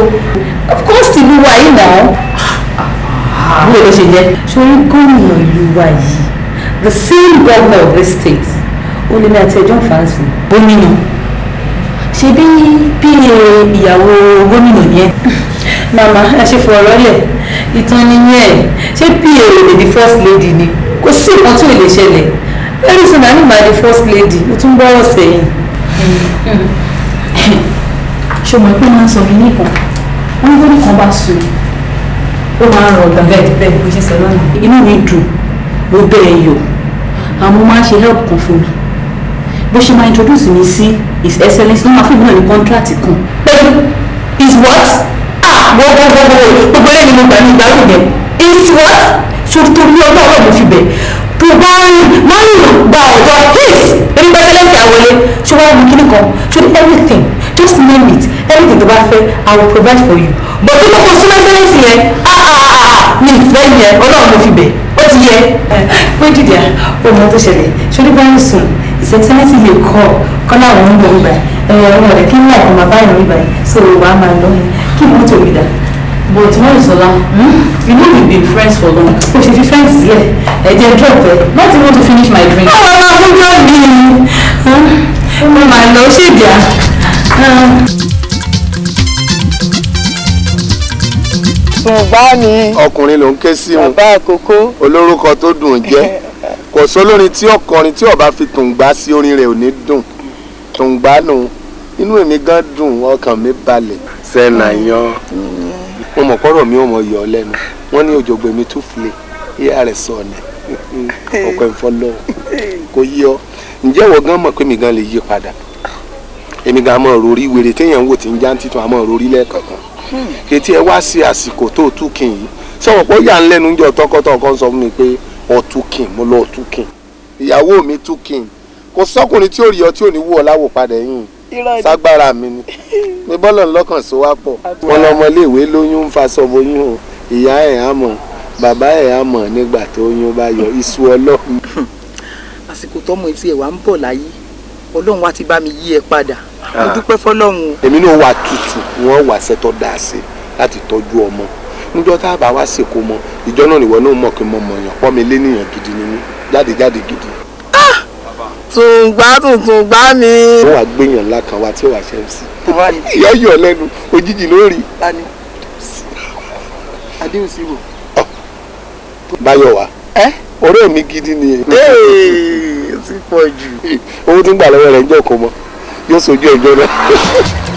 of course tìbò wà yìí náà Ah, o lè ṣe jẹ́ sórí gómìnà ìlú wa yìí the same governor of this state olèmi àti ẹjọ́ fàánsì gómìnà ṣe bí pa ìyàwó gómìnà yẹn màmá ẹ ṣe fọ̀rọ̀ lẹ̀ ìtàn nínú ẹ̀ ṣé pa ò lè di first lady ni kò sí nǹkan tí ò lè ṣẹlẹ̀ very soon àní màá di first lady ó tún bọ́rọ̀ sẹ́yìn. ṣé o mọ̀ pé máa ń sọ kínní kan wọ́n ní kóní kan bá sùn ó máa ń rọ ọ̀gá bẹ́ẹ̀ bẹ́ẹ̀ bó ṣe sọ lọ́nà inú mi dùn ló bẹ́ẹ̀ yọ àmọ́ máa ń ṣe help kan fún mi bó ṣe máa introduce mi sí his excellence ló máa fún mi náà ní contract kan pé is what gbogbogbogbo gbogbo lẹ́yìn mo gbà mí gbà mí bẹ̀ is what so torí ọlọ́ ọlọ́ mo fi bẹ̀ tó bá ń máa ń gba ọ̀dọ̀ his èmi bá tẹ́lẹ̀ fẹ́ àwọlé ṣé wàá mú kíní kan ṣé everything just name it everything tó bá fẹ́ i will provide for you but bí mo kọ sí mẹ́sẹ̀lẹ́sì yẹn ah ah ah mi ìfẹ́ yẹn ọlọ́run mo fi bẹ̀ ó ti yẹ. pé dìde ọmọ tó ṣẹlẹ̀ ṣé ní báyìí sùn ìṣẹ́tẹ́lẹ́sì lè kọ́ kọ́ láwọn ń bọ̀ ń gbà ẹ̀rọ ọmọ rẹ̀ kí ní àkọ́mọ báyìí ń gbà so wàá máa lọ́yìn kí n mọ́tò mi dà but Mọ́rìnsọ́lá hmm? you know we've been friends for long o ṣe fi friends sílẹ̀ ẹ̀jẹ̀ drop ẹ̀ not even to finish my drink. Oh, ọ̀rọ̀ máa fún drop mi mo máa lọ ṣe bíà. ṣùgbọ́n ni ọkùnrin ló ń ké sí wọn bàbá àkókò olórúkọ tó dùn jẹ́ kò sólórin tí ọkọrin tí ọba fi tùǹgbà sí orin rẹ̀ ò ní dùn tùǹgbà nù inú èmi gan dùn ọkàn mi balẹ̀. sẹ́nàyàn mm. mm. mo mọ̀ kọ́rọ̀ mi ò mọ̀ yọ lẹ́nu wọ́n ní òjògbè mi tún filẹ̀ ìyá rẹ̀ sọ ọ̀nà ọ̀pẹ̀ kò yí ọ ǹjẹ́ wọ́n gan mọ̀ pé mi gan lè yí padà èmi gan mọ̀ were wèrè téèyàn wò tí ń já títún àmọ́ rori lẹ́ẹ̀kọ̀ọ̀kan hmm. kìtì ẹ wá sí àsìkò tó tú kìn yìí yà ń lẹ́nu tọkọtọkọ sọ mi pé kìn mo lọ ọ̀tú kìn mi kìn kò tí ò rí ọ tí ò ní wú ọ ságbára mi ni pé bọ́lọ̀ ńlọ́kàn sí wa pọ̀ wọn lọmọléèwé lóyún ń faṣọ boyún o ìyá ẹ̀ á mọ̀ bàbá ẹ̀ á mọ̀ nígbà tó yún bá yọ iṣu ọlọ́run. àsìkò tọmọ etí ẹ wà ń bọ̀ láyé ọlọ́run wa ti bá mi yí ẹ padà ah. mo dúpẹ́ fọlọ́run. èmi náà wà tútù wọn wà sẹ́tọ̀ dà sí láti tọ́jú ọmọ níjọ́ tá a bá wá sèkó mọ ìjọ náà nìwọ náà mọ̀ kí n mọ̀ mọ̀ yàn pọ́ mi lé nìyàn gidi ni mí jáde jáde gidi tùǹgbà tùǹtùǹgbà mi. wọ́n wá gbẹ̀yàn ńlá kan wá tí ó wà ṣe mc. ìyá yọ̀ lẹ́nu òjijì lórí. tani adéhùn sí wò. báyọ̀ wá. ẹ́ ọ̀rẹ́ mi gidi ni. ee ó ti pọ̀ jù. owó tí ń gbà lọ́wọ́ rẹ̀ ń jẹ́ òkò mọ́ yóò sojú ẹ̀jọ́ náà.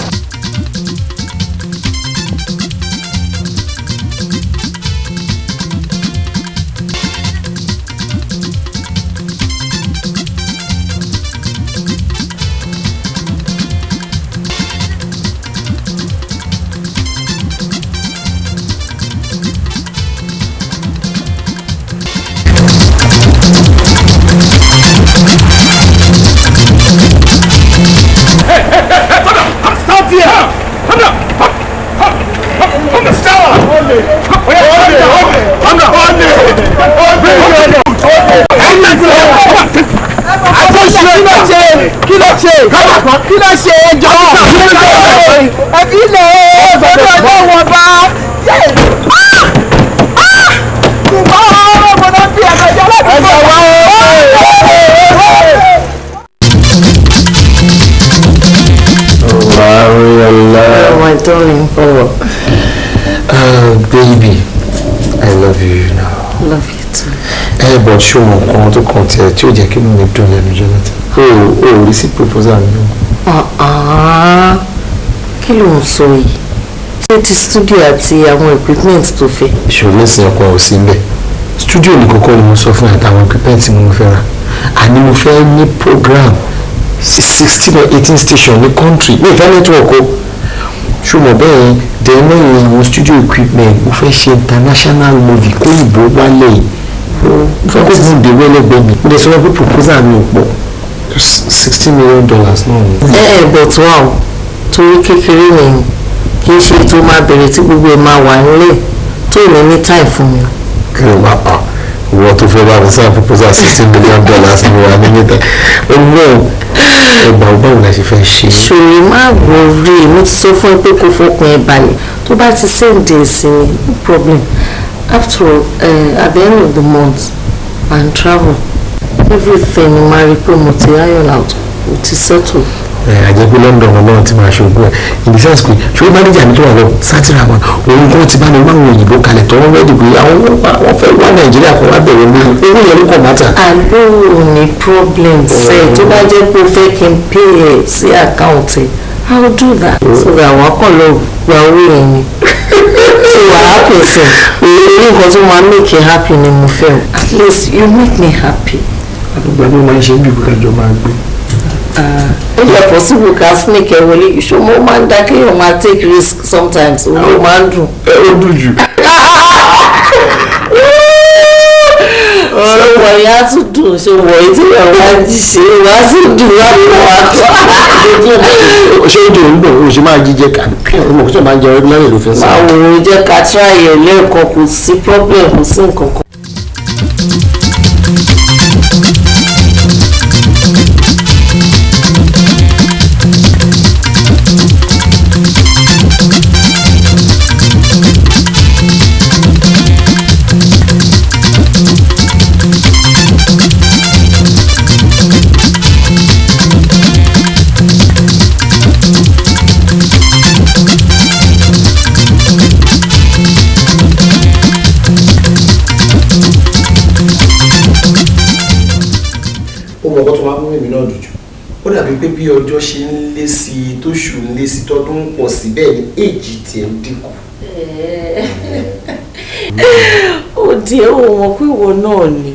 ṣòwò nǹkan tó kàn tiẹ̀ tí ò jẹ́ kí inú mi dùn lẹ́nu jẹ́ mẹ́ta o ò rí sí proposal mi o. Ah, ah. kí ló ń sọ yìí ṣé ti studio àti àwọn equipment tó fẹ́. ìṣòro ẹ̀sìn ọkọ̀ ò sí mbẹ̀ studio ní kókó ni mo sọ fún àtàwọn equipment ni mo fẹ́ ra àní mo fẹ́ ní program sixteen or eighteen station ní country ní ìfẹ́ network o ṣùgbọ́n bẹ́ẹ̀ dẹ́nu ìyẹn àwọn studio equipment mo fẹ́ ṣe international movie kó ìbò wálé yìí focus náà dé wẹ́lẹ́gbẹ́ mi mo dẹ̀ sọ proposal mi ò pọ̀ sixteen million dollars náà ẹ ẹ eh, eh, but wow torí kékeré yẹn kì í ṣe tó máa bẹ̀rẹ̀ tí gbogbo ẹ̀ máa wà nílẹ̀ tó ní ní time fún mi. kí ló máa pa ìwọ tó fẹ́ bá mi sáà proposal sixteen million dollars ni wà ní níta ó ẹgbà báwo la ṣe fẹ́ ṣe. ṣòro máa wọ mo ti sọ fún ẹ pé kó fọkàn ẹ balẹ̀ tó bá ti send ẹ̀ sí mi no problem after uh, at the end of the month and travel everything ni máa rí pé mo ti iron out mo ti settle. àjẹgbé London Ọlọ́run ti máa ṣògbọ́n ẹ̀ in the sense pé ṣòwò manager mi tó wà lọ sátìrà wọn òun kan ti bá mi wá àwọn òyìnbó kalẹ̀ tó wọ́n rẹ́dì pé àwọn wọ́n fẹ́ wá Nàìjíríà kan wá bẹ̀rẹ̀ mi owó yẹn ló kàn mọ́tà. àbúrò ní problem ṣe mm. tó bá jẹ́ pé o fẹ́ kí n pay ẹ̀ sí àkáǹtì I will do that mm. so that wọ́n kàn lọ gba owó yẹn ni. happy sir èyí nǹkan tó máa make you happy ni mo fẹ́ o at least you make me happy. àgbà mi máa ń ṣe bí ìbùkájọ máa gbé. Uh, ó yẹ possible ká snake ẹ wọlé ìṣòwò máa ń dá kéèyàn máa take risk sometimes òun ló máa ń dùn. ẹ ó dùn jù. ọ̀rọ̀ wọ̀nyí tún dùn ṣe wọ̀nyí tí yàrá wá jí ṣe wá sí dùn wá lọ wá tó. ṣé oúnjẹ ń dùn oṣù máa jíjẹ ká ọmọ kúṣọ máa ń jẹ ọdún lẹ́yìn ló fẹ́ máa wò ó jẹ́ ká tíráyè lẹ́ẹ̀kan kò sí pọ́blẹ̀mù sí nǹkan kan. bí ọjọ́ ṣe ń lé sí i tóṣù ń lé sí i tọdún ń pọ̀ sí bẹ́ẹ̀ ni èjì tiẹ̀ ń dínkù. òde ò wọ́n pé ìwọ náà ni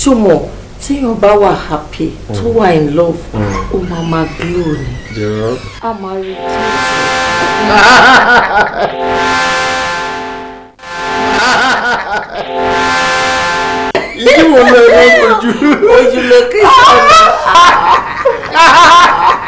ṣùgbọ́n téèyàn bá wà happy tó hmm. wà in love hmm. ó máa máa glow ni a máa rí i. ojú wo ló ń ojú. ojú location.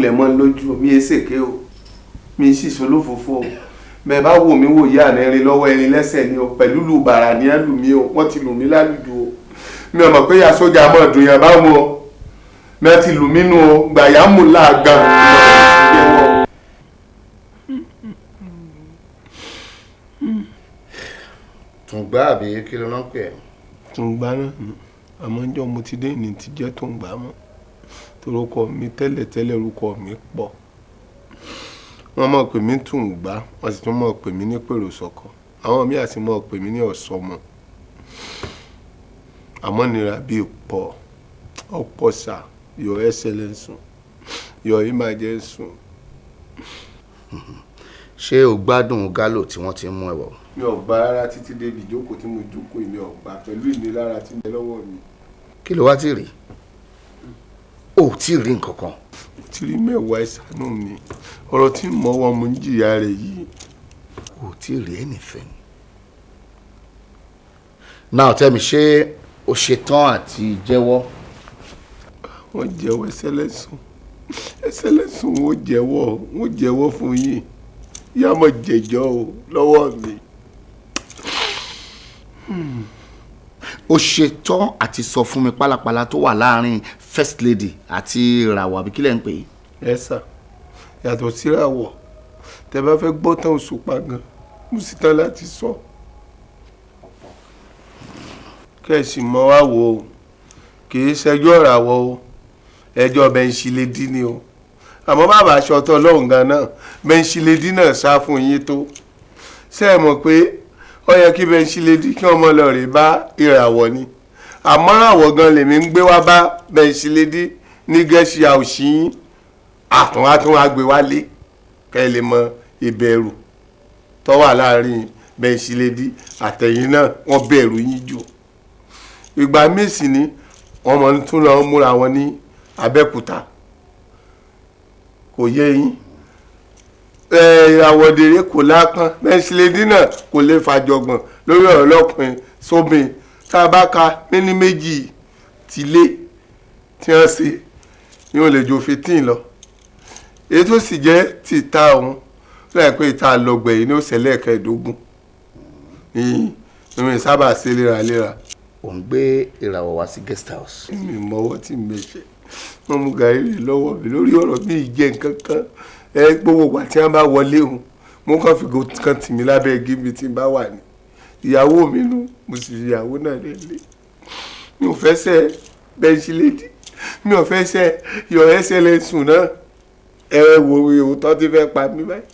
wulẹ̀ mọ́ lójú mi è sèké o mi sì solófòfò o bẹ́ẹ̀ bá wò mí wò yá àná erin lọ́wọ́ erin ni o pẹ̀lú lù bàrà ní ẹlù mi o wọ́n ti lù mí lálùjù o mi ò mọ̀ pé ya sójà mọ̀ dùn yàn bá wọn o mi ti lù mí nu o gbàyà mú làgàn tùngbà àbí kí ló náà pè é. tùngbà náà àmọ́ njọ́ mo ti dé ní ti jẹ́ tùngbà mọ́ torúkọ mi tẹ́lẹ̀tẹ́lẹ̀ orúkọ mi pọ̀ wọ́n mọ̀ pé mi tún gbá wọ́n sì tún mọ̀ pé mi ní pèrò sọ́kọ àwọn míì àti mọ̀ pé mi ní ọ̀sọ́mọ àmọ́ nira bíi pọ̀ ọ̀pọ̀ sà your excellence your emergency. ṣé o gbádùn gálò tí wọ́n ti mú ẹ wọ̀. mi ò gbà rárá títí débi ìjókòó tí mo jókòó mi ò pẹ̀lú ìnilára tí ń lọ́wọ́ mi. kí ló wá ti rí i o ò tí ì rí nǹkan kan. mo ti rí mẹ́wàá ìsànú mi ọ̀rọ̀ tí mo wà mo ń jìyà rẹ̀ yìí. ò tí rí anything. now tell me ṣé o ṣetán àti jẹ́wọ́. wọ́n jẹ́wọ́ ẹsẹ̀ lẹ́sùn ẹsẹ̀ lẹ́sùn wọ́n jẹ́wọ́ wọ́n jẹ́wọ́ fún yín yá mọ̀ o lọ́wọ́ mi. Hmm ó ṣetán àti sọ fún mi pálapàla tó wà láàrin first lady àti ìràwọ̀ àbí kílẹ̀ ń pè é. ẹ sà yàtọ̀ síràwọ̀ tẹ bá fẹ́ gbọ́ tán òṣùpá gan mo sì tán láti sọ. kẹ̀sì mọ́ wá wò ó kì í ṣẹjọ́ ìràwọ̀ o ẹjọ́ bẹ́ńṣílédì ni o àmọ́ bàbá aṣọ ọtọ́ lọ́hùn gan náà bẹ́ńṣílédì náà sá fún yín tó ṣé ẹ mọ̀ pé ó yẹ kí bẹnṣílẹdì kí ọmọ lọ rè bá ìràwọ̀ ni àmọ́ àwọ̀ gan lèmi ń gbé wá bá bẹnṣílẹdì ní gẹ̀ẹ́sì àòṣìyìn àtúnwátún agbèwálé kẹ́ ẹ lè mọ ìbẹ̀rù tó wà láàrin bẹnṣílẹdì àtẹ̀yìn náà wọ́n bẹ̀rù yín jù ìgbà míì ni wọ́n mọ̀ ń tún lọ múra wọn ní abẹ́kúta kò yé yín àwọ̀dèrè kò lápọn mẹ́sìlédínà kò lè fàjọgbọ̀n lórí ọ̀rọ̀ lọ́kùnrin sómi tá a bá ka níní méjì tìlé tí wọ́n ṣe ni wọ́n lè jo fifteen lọ èyí tó sì jẹ́ tìta ọ̀hún láìpẹ́ ìta lọ́gbẹ̀ẹ́ ní òṣèlè kẹẹ̀ẹ́dógún ní omi sábà ṣe léraléra. ò ń gbé ìràwọ̀ wá sí guest house. mi mọ ọwọ́ tí mi ṣe wọ́n mú gàrí lọ́wọ́ mi lórí ọ̀rọ̀ mi ì jẹ́ nǹkan kan ẹ gbogbo ìgbà tí wọ́n bá wọlé òun mo kàn fi kan tì mí lábẹ́ igi mi tí n bá wà ní ìyàwó mi nù mo sì fi ìyàwó náà lélẹ̀ mi ò fẹ́ sẹ́ bẹ́ńsì lédi mi ò fẹ́ sẹ́ yọ ẹsẹ̀ lè sùn náà ẹ wo òótọ́ ti fẹ́ pa mí báyìí.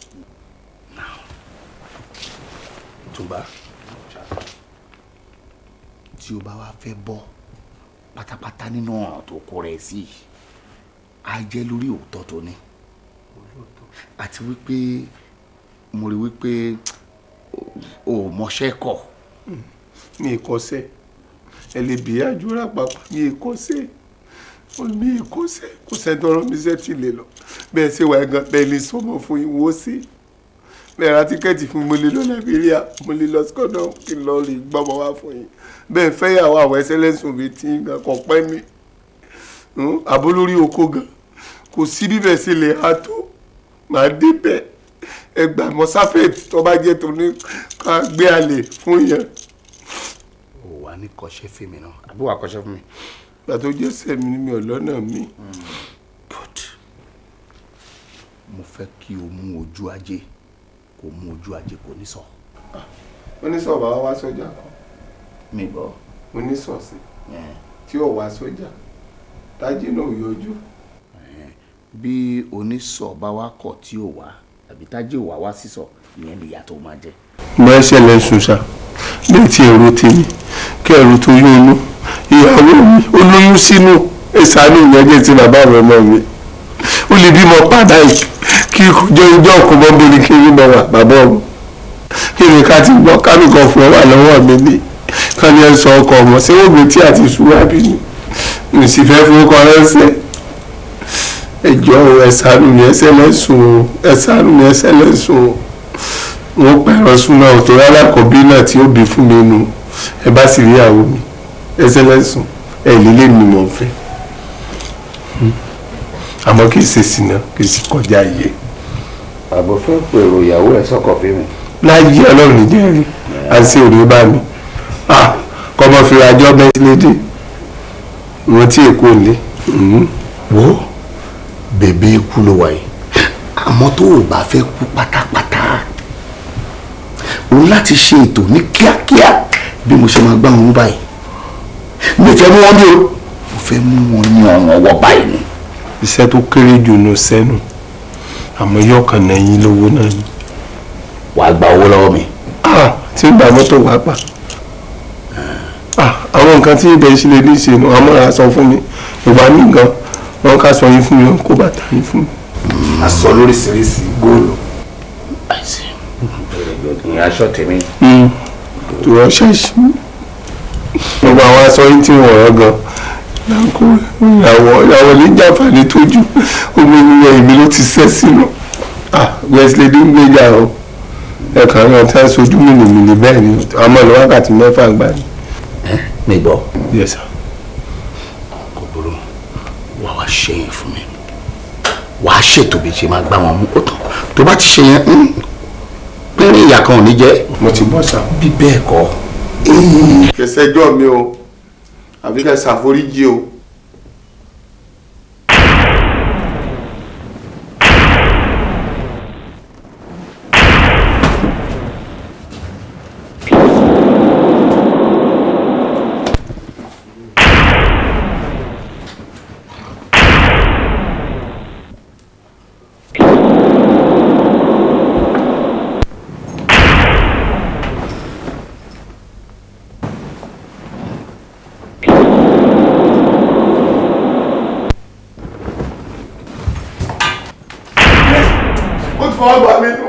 Túnbà tí o bá wá fẹ́ bọ́ pátápátá nínú ọ̀ràn tó kọ rẹ̀ sí i á jẹ́ lórí òótọ́ tó ní àti wípé mo rí wípé o ò mọṣẹ́ kọ̀. mi ì kọsẹ̀ ẹ lè bí àjúrà pàpà mi ì kọsẹ̀ mi ì kọsẹ̀ kò sẹ́dọ̀rọ̀ mi sẹ́ ti lè lọ bẹ́ẹ̀ ṣe wà gan bẹ́ẹ̀ lè sọmọ fún yín wó sí bẹ́ẹ̀ ra tíkẹ́ẹ̀tì fún mo lè lọ Nàìjíríà mo lè lọ sọ́dọ̀ kí n lọ lè gbọ́mọ wá fún yín bẹ́ẹ̀ fẹ́yàwó àwọn ẹsẹ̀ lẹ́sùn mi ti ń gan kọ̀ pẹ́ mi hmm, àbólórí oko gan kò sí bíbẹ̀ sí lè ha tó màá débẹ̀ ẹgbà mọ́sáfẹ́ tó bá jẹ́ tó ní ká gbé àlè fún yẹn. ò wá ní kọ́ṣẹ́ fèmí náà àbí wàá kọ́ṣẹ́ fún mi. gbà tó jẹ́ sẹ́mi ni mi ò lọ́nà mi. mo fẹ́ kí o mú ojú ajé kò mú ojú ajé kò ní sọ. wọ́n ní sọ bàbá wá sọ́jà kan. mi bọ́. mo ní sọ̀sìn tí ò wá sọ́jà tájí náà yọjú bí onísọ̀ bá wá kọ̀ tí ò wá àbí tájì ò wá wá sísọ ìyẹn lè yàtọ̀ máa jẹ. mo ẹ ṣẹlẹ̀ ṣùṣà bẹ́ẹ̀ tí èrò tèmi kí ẹ̀rù tó yún inú ìyàwó mi olóyún sínú ìsàánú ìyẹ́jẹ́ ti bàbá rẹ̀ mọ́ mi ó lè bímọ padà yìí kí jẹ́ ojú ọ̀kùn mọ́ bẹ́ẹ̀ kí n bọ̀ wà bàbá mi kí ni ká ti gbọ́ kánìkan fún ọ wà lọ́wọ́ mi ní kánìyàn sọ ọkọ̀ ọmọ sí ògbé tí àti ìṣúra bí mi sì fẹ́ fún ọkọ̀ rẹ̀ ẹjọ́ ẹ̀sánú mi ẹsẹ̀ lẹ́sùn o ẹ̀sánú mi ẹsẹ̀ lẹ́sùn o wọ́n pẹ̀rọ súná ọ̀tọ̀ rárá kọ̀bí náà tí ó bí fún mi nu ẹ bá sì rí àwọn mi ẹsẹ̀ lẹ́sùn ẹ lílé mi mọ̀ fẹ́ àmọ́ kì í ṣe sìnà kì í sì kọjá iye. àbọ̀ fẹ́ pèrò ìyàwó ẹ̀ sọ́kọ̀ fún mi. láyé ọlọ́run ìjẹ́ rí àti òde bá mi kọ́mọ fi rajọ́ bẹ́ẹ̀ lédè wọ́n tí èkó lé wò bèbè ikú ló wà yìí àmọ́ tó o bá fẹ́ kú pátápátá o láti ṣe ètò ní kíákíá bí mo ṣe máa gbá wọn báyìí mi fẹ́ mú wọn ní o mo fẹ́ mú wọn ní ọ̀ràn ọwọ́ báyìí ni. iṣẹ́ tó kéré jù ló sẹ́nu àmọ́ yóò kàn náà yín lówó náà ni. wàá gba owó lọ́wọ́ mi. Ah, tí ó gba mọ́tò wàá pa ah, àwọn nǹkan tí ibẹ̀ ṣe lè ní ìṣe nu àmọ́ àá sọ fún mi ìgbà mí gan wọn ká sọ yín fún mi wọn kó bàtà yín fún mi. aṣọ lóríṣiríṣi góòlù. ìyẹn aṣọ tèmi. tòwọ́ hmm. ṣẹ́ẹ̀ṣì gbogbo àwọn aṣọ yín ti wọ̀rọ̀ gan láńkó ìyàwó ìyàwó lè jàǹfààní tójú omi ìyẹn ìbí ló ti ṣẹ́ sínú wesley ló ń gbéjà o ẹ̀ka náà tá a sojú mìnìmìnì bẹ́ẹ̀ ni àmọ́ ní wákàtí mẹ́fà gbà ni. mi gbọ́. yes sir wàá ṣe yẹn fún mi wàá ṣètò bí ṣe máa gbá wọn mú ó tán tó bá ti ṣe yẹn hmm, pínrín ìyá kan ò ní jẹ́. mo ti bọ́ sá. bí bẹ́ẹ̀ kọ́. kẹsẹ́jọ́ mi o àbí kẹsàforíjì o. kọ́ àgbà mi nù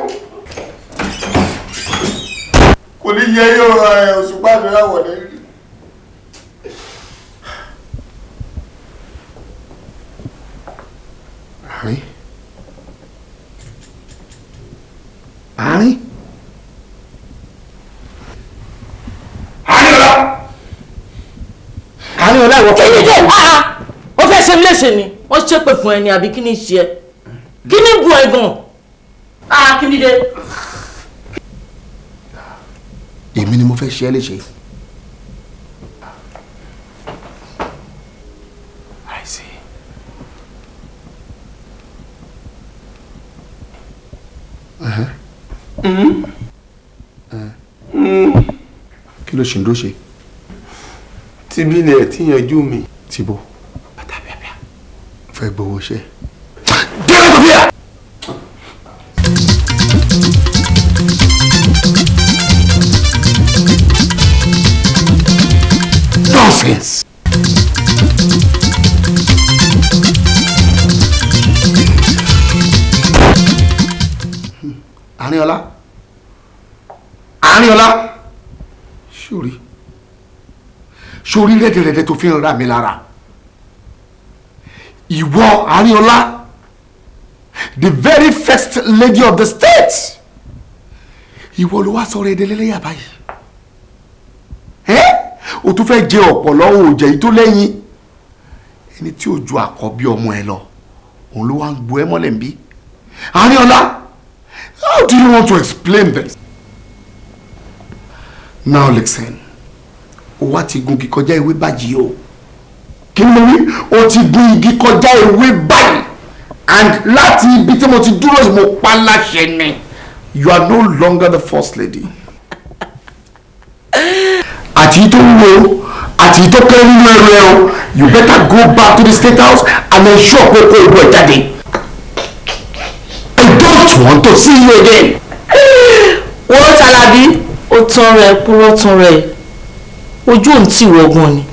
kò ní yẹ yóò ra ẹ̀ òṣùpá mi láwọ̀ ní rí. àárín àárín àárín ọlá àárín ọlá ìwọ kí ni jẹ́ ah, ah. ó fẹ́ ṣe léṣe ni wọ́n ṣépè fún ẹni àbí kí ni ṣe ẹ kí ni bu ẹ̀gàn akíndíde. èmi ni mo fẹ́ ṣe é léṣe. Mm-hmm. Mm-hmm. kí ló ṣì ń dó tibí ni ẹ̀ ti yanjú mi. tibo. bàtà bíàbíà. fẹ́ gbowó ṣe. Arínọlá sórí sórí rẹ́dẹ̀rẹ́dẹ́ tó fi ń ra mi lára ìwọ Arínọlá the very first lady of the state ìwọ ló wá sọ̀rọ̀ èdè lẹ́lẹ́yà báyìí o tún fẹ́ jẹ ọ̀pọ̀lọ́ òòjẹ́ yìí tó lẹ́yìn ẹni tí ò ju àkọ́bí ọmọ ẹ lọ òun ló wá ń gbo ẹ mọ́lẹ̀ ń bí Arínọlá how do you want to explain this now listen o wá ti gun igi kọjá ewé báyìí o kí ni mo wí o ti gun igi kọjá ewé báyìí and láti ibi tí mo ti dúró mo pa láṣẹ ni you are no longer the first lady. àti tó ń wo àti tó kẹ́ nínú ẹrù ẹ o you better go back to the state house and ensure pé kó o bọ̀ jáde. I don't want to see you again. wọ́n ṣàlàbí ó tán rẹ púrọ́ tán rẹ ojú òun tì wọ gan ni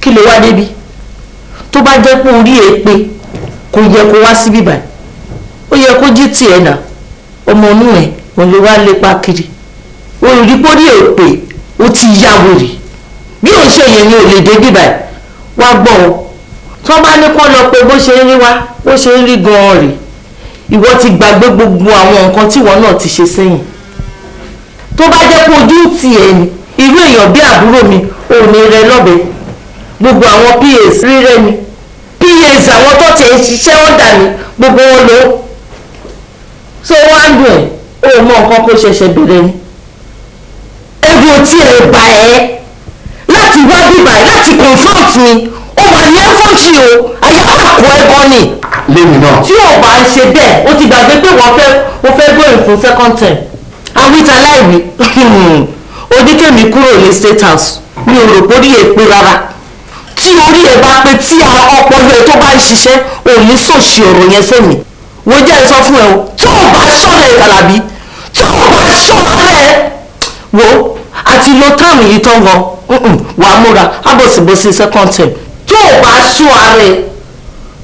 kí ló wá débi tó bá jẹ́ pé orí èèpẹ̀ kò yẹ kó wá síbí báyìí ó yẹ kó jí tiẹ̀ nà ọmọ inú ẹ̀ òun ló wá lépa kiri olùdíkórí èèpẹ̀ ó ti yá wèrè bí òun ṣe yẹn ni ò lè débi báyìí wá gbọ́ ọ tó bá ní kó lọ pé bó ṣe ń rí wá bó ṣe ń rí gan-an rè ìwọ ti gbàgbé gbogbo àwọn nǹkan tíwọ náà ti ṣe sẹ́yìn tó bá jẹ́ pé ojú ti ẹ̀ ni irú èèyàn bí àbúrò mi ò ní rẹ lọ́bẹ̀ gbogbo àwọn pas rírẹ́ ni pas àwọn tó ti ń ṣiṣẹ́ ọ̀dà ni gbogbo wọn lò ó so wọ́n á dùn ẹ̀ ó mọ nǹkan kó ṣẹ̀ṣẹ̀ bẹ̀rẹ̀ ni ẹ̀rù tí ẹ̀ bà ẹ́ láti wá bíbà ẹ̀ láti confront mi ó wà ní ẹ́fọ́ǹsì o àyà àpò ẹ̀kọ́ ni lèmi náà tí ò bá ń ṣe bẹ́ẹ̀ ó ti gbàgbé pé wọ́n fẹ́ wọ́n fẹ́ gbóyè fún second term awíta láìwí oníkèmí hmm. kúrò ní state house mi ò rò pórí èpè rárá tí orí ẹ bá pé tí ọpọlọ ẹ tó bá ń ṣiṣẹ́ òun ní sòṣì ọ̀rọ̀ yẹn sẹ́mi wo jẹ́ ẹ sọ fún ẹ o tó o bá ṣọ́ra ẹ kàlàbí tó o bá ṣọ́ra ẹ wo àti lo táàmù yìí tán gan wàá múra ábòsíbòsí second term tó o bá ṣọ́ ara ẹ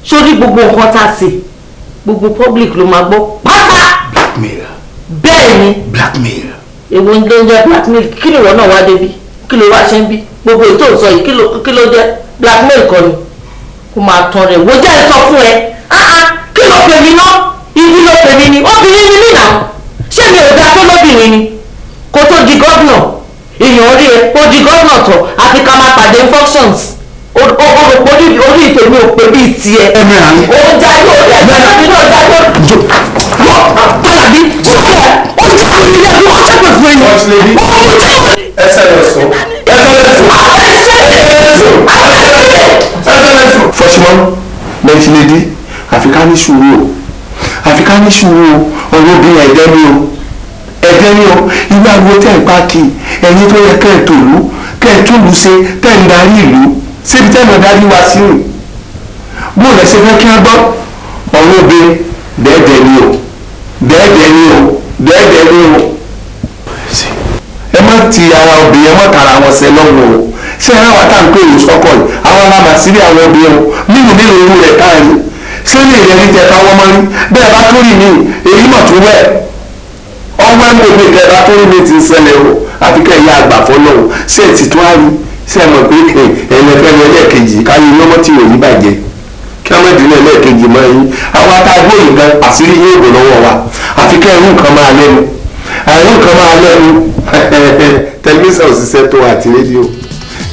sórí gbogbo nǹkan tá a ṣe gbogbo public ló máa gbọ́ pátá bẹ́ẹ̀ ni. blackmail. èwo ń ló ń jẹ́ blackmail kí ni ìwọ náà wá débi kí ló wá ṣe ń bí gbogbo ètò ìsọ yìí kí ló jẹ́ blackmail kọ́ ni kó máa tán rẹ̀ wò jẹ́ ìsọ fún ẹ kí ló pè mí náà ibi ló pè mí ni obìnrin ni mí náà ṣé mi ò dáa tó lóbìnrin ni kó tó di gọ́vnà èèyàn rí ẹ ó di gọ́vnà tọ̀ àfi ká máa pàdé functions orí ìtòmí ò pè bíi tiẹ̀ ó jáde ó rẹ̀ jáde nínú ọ̀dájọ́ àbí jókè ó ní àwọn ilé ẹbí wọn ṣẹ́gun fún ẹni. wọ́n ti lè rí ẹsẹ̀ lọ sọ ẹsẹ̀ lọ sọ ẹsẹ̀ lọ sọ. fọṣọ mẹtìlédé àfi ká ní sùúrù o àfi ká ní sùúrù o ọ̀rọ̀ obìnrin ẹ̀dẹ́ ni o ẹ̀dẹ́ ni o ilé àgbo tẹ̀ ń pààkì ẹ̀yin tó yẹ kẹ́ ẹ̀ tòlú kẹ́ ẹ̀ túlù ṣe tẹ̀ ń darí ìlú síbi tẹ́ ẹ̀ darí wa sí rìn bó lẹ́sẹ̀ fẹ́ kí wọ́n gbọ́ ọ̀rọ̀ obìnrin dẹ́ẹ̀dẹ́ ni o dẹ́ẹ̀dẹ́ ni o dẹ́ẹ̀dẹ́ ni o ẹ má ti ara obìnrin ẹ má kara wọn sẹ lọ́wọ́ o ṣé ẹ ráwa tá à ń pè ní sọ́kọ̀ yìí àwọn ará màsírí àwọn obìnrin o nínú nínú irú rẹ̀ káàrí ṣé lè yẹ ní tẹ̀ka wọ́n mọ́rí bẹ́ẹ̀ bá tó rí mi èyí mọ̀ tó bẹ́ẹ̀ ọwọ́ ń gbèbè kẹ́ bá tó rí mi ti ń ṣẹlẹ̀ o àfi kẹ́ ìyá àgbà fọlọ́wọ́ ṣé ẹ̀ ti tún á rí ṣé ẹ mọ̀ pé ẹ̀ẹ́dẹ́gbẹ́ni ẹlẹ́ẹ̀kejì káyé lọ́mọ́ tí ò ní bàjẹ́ kí wọ́n mọ̀dínú ẹlẹ́ẹ̀kejì mọ́ yín àwọn atagbó nǹkan àṣírí yín ègbò lọ́wọ́ wa àfi kẹ́ ẹ̀rú nǹkan máa lẹ́nu ẹ̀rú nǹkan máa lẹ́nu tẹlifíṣàn òṣìṣẹ́ tó àti rédíò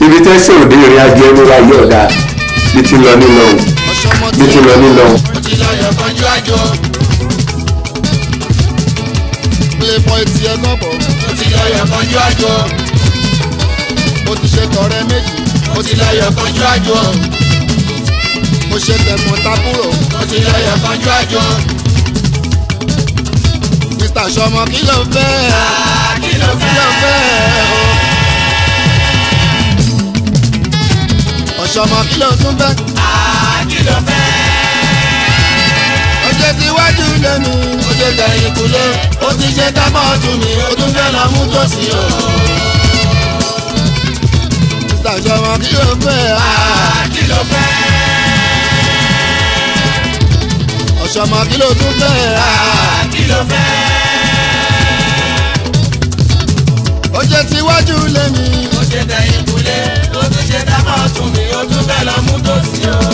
ibi tẹ́sán òde ìrìn àjò ẹnu wa yọ̀ dáa bí ti lọ nílọ bí ti lọ nílọ. playboy mo ti ṣe tọrẹ méjì. mo ti lọ́yọ̀ kanjú àjọ mo ṣe tẹ̀mọ́ tábúrò mo ti lọ́yọ̀ kanjú àjọ. Mr. Sọmọ ah, kí ló ń fẹ́? kí ló fẹ́? Ọ̀ṣọ́mọ kí ló tún fẹ́? Ah, kí ló fẹ́? Oṣù tí wájú lẹ́nu, oṣù tẹ̀yìn kúlé, ó ti ṣe tábọ̀ ọ̀tún mi, ó tún fẹ́ lọ mú tòsí o tàjọmọ kí ló fẹ́. Ah, kí ló fẹ́. ṣọmọ kí ló tún fẹ́. kí ló fẹ́. ó ṣe tiwájú lé mi. ó ṣe tẹ̀yìn kulé ó tún ṣe tábà tún mi ó tún fẹ́ lọ mú tó sí o.